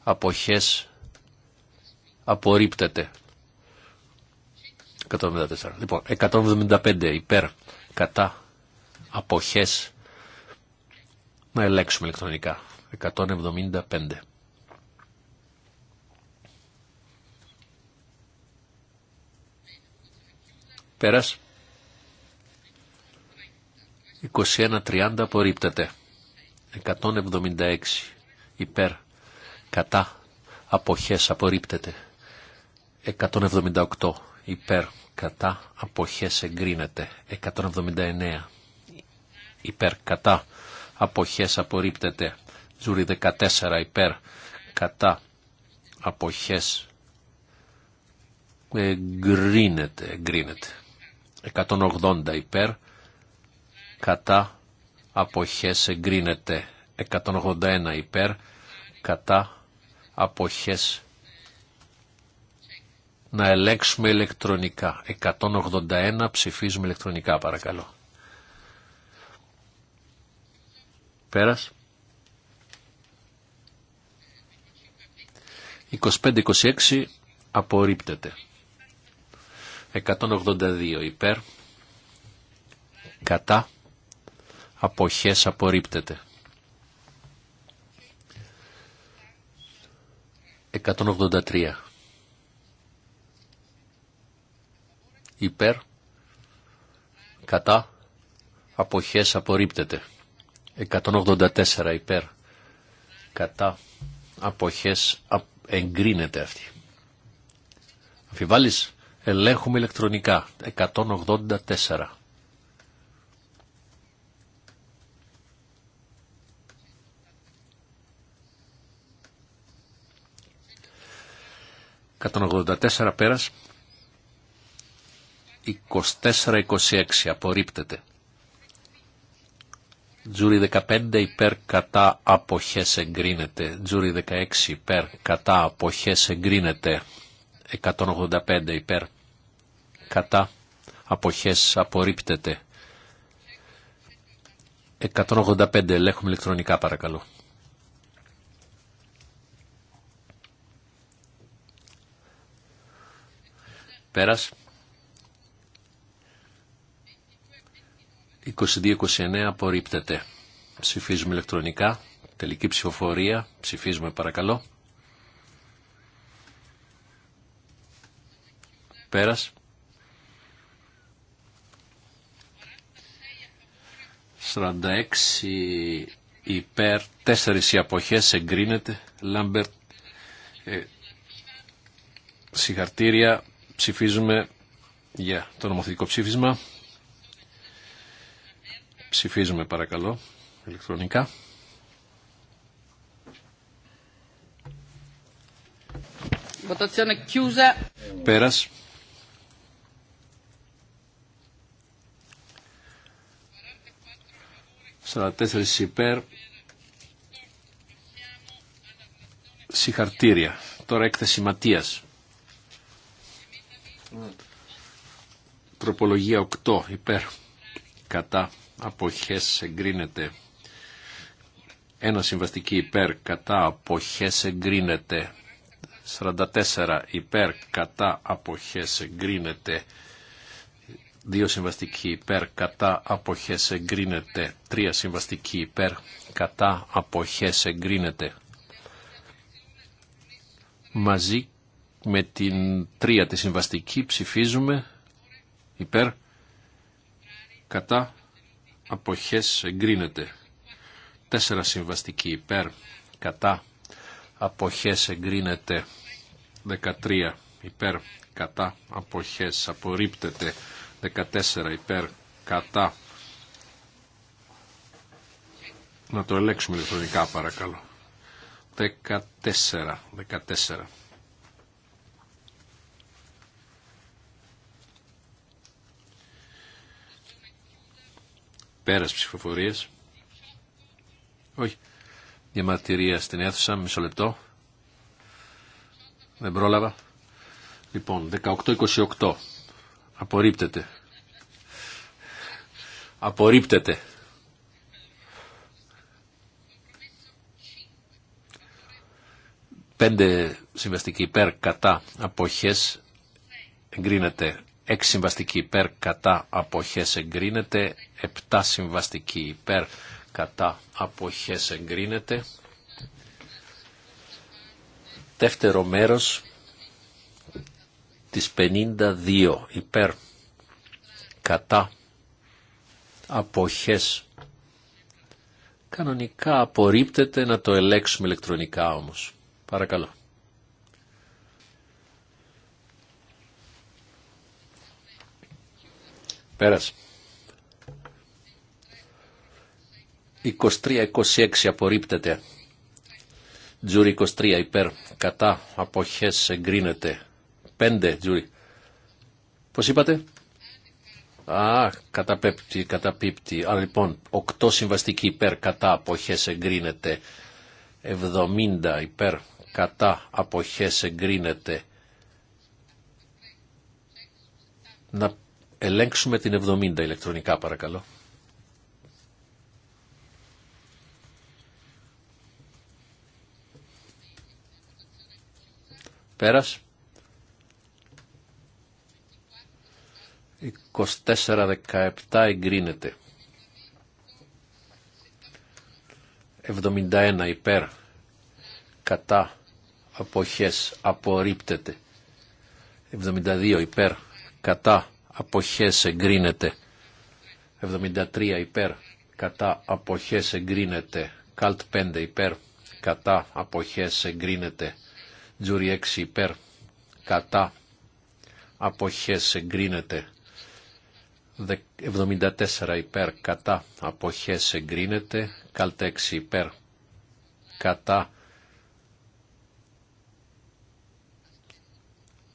αποχές απορρίπτεται 174. Λοιπόν, 175 υπέρ κατά αποχές να ελέγξουμε ηλεκτρονικά. 175. Πέρας. 21-30 απορρίπτεται. 176 υπέρ. Κατά. Αποχές απορρίπτεται. 178 υπέρ. Κατά. Αποχές εγκρίνεται. 179 υπέρ. Κατά. Αποχές απορρίπτεται. Ζούρι 14 υπέρ. Κατά. Αποχές εγκρίνεται. Εγκρίνεται. 180 υπέρ, κατά αποχές εγκρίνεται 181 υπέρ, κατά αποχές να ελέγξουμε ηλεκτρονικά. 181 ψηφίζουμε ηλεκτρονικά παρακαλώ. Πέρας. 25-26 απορρίπτεται. 182 υπέρ, κατά, αποχές απορρίπτεται. 183 υπέρ, κατά, αποχές απορρίπτεται. 184 υπέρ, κατά, αποχές εγκρίνεται αυτή. Αμφιβάλλεις Ελέγχουμε ηλεκτρονικά. 184. 184 περας πέρας. 24-26 απορρίπτεται. Τζούρι 15 υπέρ κατά αποχές εγκρίνεται. Τζούρι 16 υπέρ κατά αποχές εγκρίνεται. 185 υπέρ κατά αποχές απορρίπτεται. 185 ελέγχουμε ηλεκτρονικά παρακαλώ. Πέρας. 22-29 απορρίπτεται. Ψηφίζουμε ηλεκτρονικά. Τελική ψηφοφορία. Ψηφίζουμε παρακαλώ. Πέρας. 46 υπέρ, 4 οι αποχές εγκρίνεται. Λάμπερτ, ε, συγχαρτήρια, ψηφίζουμε για το νομοθετικό ψήφισμα. Ψηφίζουμε παρακαλώ, ηλεκτρονικά. Πέρας. 44 υπέρ. Συγχαρτήρια. Τώρα έκθεση Ματίας. Τροπολογία 8 υπέρ. Κατά αποχές εγκρίνεται. Ένα συμβαστική υπέρ κατά αποχές εγκρίνεται. 44 υπέρ κατά αποχές εγκρίνεται. Δύο συμβαστικοί υπέρ κατά αποχές εγκρίνεται. Τρία συμβαστικοί υπέρ κατά αποχές εγκρίνεται. Μαζί με την τρία τη συμβαστική ψηφίζουμε υπέρ κατά αποχές εγκρίνεται. Τέσσερα συμβαστική υπέρ κατά αποχές εγκρίνεται. 13 υπέρ κατά αποχές απορρίπτεται. 14 υπέρ κατά. Να το ελέγξουμε ηλεκτρονικά παρακαλώ. 14. 14. Πέρας ψηφοφορίες. Όχι. Διαμαρτυρία στην αίθουσα. Μισό λεπτό. Δεν πρόλαβα. Λοιπόν, 18-28. Απορρίπτεται. Απορρίπτεται. Πέντε συμβαστικοί υπέρ κατά αποχές εγκρίνεται. Έξι συμβαστικοί υπέρ κατά αποχές εγκρίνεται. Επτά συμβαστικοί υπέρ κατά αποχές εγκρίνεται. Δεύτερο μέρος τις 52 υπέρ κατά αποχές. Κανονικά απορρίπτεται να το ελέγξουμε ηλεκτρονικά όμως. Παρακαλώ. Πέρασε. 23-26 απορρίπτεται. Τζούρι 23 υπέρ κατά αποχές εγκρίνεται. Πέντε, Τζούρι. Πώς είπατε? Α, καταπέπτει, καταπίπτει. Άρα λοιπόν, οκτώ συμβαστική υπέρ κατά αποχές εγκρίνεται. Εβδομήντα υπέρ κατά αποχές εγκρίνεται. Να ελέγξουμε την εβδομήντα ηλεκτρονικά παρακαλώ. Πέρας. 24-17 εγκρίνεται. 71 υπέρ κατά αποχές απορρίπτεται. 72 υπέρ κατά αποχές εγκρίνεται. 73 υπέρ κατά αποχές εγκρίνεται. Καλτ 5 υπέρ κατά αποχές εγκρίνεται. Τζουρι 6 υπέρ κατά αποχές εγκρίνεται. 74 υπέρ κατά αποχές εγκρίνεται, Καλτέξι 6 υπέρ κατά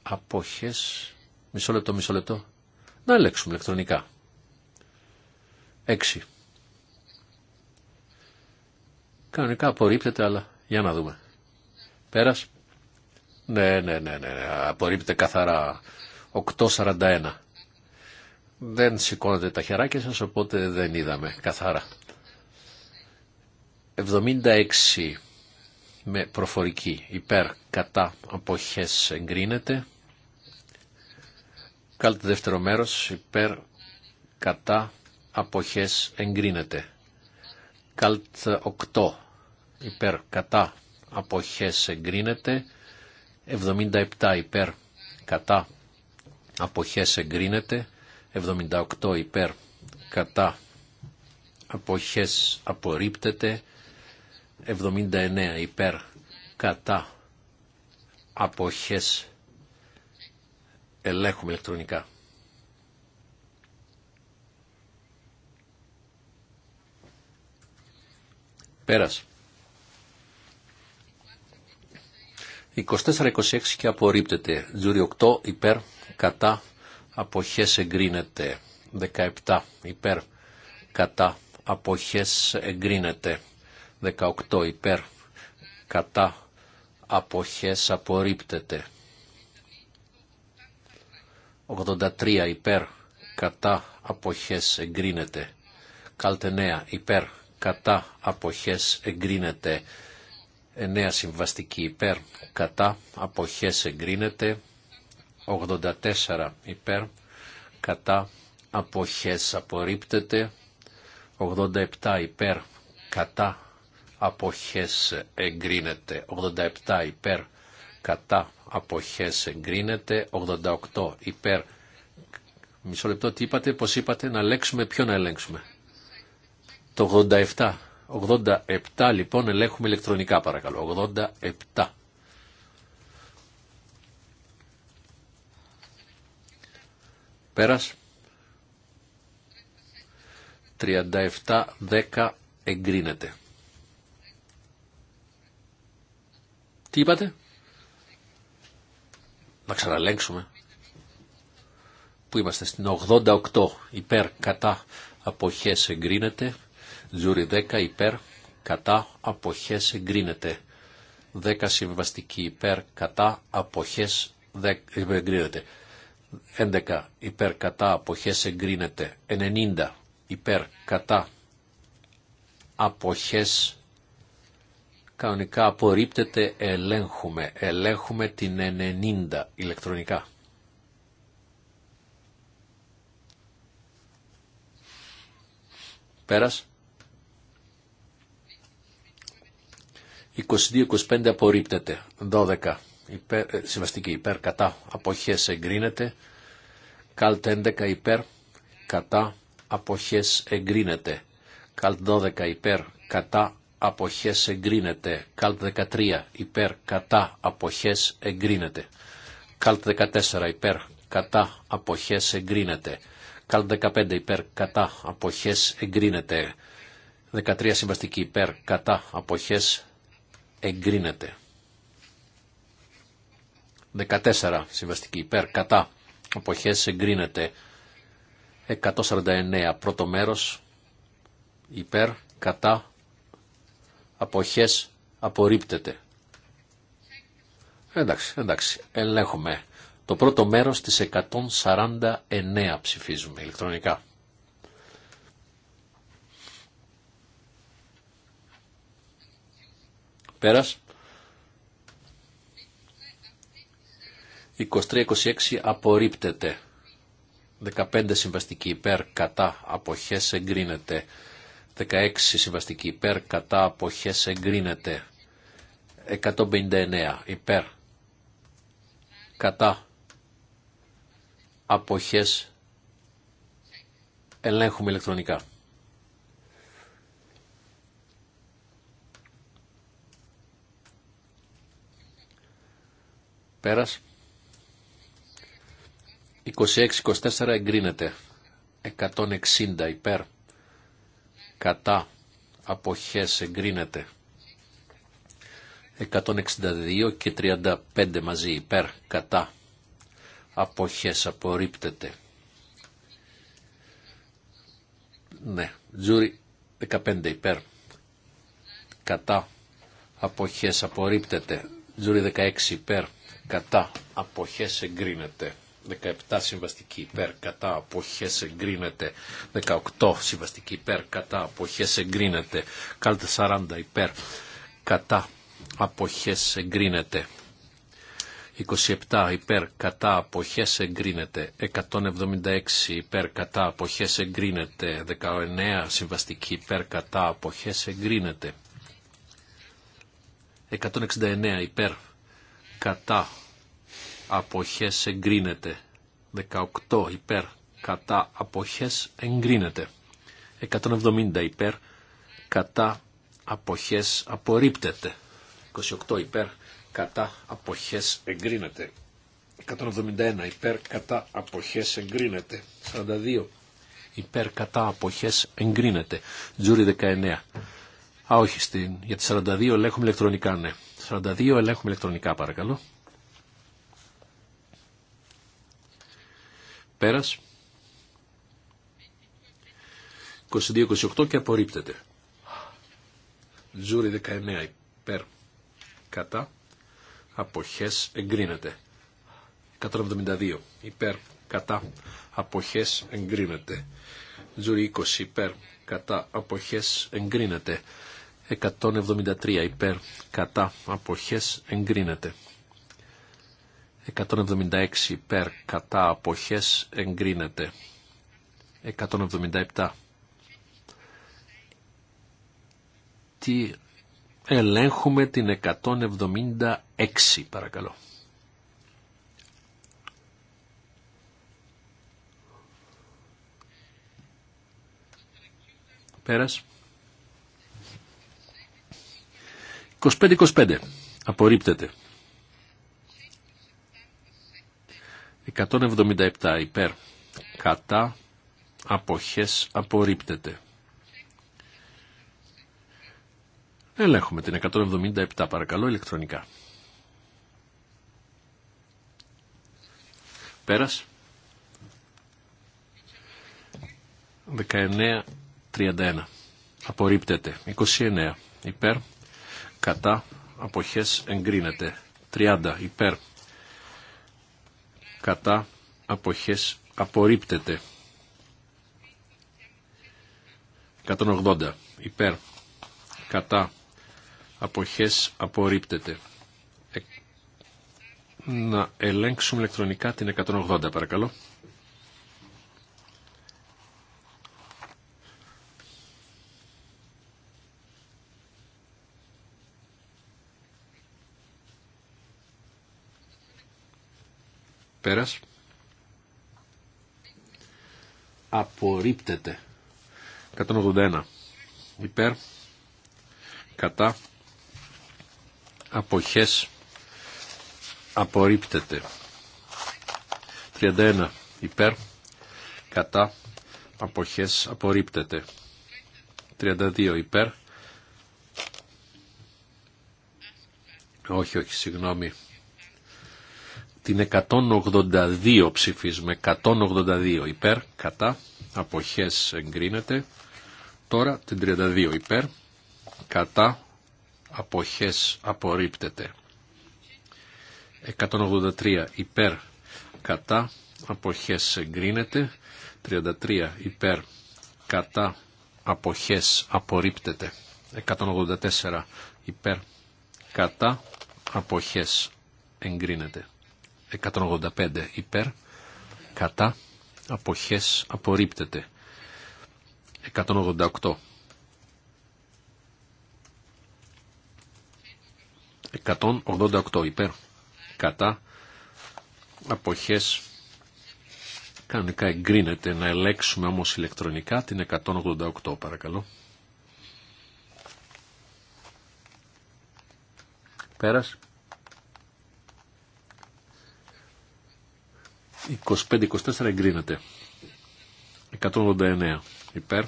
αποχές, μισό λεπτό, μισό λεπτό, να ελέγξουμε ηλεκτρονικά. 6. Κανονικά απορρίπτεται, αλλά για να δούμε. Πέρας. Ναι, ναι, ναι, ναι, ναι. απορρίπτεται καθαρά. 8.41 δεν σηκώνατε τα χεράκια σας, οπότε δεν είδαμε καθαρά. 76 με προφορική υπέρ κατά αποχές εγκρίνεται. Κάλτε δεύτερο μέρος υπέρ κατά αποχές εγκρίνεται. Κάλτ 8 υπέρ κατά αποχές εγκρίνεται. 77 υπέρ κατά αποχές εγκρίνεται. 78 υπέρ κατά αποχές απορρίπτεται 79 υπέρ κατά αποχές ελέγχουμε ηλεκτρονικά. Πέρας. 24-26 και απορρίπτεται. Τζούρι 8 υπέρ κατά αποχές εγκρίνεται. 17 υπέρ κατά αποχές εγκρίνεται. 18 υπέρ κατά αποχές απορρίπτεται. 83 υπέρ κατά αποχές εγκρίνεται. Καλτενέα υπέρ κατά αποχές εγκρίνεται. 9 συμβαστική υπέρ κατά αποχές εγκρίνεται. 84 υπέρ κατά αποχές απορρίπτεται 87 υπέρ κατά αποχές εγκρίνεται 87 υπέρ κατά αποχές εγκρίνεται 88 υπέρ μισό λεπτό τι είπατε πως είπατε να ελέγξουμε ποιο να ελέγξουμε το 87 87 λοιπόν ελέγχουμε ηλεκτρονικά παρακαλώ 87 Πέρας. 37-10 εγκρίνεται. Τι είπατε? Να ξαναλέξουμε. Πού είμαστε στην 88 υπέρ κατά αποχές εγκρίνεται. Τζούρι 10 υπέρ κατά αποχές εγκρίνεται. 10 συμβαστική υπέρ κατά αποχές εγκρίνεται. 11 υπέρ κατά αποχές εγκρίνεται. 90 υπέρ κατά αποχές κανονικά απορρίπτεται. Ελέγχουμε. Ελέγχουμε την 90 ηλεκτρονικά. Πέρας. 22-25 απορρίπτεται. 12 υπέρ, ε, συμβαστική υπέρ κατά αποχές εγκρίνεται. Καλτ 11 υπέρ κατά αποχές εγκρίνεται. Καλτ 12 υπέρ κατά αποχές εγκρίνεται. Καλτ 13 υπέρ κατά αποχές εγκρίνεται. Καλτ 14 υπέρ κατά αποχές εγκρίνεται. Καλτ 15 υπέρ κατά αποχές εγκρίνεται. 13 συμβαστική υπέρ κατά αποχές εγκρίνεται. 14 συμβαστική υπέρ κατά αποχές εγκρίνεται 149 πρώτο μέρος υπέρ κατά αποχές απορρίπτεται. Εντάξει, εντάξει, ελέγχουμε. Το πρώτο μέρος της 149 ψηφίζουμε ηλεκτρονικά. Πέρας. 23-26 απορρίπτεται. 15 συμβαστική υπέρ κατά αποχές εγκρίνεται. 16 συμβαστική υπέρ κατά αποχές εγκρίνεται. 159 υπέρ κατά αποχές ελέγχουμε ηλεκτρονικά. Πέρας. 26-24 εγκρίνεται. 160 υπέρ. Κατά. Αποχές εγκρίνεται. 162 και 35 μαζί υπέρ. Κατά. Αποχές απορρίπτεται. Ναι. Τζούρι 15 υπέρ. Κατά. Αποχές απορρίπτεται. Τζούρι 16 υπέρ. Κατά. Αποχές εγκρίνεται. 17 συμβαστική υπέρ κατά αποχέ εγκρίνεται. 18 συμβαστική υπέρ κατά αποχέ εγκρίνεται. Κάλτε 40 υπέρ κατά αποχέ εγκρίνεται. 27 υπέρ κατά αποχέ εγκρίνεται, 176 υπέρ κατά αποχέ εγκρίνεται, 19 συμβαστική υπέρ κατά αποχέ εγκρίνεται, 169 υπέρ κατά αποχές εγκρίνεται. 18 υπέρ κατά αποχές εγκρίνεται. 170 υπέρ κατά αποχές απορρίπτεται. 28 υπέρ κατά αποχές εγκρίνεται. 171 υπέρ κατά αποχές εγκρίνεται. 42 υπέρ κατά αποχές εγκρίνεται. Τζούρι 19. Α, όχι, στην, για 42 ελέγχουμε ηλεκτρονικά, ναι. 42 ελέγχουμε ηλεκτρονικά, παρακαλώ. Πέρας. 22-28 και απορρίπτεται. Ζούρι 19 υπέρ κατά αποχές εγκρίνεται. 172 υπέρ κατά αποχές εγκρίνεται. Ζούρι 20 υπέρ κατά αποχές εγκρίνεται. 173 υπέρ κατά αποχές εγκρίνεται. 176 υπέρ κατά αποχές εγκρίνεται. 177. Τι ελέγχουμε την 176 παρακαλώ. Πέρας. 25-25. Απορρίπτεται. 177 υπέρ κατά αποχές απορρίπτεται. Ελέγχουμε την 177 παρακαλώ ηλεκτρονικά. Πέρας. 19.31. Απορρίπτεται. 29. Υπέρ. Κατά. Αποχές εγκρίνεται. 30. Υπέρ κατά αποχές απορρίπτεται. 180 υπέρ κατά αποχές απορρίπτεται. Ε, να ελέγξουμε ηλεκτρονικά την 180 παρακαλώ. Πέρας. Απορρίπτεται. 181. Υπέρ. Κατά. Αποχές. Απορρίπτεται. 31. Υπέρ. Κατά. Αποχές. Απορρίπτεται. 32. Υπέρ. Όχι, όχι, συγγνώμη. Την 182 ψηφίζουμε. 182 υπέρ, κατά, αποχές εγκρίνεται. Τώρα την 32 υπέρ, κατά, αποχές απορρίπτεται. 183 υπέρ, κατά, αποχές εγκρίνεται. 33 υπέρ, κατά, αποχές απορρίπτεται. 184 υπέρ, κατά, αποχές εγκρίνεται. 185 υπέρ, κατά, αποχές απορρίπτεται. 188. 188 υπέρ, κατά, αποχές κανονικά εγκρίνεται να ελέξουμε όμως ηλεκτρονικά την 188 παρακαλώ. Πέρας. 25-24 εγκρίνεται. 189 υπέρ,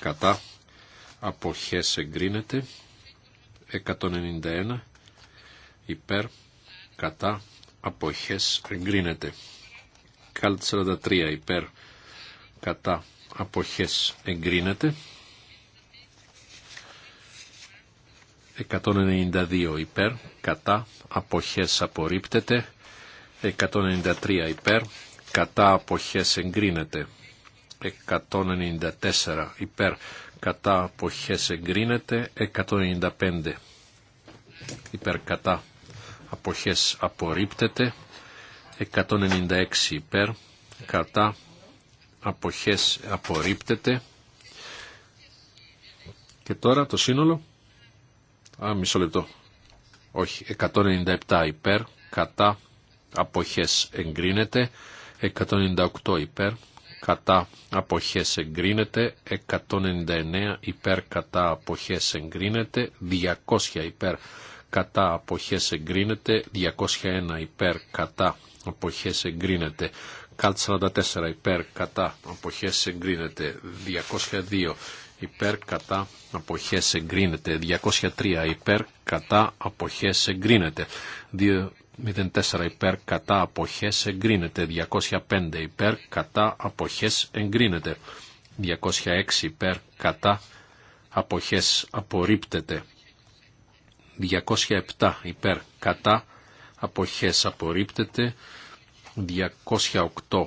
κατά, αποχές εγκρίνεται. 191 υπέρ, κατά, αποχές εγκρίνεται. Καλτ 43 υπέρ, κατά, αποχές εγκρίνεται. 192 υπέρ, κατά, αποχές απορρίπτεται. 193 υπέρ, κατά αποχές εγκρίνεται. 194 υπέρ, κατά αποχές εγκρίνεται. 195 υπέρ, κατά αποχές απορρίπτεται. 196 υπέρ, κατά αποχές απορρίπτεται. Και τώρα το σύνολο. Α, μισό λεπτό. Όχι, 197 υπέρ, κατά αποχές εγκρίνεται 198 υπέρ κατά αποχές εγκρίνεται 199 υπέρ κατά αποχές εγκρίνεται 200 υπέρ κατά αποχές εγκρίνεται 201 υπέρ κατά αποχές εγκρίνεται Καλτ 44 υπέρ κατά αποχές εγκρίνεται 202 υπέρ κατά αποχές εγκρίνεται 203 υπέρ κατά αποχές εγκρίνεται 04 υπέρ κατά αποχές εγκρίνεται. 205 υπέρ κατά αποχές εγκρίνεται. 206 υπέρ κατά αποχές απορρίπτεται. 207 υπέρ κατά αποχές απορρίπτεται. 208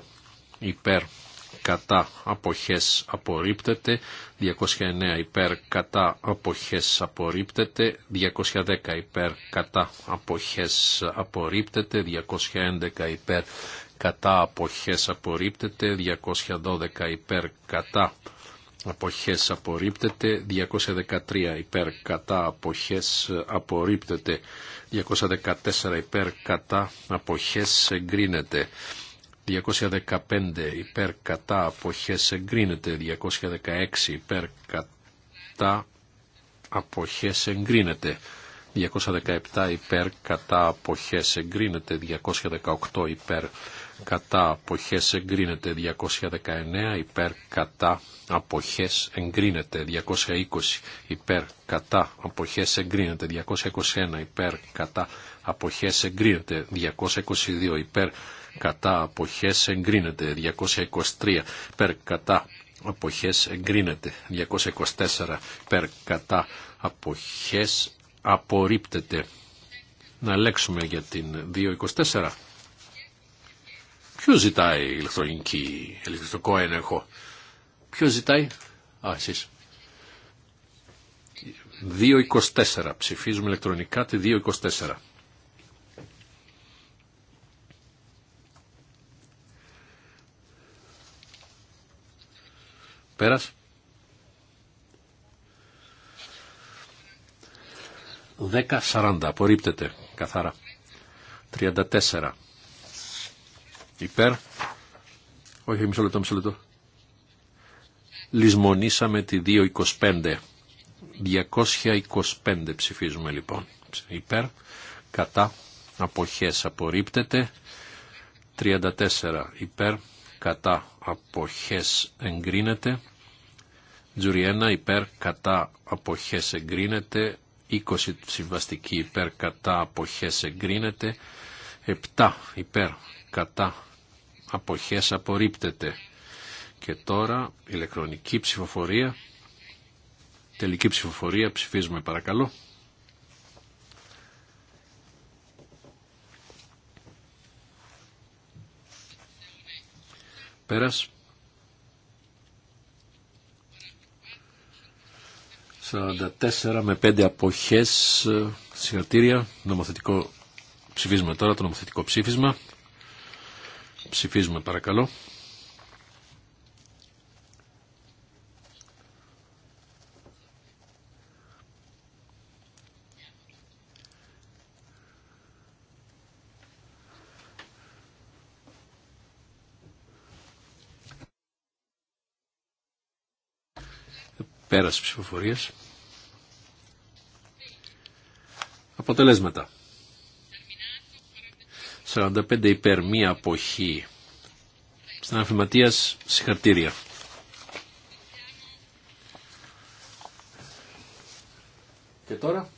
υπέρ κατά αποχές απορρίπτεται, 209 υπέρ κατά αποχές απορρίπτεται, 210 υπέρ κατά αποχές απορρίπτεται, 211 υπέρ κατά αποχές απορρίπτεται, 212 υπέρ κατά αποχές απορρίπτεται, 213 υπέρ κατά αποχές απορρίπτεται, 214 υπέρ κατά αποχές εγκρίνεται. 215 υπέρ κατά χες εγκρίνεται. 216 υπέρ κατά χες εγκρίνεται. 217 υπέρ κατά χες εγκρίνεται. 218 υπέρ κατά χες εγκρίνεται 219, υπέρ κατά χες εγκρίνεται 220, υπέρ κατά χες εγκρίνεται 221, υπέρ κατά από χες εγκρίνεται 222, υπέρ κατά αποχές εγκρίνεται 223 περ κατά αποχές εγκρίνεται 224 περ κατά αποχές απορρίπτεται να ελέξουμε για την 224 Ποιος ζητάει ηλεκτρονική, ηλεκτρονικό έλεγχο. Ποιος ζητάει. Α, εσείς. 2.24. Ψηφίζουμε ηλεκτρονικά τη 2.24. Πέρας. 10.40. Απορρίπτεται. Καθαρά. 34. Υπέρ. Όχι, μισό λεπτό, μισό λεπτό. Λυσμονήσαμε τη 2.25. 225 ψηφίζουμε λοιπόν. Υπέρ. Κατά. Αποχές. Απορρίπτεται. 34. Υπέρ κατά αποχές εγκρίνεται. Τζουρι υπέρ κατά αποχές εγκρίνεται. 20 συμβαστική υπέρ κατά αποχές εγκρίνεται. 7 υπέρ κατά αποχές απορρίπτεται. Και τώρα ηλεκτρονική ψηφοφορία. Τελική ψηφοφορία ψηφίζουμε παρακαλώ. Πέρας. 44 με 5 αποχές συγχαρτήρια, νομοθετικό ψηφίζουμε τώρα το νομοθετικό ψήφισμα. Ψηφίζουμε παρακαλώ. Πέρας ψηφοφορίας. Αποτελέσματα. 45 υπέρ μία αποχή. Στην αφηματίας συγχαρτήρια. Και τώρα.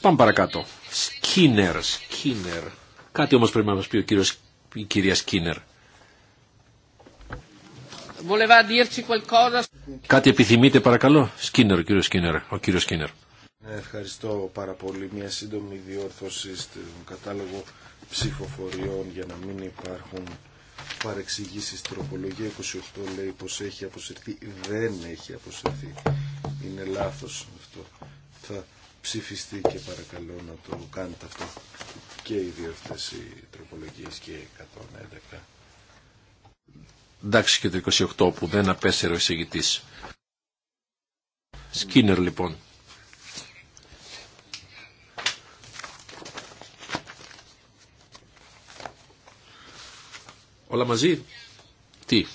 Πάμε παρακάτω. Σκίνερ, Σκίνερ. Κάτι όμως πρέπει να μας πει ο κύριος, η κυρία Σκίνερ. Κάτι επιθυμείτε παρακαλώ. Σκίνερ, ο κύριος Σκίνερ. Ο κύριος Σκίνερ. Ναι, ευχαριστώ πάρα πολύ. Μια σύντομη διόρθωση στον κατάλογο ψηφοφοριών για να μην υπάρχουν παρεξηγήσει Τροπολογία 28 λέει πως έχει αποσυρθεί. Δεν έχει αποσυρθεί. Είναι λάθος αυτό θα ψηφιστεί και παρακαλώ να το κάνετε αυτό και οι δύο τροπολογίας και 111. Εντάξει και το 28 που δεν απέσαιρε ο εισηγητής. Σκίνερ λοιπόν. Όλα μαζί. Τι.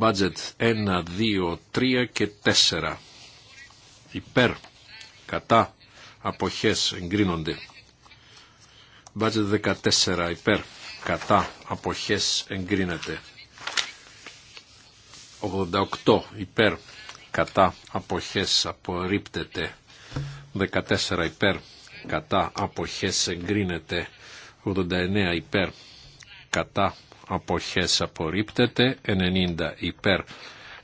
Budget 1, 2, 3 και 4 υπέρ κατά αποχές εγκρίνονται. Budget 14 υπέρ κατά αποχές εγκρίνεται. 88 υπέρ κατά αποχές απορρίπτεται. 14 υπέρ κατά αποχές εγκρίνεται. 89 υπέρ κατά αποχές απορρίπτεται. 90 υπέρ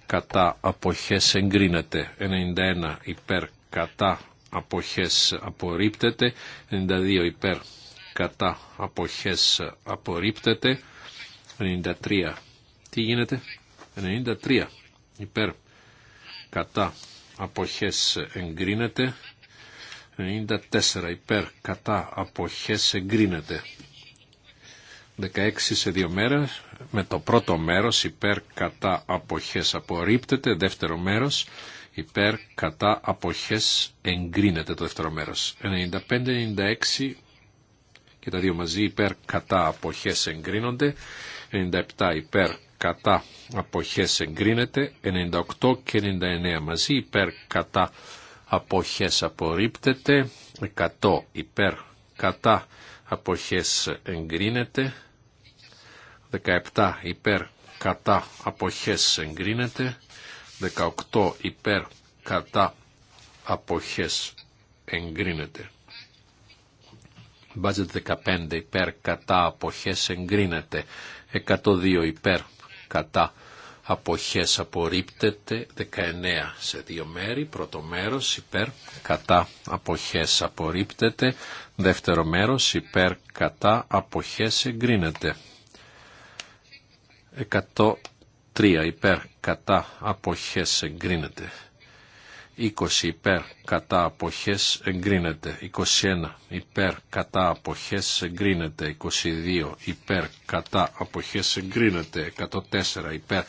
κατά αποχές εγκρίνεται 91 υπέρ κατά αποχές απορρίπτεται 92 υπέρ κατά αποχές απορρίπτεται 93 τι γίνεται 93 υπέρ κατά αποχές εγκρίνεται 94 υπέρ κατά αποχές εγκρίνεται 16 σε δύο μέρες με το πρώτο μέρος υπέρ κατά αποχές απορρίπτεται, δεύτερο μέρος υπέρ κατά αποχές εγκρίνεται το δεύτερο μέρος. 95-96 και τα δύο μαζί υπέρ κατά αποχές εγκρίνονται, 97 υπέρ κατά αποχές εγκρίνεται, 98 και 99 μαζί υπέρ κατά αποχές απορρίπτεται, 100 υπέρ κατά αποχές εγκρίνεται, 17 υπέρ κατά αποχές εγκρίνεται. 18 υπέρ κατά αποχές εγκρίνεται. Budget 15 υπέρ κατά αποχές εγκρίνεται. 102 υπέρ κατά αποχές απορρίπτεται 19 σε δύο μέρη. Πρώτο μέρος υπέρ κατά αποχές απορρίπτεται. Δεύτερο μέρος υπέρ κατά αποχές εγκρίνεται. 103 υπέρ κατά αποχές εγκρίνεται. 20 υπέρ κατά αποχές εγκρίνεται. 21 υπέρ κατά αποχές εγκρίνεται. 22 υπέρ κατά αποχές εγκρίνεται. 104 υπέρ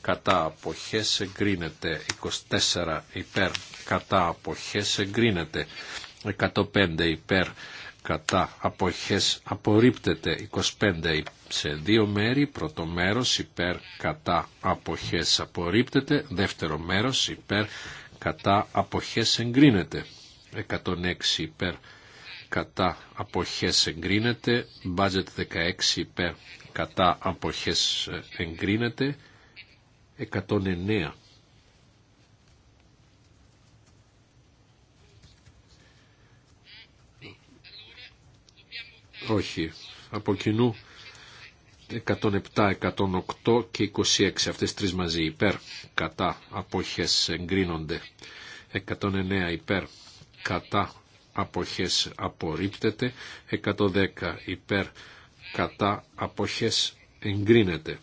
κατά αποχές εγκρίνεται. 24 υπέρ κατά αποχές εγκρίνεται. 105 υπέρ κατά αποχές απορρίπτεται. 25 υπέρ σε δύο μέρη, πρώτο μέρος υπέρ κατά αποχές απορρίπτεται, δεύτερο μέρος υπέρ κατά αποχές εγκρίνεται. 106 υπέρ κατά αποχές εγκρίνεται, budget 16 υπέρ κατά αποχές εγκρίνεται, 109 Όχι. Από κοινού 107, 108 και 26, αυτές τρεις μαζί, υπέρ, κατά, αποχές, εγκρίνονται. 109 υπέρ, κατά, αποχές, απορρίπτεται. 110 υπέρ, κατά, αποχές, εγκρίνεται.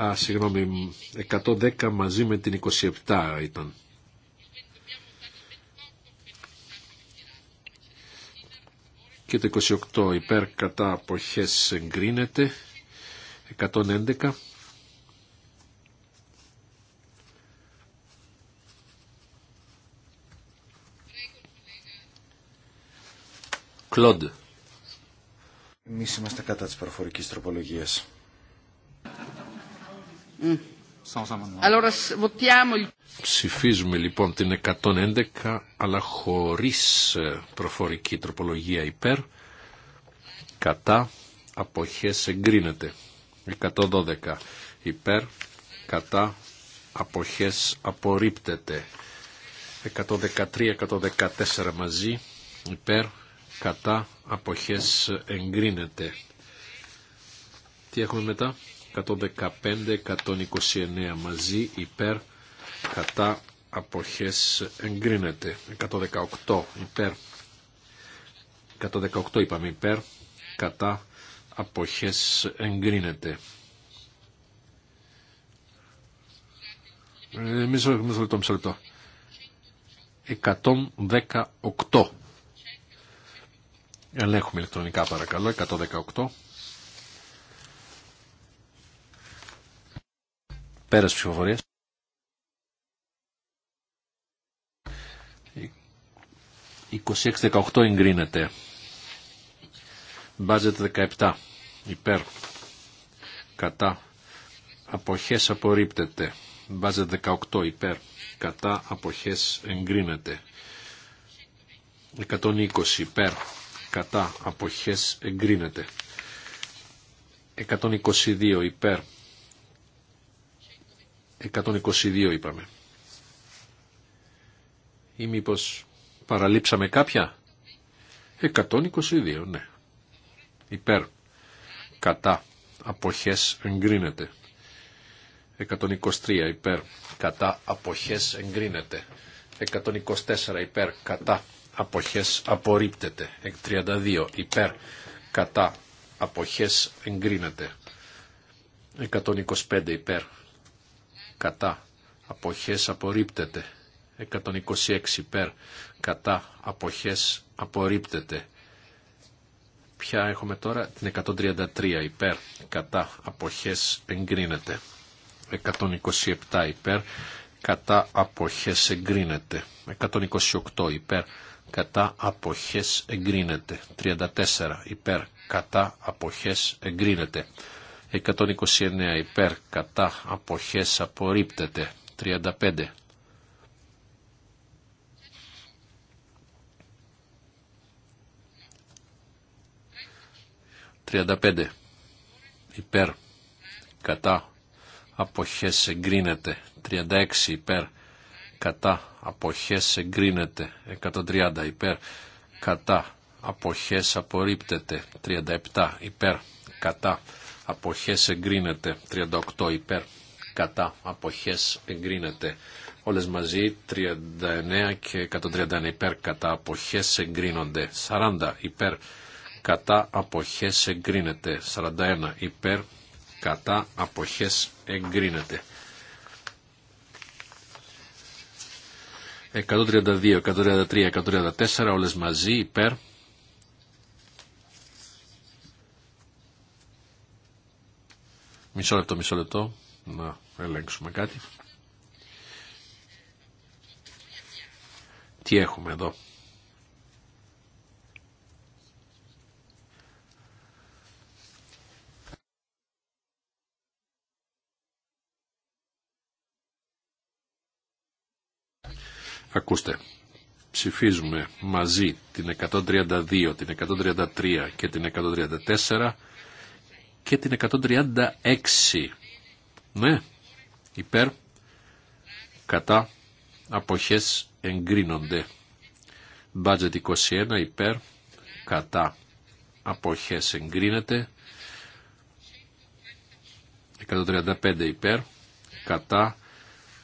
Α, συγγνώμη, 110 μαζί με την 27 ήταν. και το 28 υπέρ κατά αποχές εγκρίνεται 111 Κλοντ. Εμείς είμαστε κατά της προφορικής τροπολογίας. Ψηφίζουμε λοιπόν την 111 αλλά χωρίς ε, προφορική τροπολογία υπέρ. Κατά αποχές εγκρίνεται. 112 υπέρ. Κατά αποχές απορρίπτεται. 113-114 μαζί υπέρ. Κατά αποχές εγκρίνεται. Τι έχουμε μετά. 115-129 μαζί υπέρ κατά αποχές εγκρίνεται. 118 υπέρ 118 είπαμε υπέρ κατά αποχές εγκρίνεται. Ε, μισό, μισό λεπτό, μισό λεπτό. 118. Ελέγχουμε ηλεκτρονικά παρακαλώ. 118. πέρα εγκρίνεται. Μπάζε 17 είπ. Κατά. Αποχές απορρίπτεται. Μπάζετ 18. Υπέρ. Κατά. Αποχές εγκρίνεται. 120. Υπέρ. Κατά. Αποχές εγκρίνεται. 122. Υπέρ. 122 είπαμε. Ή μήπω παραλείψαμε κάποια. 122, ναι. Υπέρ. Κατά. Αποχές εγκρίνεται. 123 υπέρ. Κατά. Αποχές εγκρίνεται. 124 υπέρ. Κατά. Αποχές απορρίπτεται. 32 υπέρ. Κατά. Αποχές εγκρίνεται. 125 υπέρ κατά αποχές απορρίπτεται 126 υπέρ κατά αποχές απορρίπτεται Ποια έχουμε τώρα την 133 υπέρ κατά αποχές εγκρίνεται 127 υπέρ κατά αποχές εγκρίνεται 128 υπέρ κατά αποχές εγκρίνεται 34 υπέρ κατά αποχές εγκρίνεται 129 υπέρ κατά αποχές απορρίπτεται 35 35 υπέρ κατά αποχές εγκρίνεται 36 υπέρ κατά αποχές εγκρίνεται 130 υπέρ κατά αποχές απορρίπτεται 37 υπέρ κατά αποχές εγκρίνεται. 38 υπέρ κατά αποχές εγκρίνεται. Όλες μαζί 39 και 131 υπέρ κατά αποχές εγκρίνονται. 40 υπέρ κατά αποχές εγκρίνεται. 41 υπέρ κατά αποχές εγκρίνεται. 132, 133, 134 όλες μαζί υπέρ Μισό λεπτό, μισό λεπτό. Να ελέγξουμε κάτι. Τι έχουμε εδώ. Ακούστε, ψηφίζουμε μαζί την 132, την 133 και την 134 και την 136. Ναι, υπέρ, κατά, αποχές εγκρίνονται. Budget 21 υπέρ, κατά, αποχές εγκρίνεται. 135 υπέρ, κατά,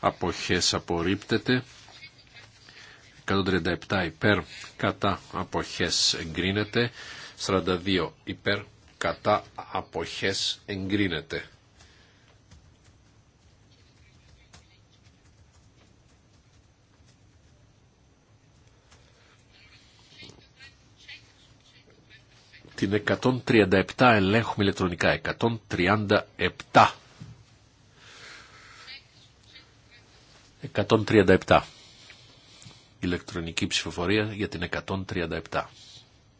αποχές απορρίπτεται. 137 υπέρ, κατά, αποχές εγκρίνεται. 42 υπέρ, κατά αποχές εγκρίνεται. Την 137 ελέγχουμε ηλεκτρονικά. 137. 137. Ηλεκτρονική ψηφοφορία για την 137.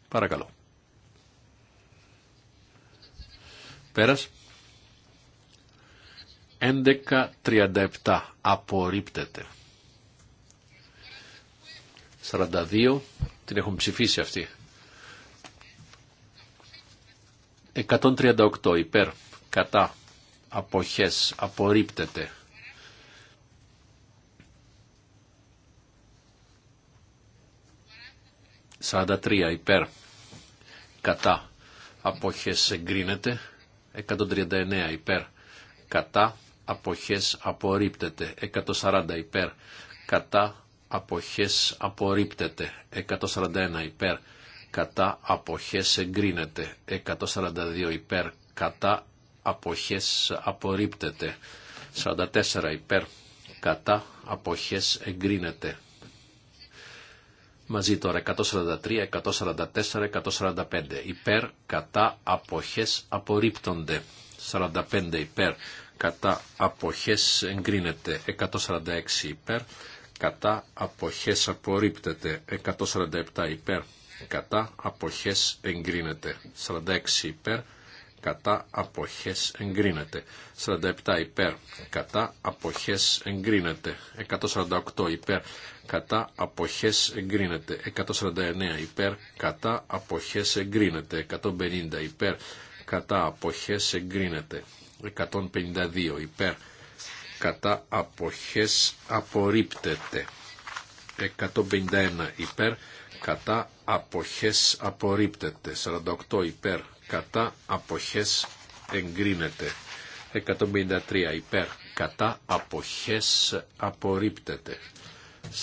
Παρακαλώ. Πέρας. 11.37. Απορρίπτεται. 42. Την έχουν ψηφίσει αυτή. 138. Υπέρ. Κατά. Αποχές. Απορρίπτεται. 43. Υπέρ. Κατά. Αποχές εγκρίνεται. 139 υπέρ κατά αποχές απορρίπτεται 140 υπέρ κατά αποχές απορρίπτεται 141 υπέρ κατά αποχές εγκρίνεται 142 υπέρ κατά αποχές απορρίπτεται 44 υπέρ κατά αποχές εγκρίνεται Μαζί τώρα 143, 144, 145 υπέρ, κατά, αποχές απορρίπτονται. 45 υπέρ, κατά, αποχές εγκρίνεται. 146 υπέρ, κατά, αποχές απορρίπτεται. 147 υπέρ, κατά, αποχές εγκρίνεται. 46 υπέρ, κατά αποχές εγκρίνεται. 47 υπέρ κατά αποχές εγκρίνεται. 148 υπέρ κατά αποχές εγκρίνεται. 149 υπέρ κατά αποχές εγκρίνεται. 150 υπέρ κατά αποχές εγκρίνεται. 152 υπέρ κατά αποχές απορρίπτεται. 151 υπέρ κατά αποχές απορρίπτεται. 48 υπέρ κατά αποχές εγκρίνεται. 153 υπέρ κατά αποχές απορρίπτεται.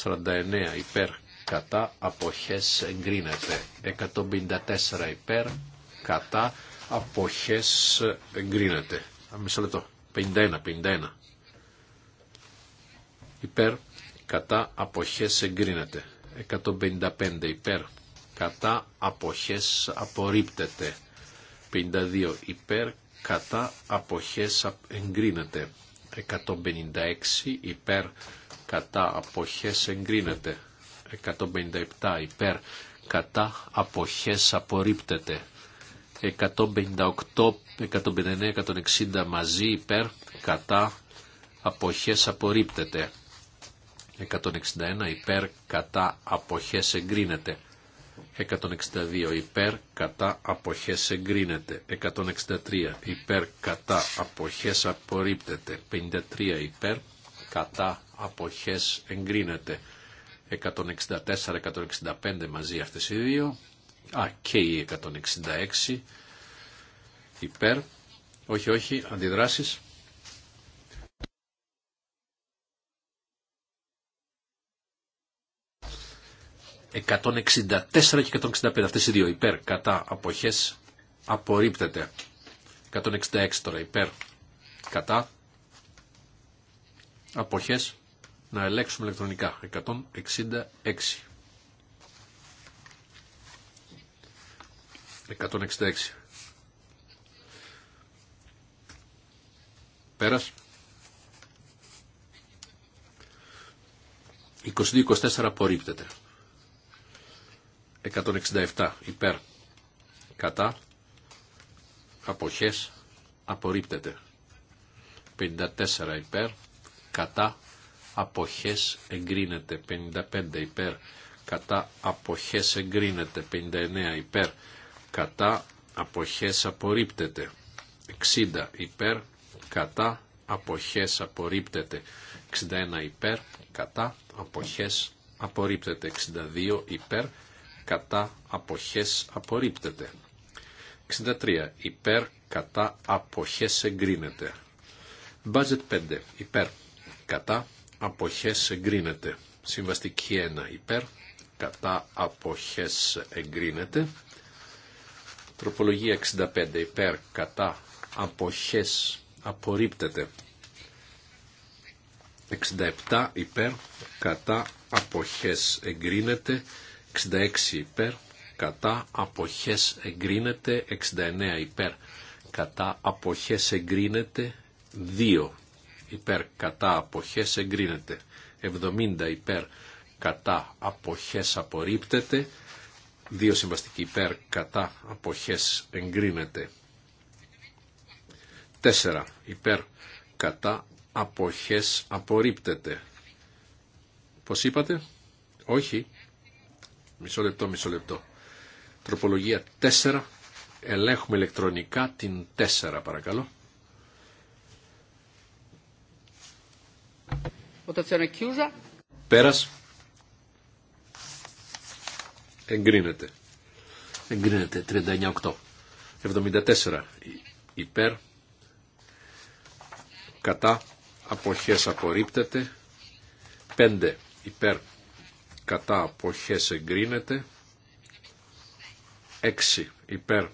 49 υπέρ κατά αποχές εγκρίνεται. 154 υπέρ κατά αποχές εγκρίνεται. Μισό λεπτό. 51, 51. Υπέρ κατά αποχές εγκρίνεται. 155 υπέρ κατά αποχές απορρίπτεται. 152 υπέρ κατά αποχές εγκρίνεται. 156 υπέρ κατά αποχές εγκρίνεται. 157 υπέρ κατά αποχές απορρίπτεται. 158, 159, 160 μαζί υπέρ κατά αποχές απορρίπτεται. 161 υπέρ κατά αποχές εγκρίνεται. 162 υπέρ κατά αποχές εγκρίνεται. 163 υπέρ κατά αποχές απορρίπτεται. 53 υπέρ κατά αποχές εγκρίνεται. 164, 165 μαζί αυτές οι δύο. Α, και η 166 υπέρ. Όχι, όχι, αντιδράσεις. 164 και 165. Αυτές οι δύο υπέρ κατά αποχές απορρίπτεται. 166 τώρα υπέρ κατά αποχές να ελέγξουμε ηλεκτρονικά. 166. 166. Πέρας. 22-24 απορρίπτεται. 167 υπέρ κατά αποχές απορρίπτεται 54 υπέρ κατά αποχές εγκρίνεται 55 υπέρ κατά αποχές εγκρίνεται 59 υπέρ κατά αποχές απορρίπτεται 60 υπέρ κατά αποχές απορρίπτεται 61 υπέρ κατά αποχές απορρίπτεται 62 υπέρ κατά αποχές απορρίπτεται. 63. Υπέρ κατά αποχές εγκρίνεται. Budget 5. Υπέρ κατά αποχές εγκρίνεται. Συμβαστική 1. Υπέρ κατά αποχές εγκρίνεται. Τροπολογία 65. Υπέρ κατά αποχές απορρίπτεται. 67 υπέρ κατά αποχές εγκρίνεται 66 υπέρ, κατά αποχές εγκρίνεται 69 υπέρ, κατά αποχές εγκρίνεται 2 υπέρ, κατά αποχές εγκρίνεται 70 υπέρ, κατά αποχές απορρίπτεται 2 συμβαστική υπέρ, κατά αποχές εγκρίνεται 4 υπέρ, κατά αποχές απορρίπτεται. Πώς είπατε? Όχι. Μισό λεπτό, μισό λεπτό. Τροπολογία 4. Ελέγχουμε ηλεκτρονικά την 4 παρακαλω Πέρα. Πέρας. Εγκρίνεται. Εγκρίνεται. 39-8. 74 υπέρ. Κατά. Αποχές απορρίπτεται. 5 υπέρ κατά αποχές εγκρίνεται 6 υπέρ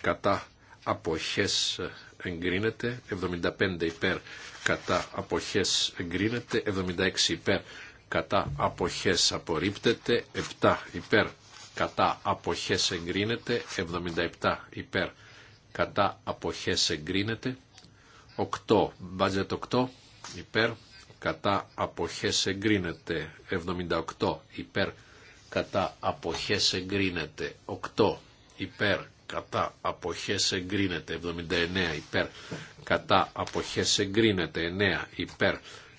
κατά αποχές εγκρίνεται 75 υπέρ κατά αποχές εγκρίνεται 76 υπέρ κατά αποχές απορρίπτεται 7 υπέρ κατά αποχές εγκρίνεται 77 υπέρ κατά αποχές εγκρίνεται 8 budget 8 υπέρ κατά αποχές εγκρίνεται 78 υπέρ κατά αποχές εγκρίνεται 8 υπέρ κατά αποχές εγκρίνεται 79 υπέρ κατά αποχές εγκρίνεται 9 υπέρ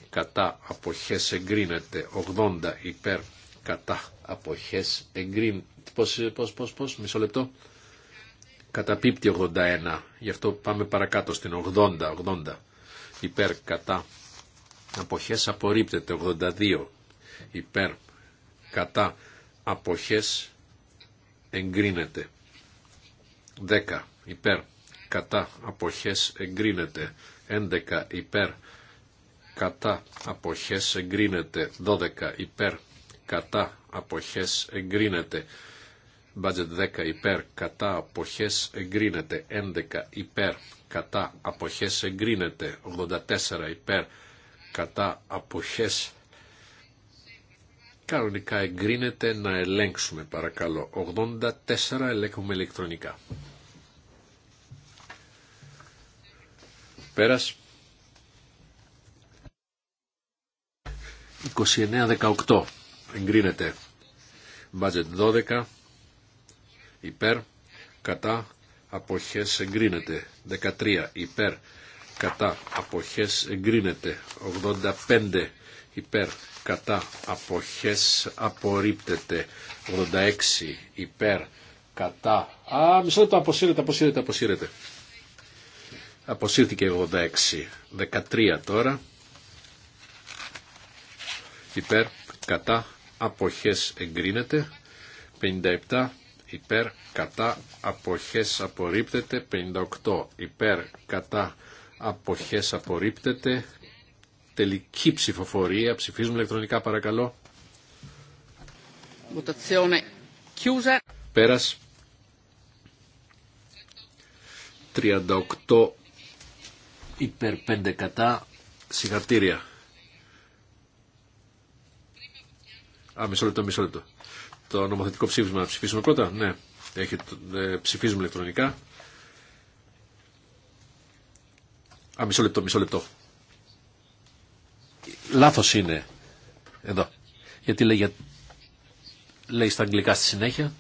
κατά αποχές εγκρίνεται 80 υπέρ κατά αποχές εγκρίνεται πώς, πώς, πώς, πώς, μισό λεπτό καταπίπτει 81 γι' αυτό πάμε παρακάτω στην 80 80 υπέρ κατά αποχές απορρίπτεται 82 υπέρ κατά αποχές εγκρίνεται 10 υπέρ κατά αποχές εγκρίνεται 11 υπέρ κατά αποχές εγκρίνεται 12 υπέρ κατά αποχές εγκρίνεται Budget 10 υπέρ κατά αποχές εγκρίνεται 11 υπέρ κατά αποχές εγκρίνεται 84 υπέρ κατά αποχές κανονικά εγκρίνεται να ελέγξουμε παρακαλώ 84 ελέγχουμε ηλεκτρονικά πέρας 29-18 εγκρίνεται budget 12 υπέρ κατά αποχές εγκρίνεται 13 υπέρ κατά αποχές εγκρίνεται 85 υπέρ κατά αποχές απορρίπτεται 86 υπέρ κατά α μισό λεπτό αποσύρεται αποσύρεται αποσύρεται αποσύρθηκε 86 13 τώρα υπέρ κατά αποχές εγκρίνεται 57 υπέρ κατά αποχές απορρίπτεται 58 υπέρ κατά αποχές απορρίπτεται, τελική ψηφοφορία, ψηφίζουμε ηλεκτρονικά παρακαλώ. Πέρας. 38 υπέρ 5 κατά συγχαρτήρια. Α, μισό λεπτό, μισό λεπτό. Το νομοθετικό ψήφισμα να ψηφίσουμε πρώτα. Ναι, Έχει ψηφίζουμε ηλεκτρονικά. Α, μισό λεπτό, μισό λεπτό. Λάθος είναι εδώ. Γιατί λέει, λέει στα αγγλικά στη συνέχεια.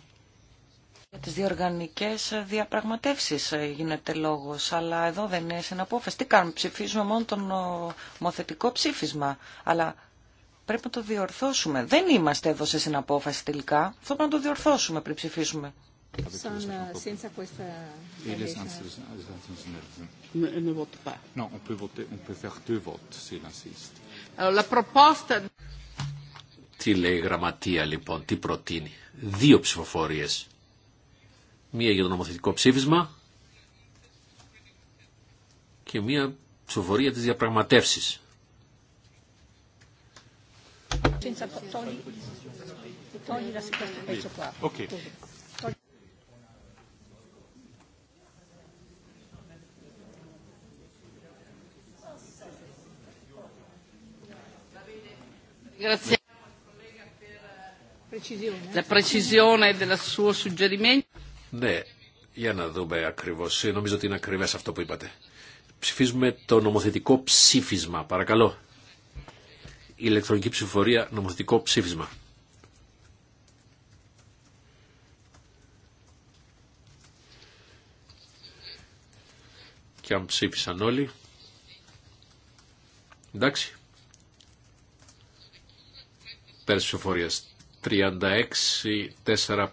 Για τις διοργανικές διαπραγματεύσεις γίνεται λόγος, αλλά εδώ δεν είναι απόφαση. Τι κάνουμε, ψηφίζουμε μόνο το νομοθετικό ψήφισμα, αλλά πρέπει να το διορθώσουμε. Δεν είμαστε εδώ σε συναπόφαση τελικά, Θα πρέπει να το διορθώσουμε πριν ψηφίσουμε τι λέει η γραμματεία λοιπόν, τι προτείνει. Δύο ψηφοφορίε. Μία για το νομοθετικό ψήφισμα και μία ψηφοφορία τη διαπραγματεύσης. Okay. Ναι, για να δούμε ακριβώ. Ε, νομίζω ότι είναι ακριβέ αυτό που είπατε. Ψηφίζουμε το νομοθετικό ψήφισμα. Παρακαλώ. Η ηλεκτρονική ψηφορία, νομοθετικό ψήφισμα. Και αν ψήφισαν όλοι. Εντάξει πέρα 36 36-45.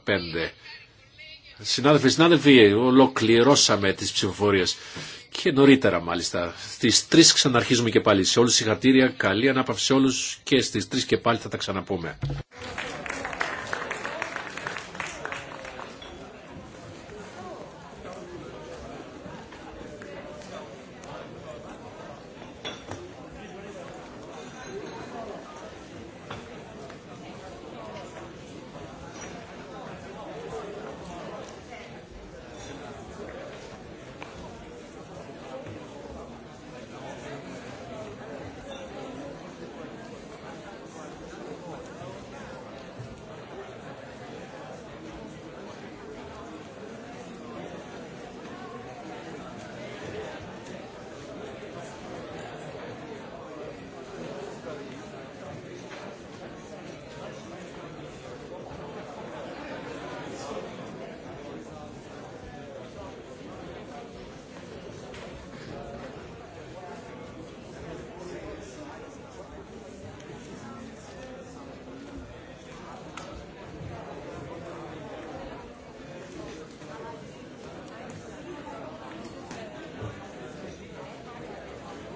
Συνάδελφοι, συνάδελφοι, ολοκληρώσαμε τις ψηφοφορίες. Και νωρίτερα μάλιστα. Στις 3 ξαναρχίζουμε και πάλι. Σε όλους συγχαρητήρια, καλή ανάπαυση σε όλους και στις 3 και πάλι θα τα ξαναπούμε.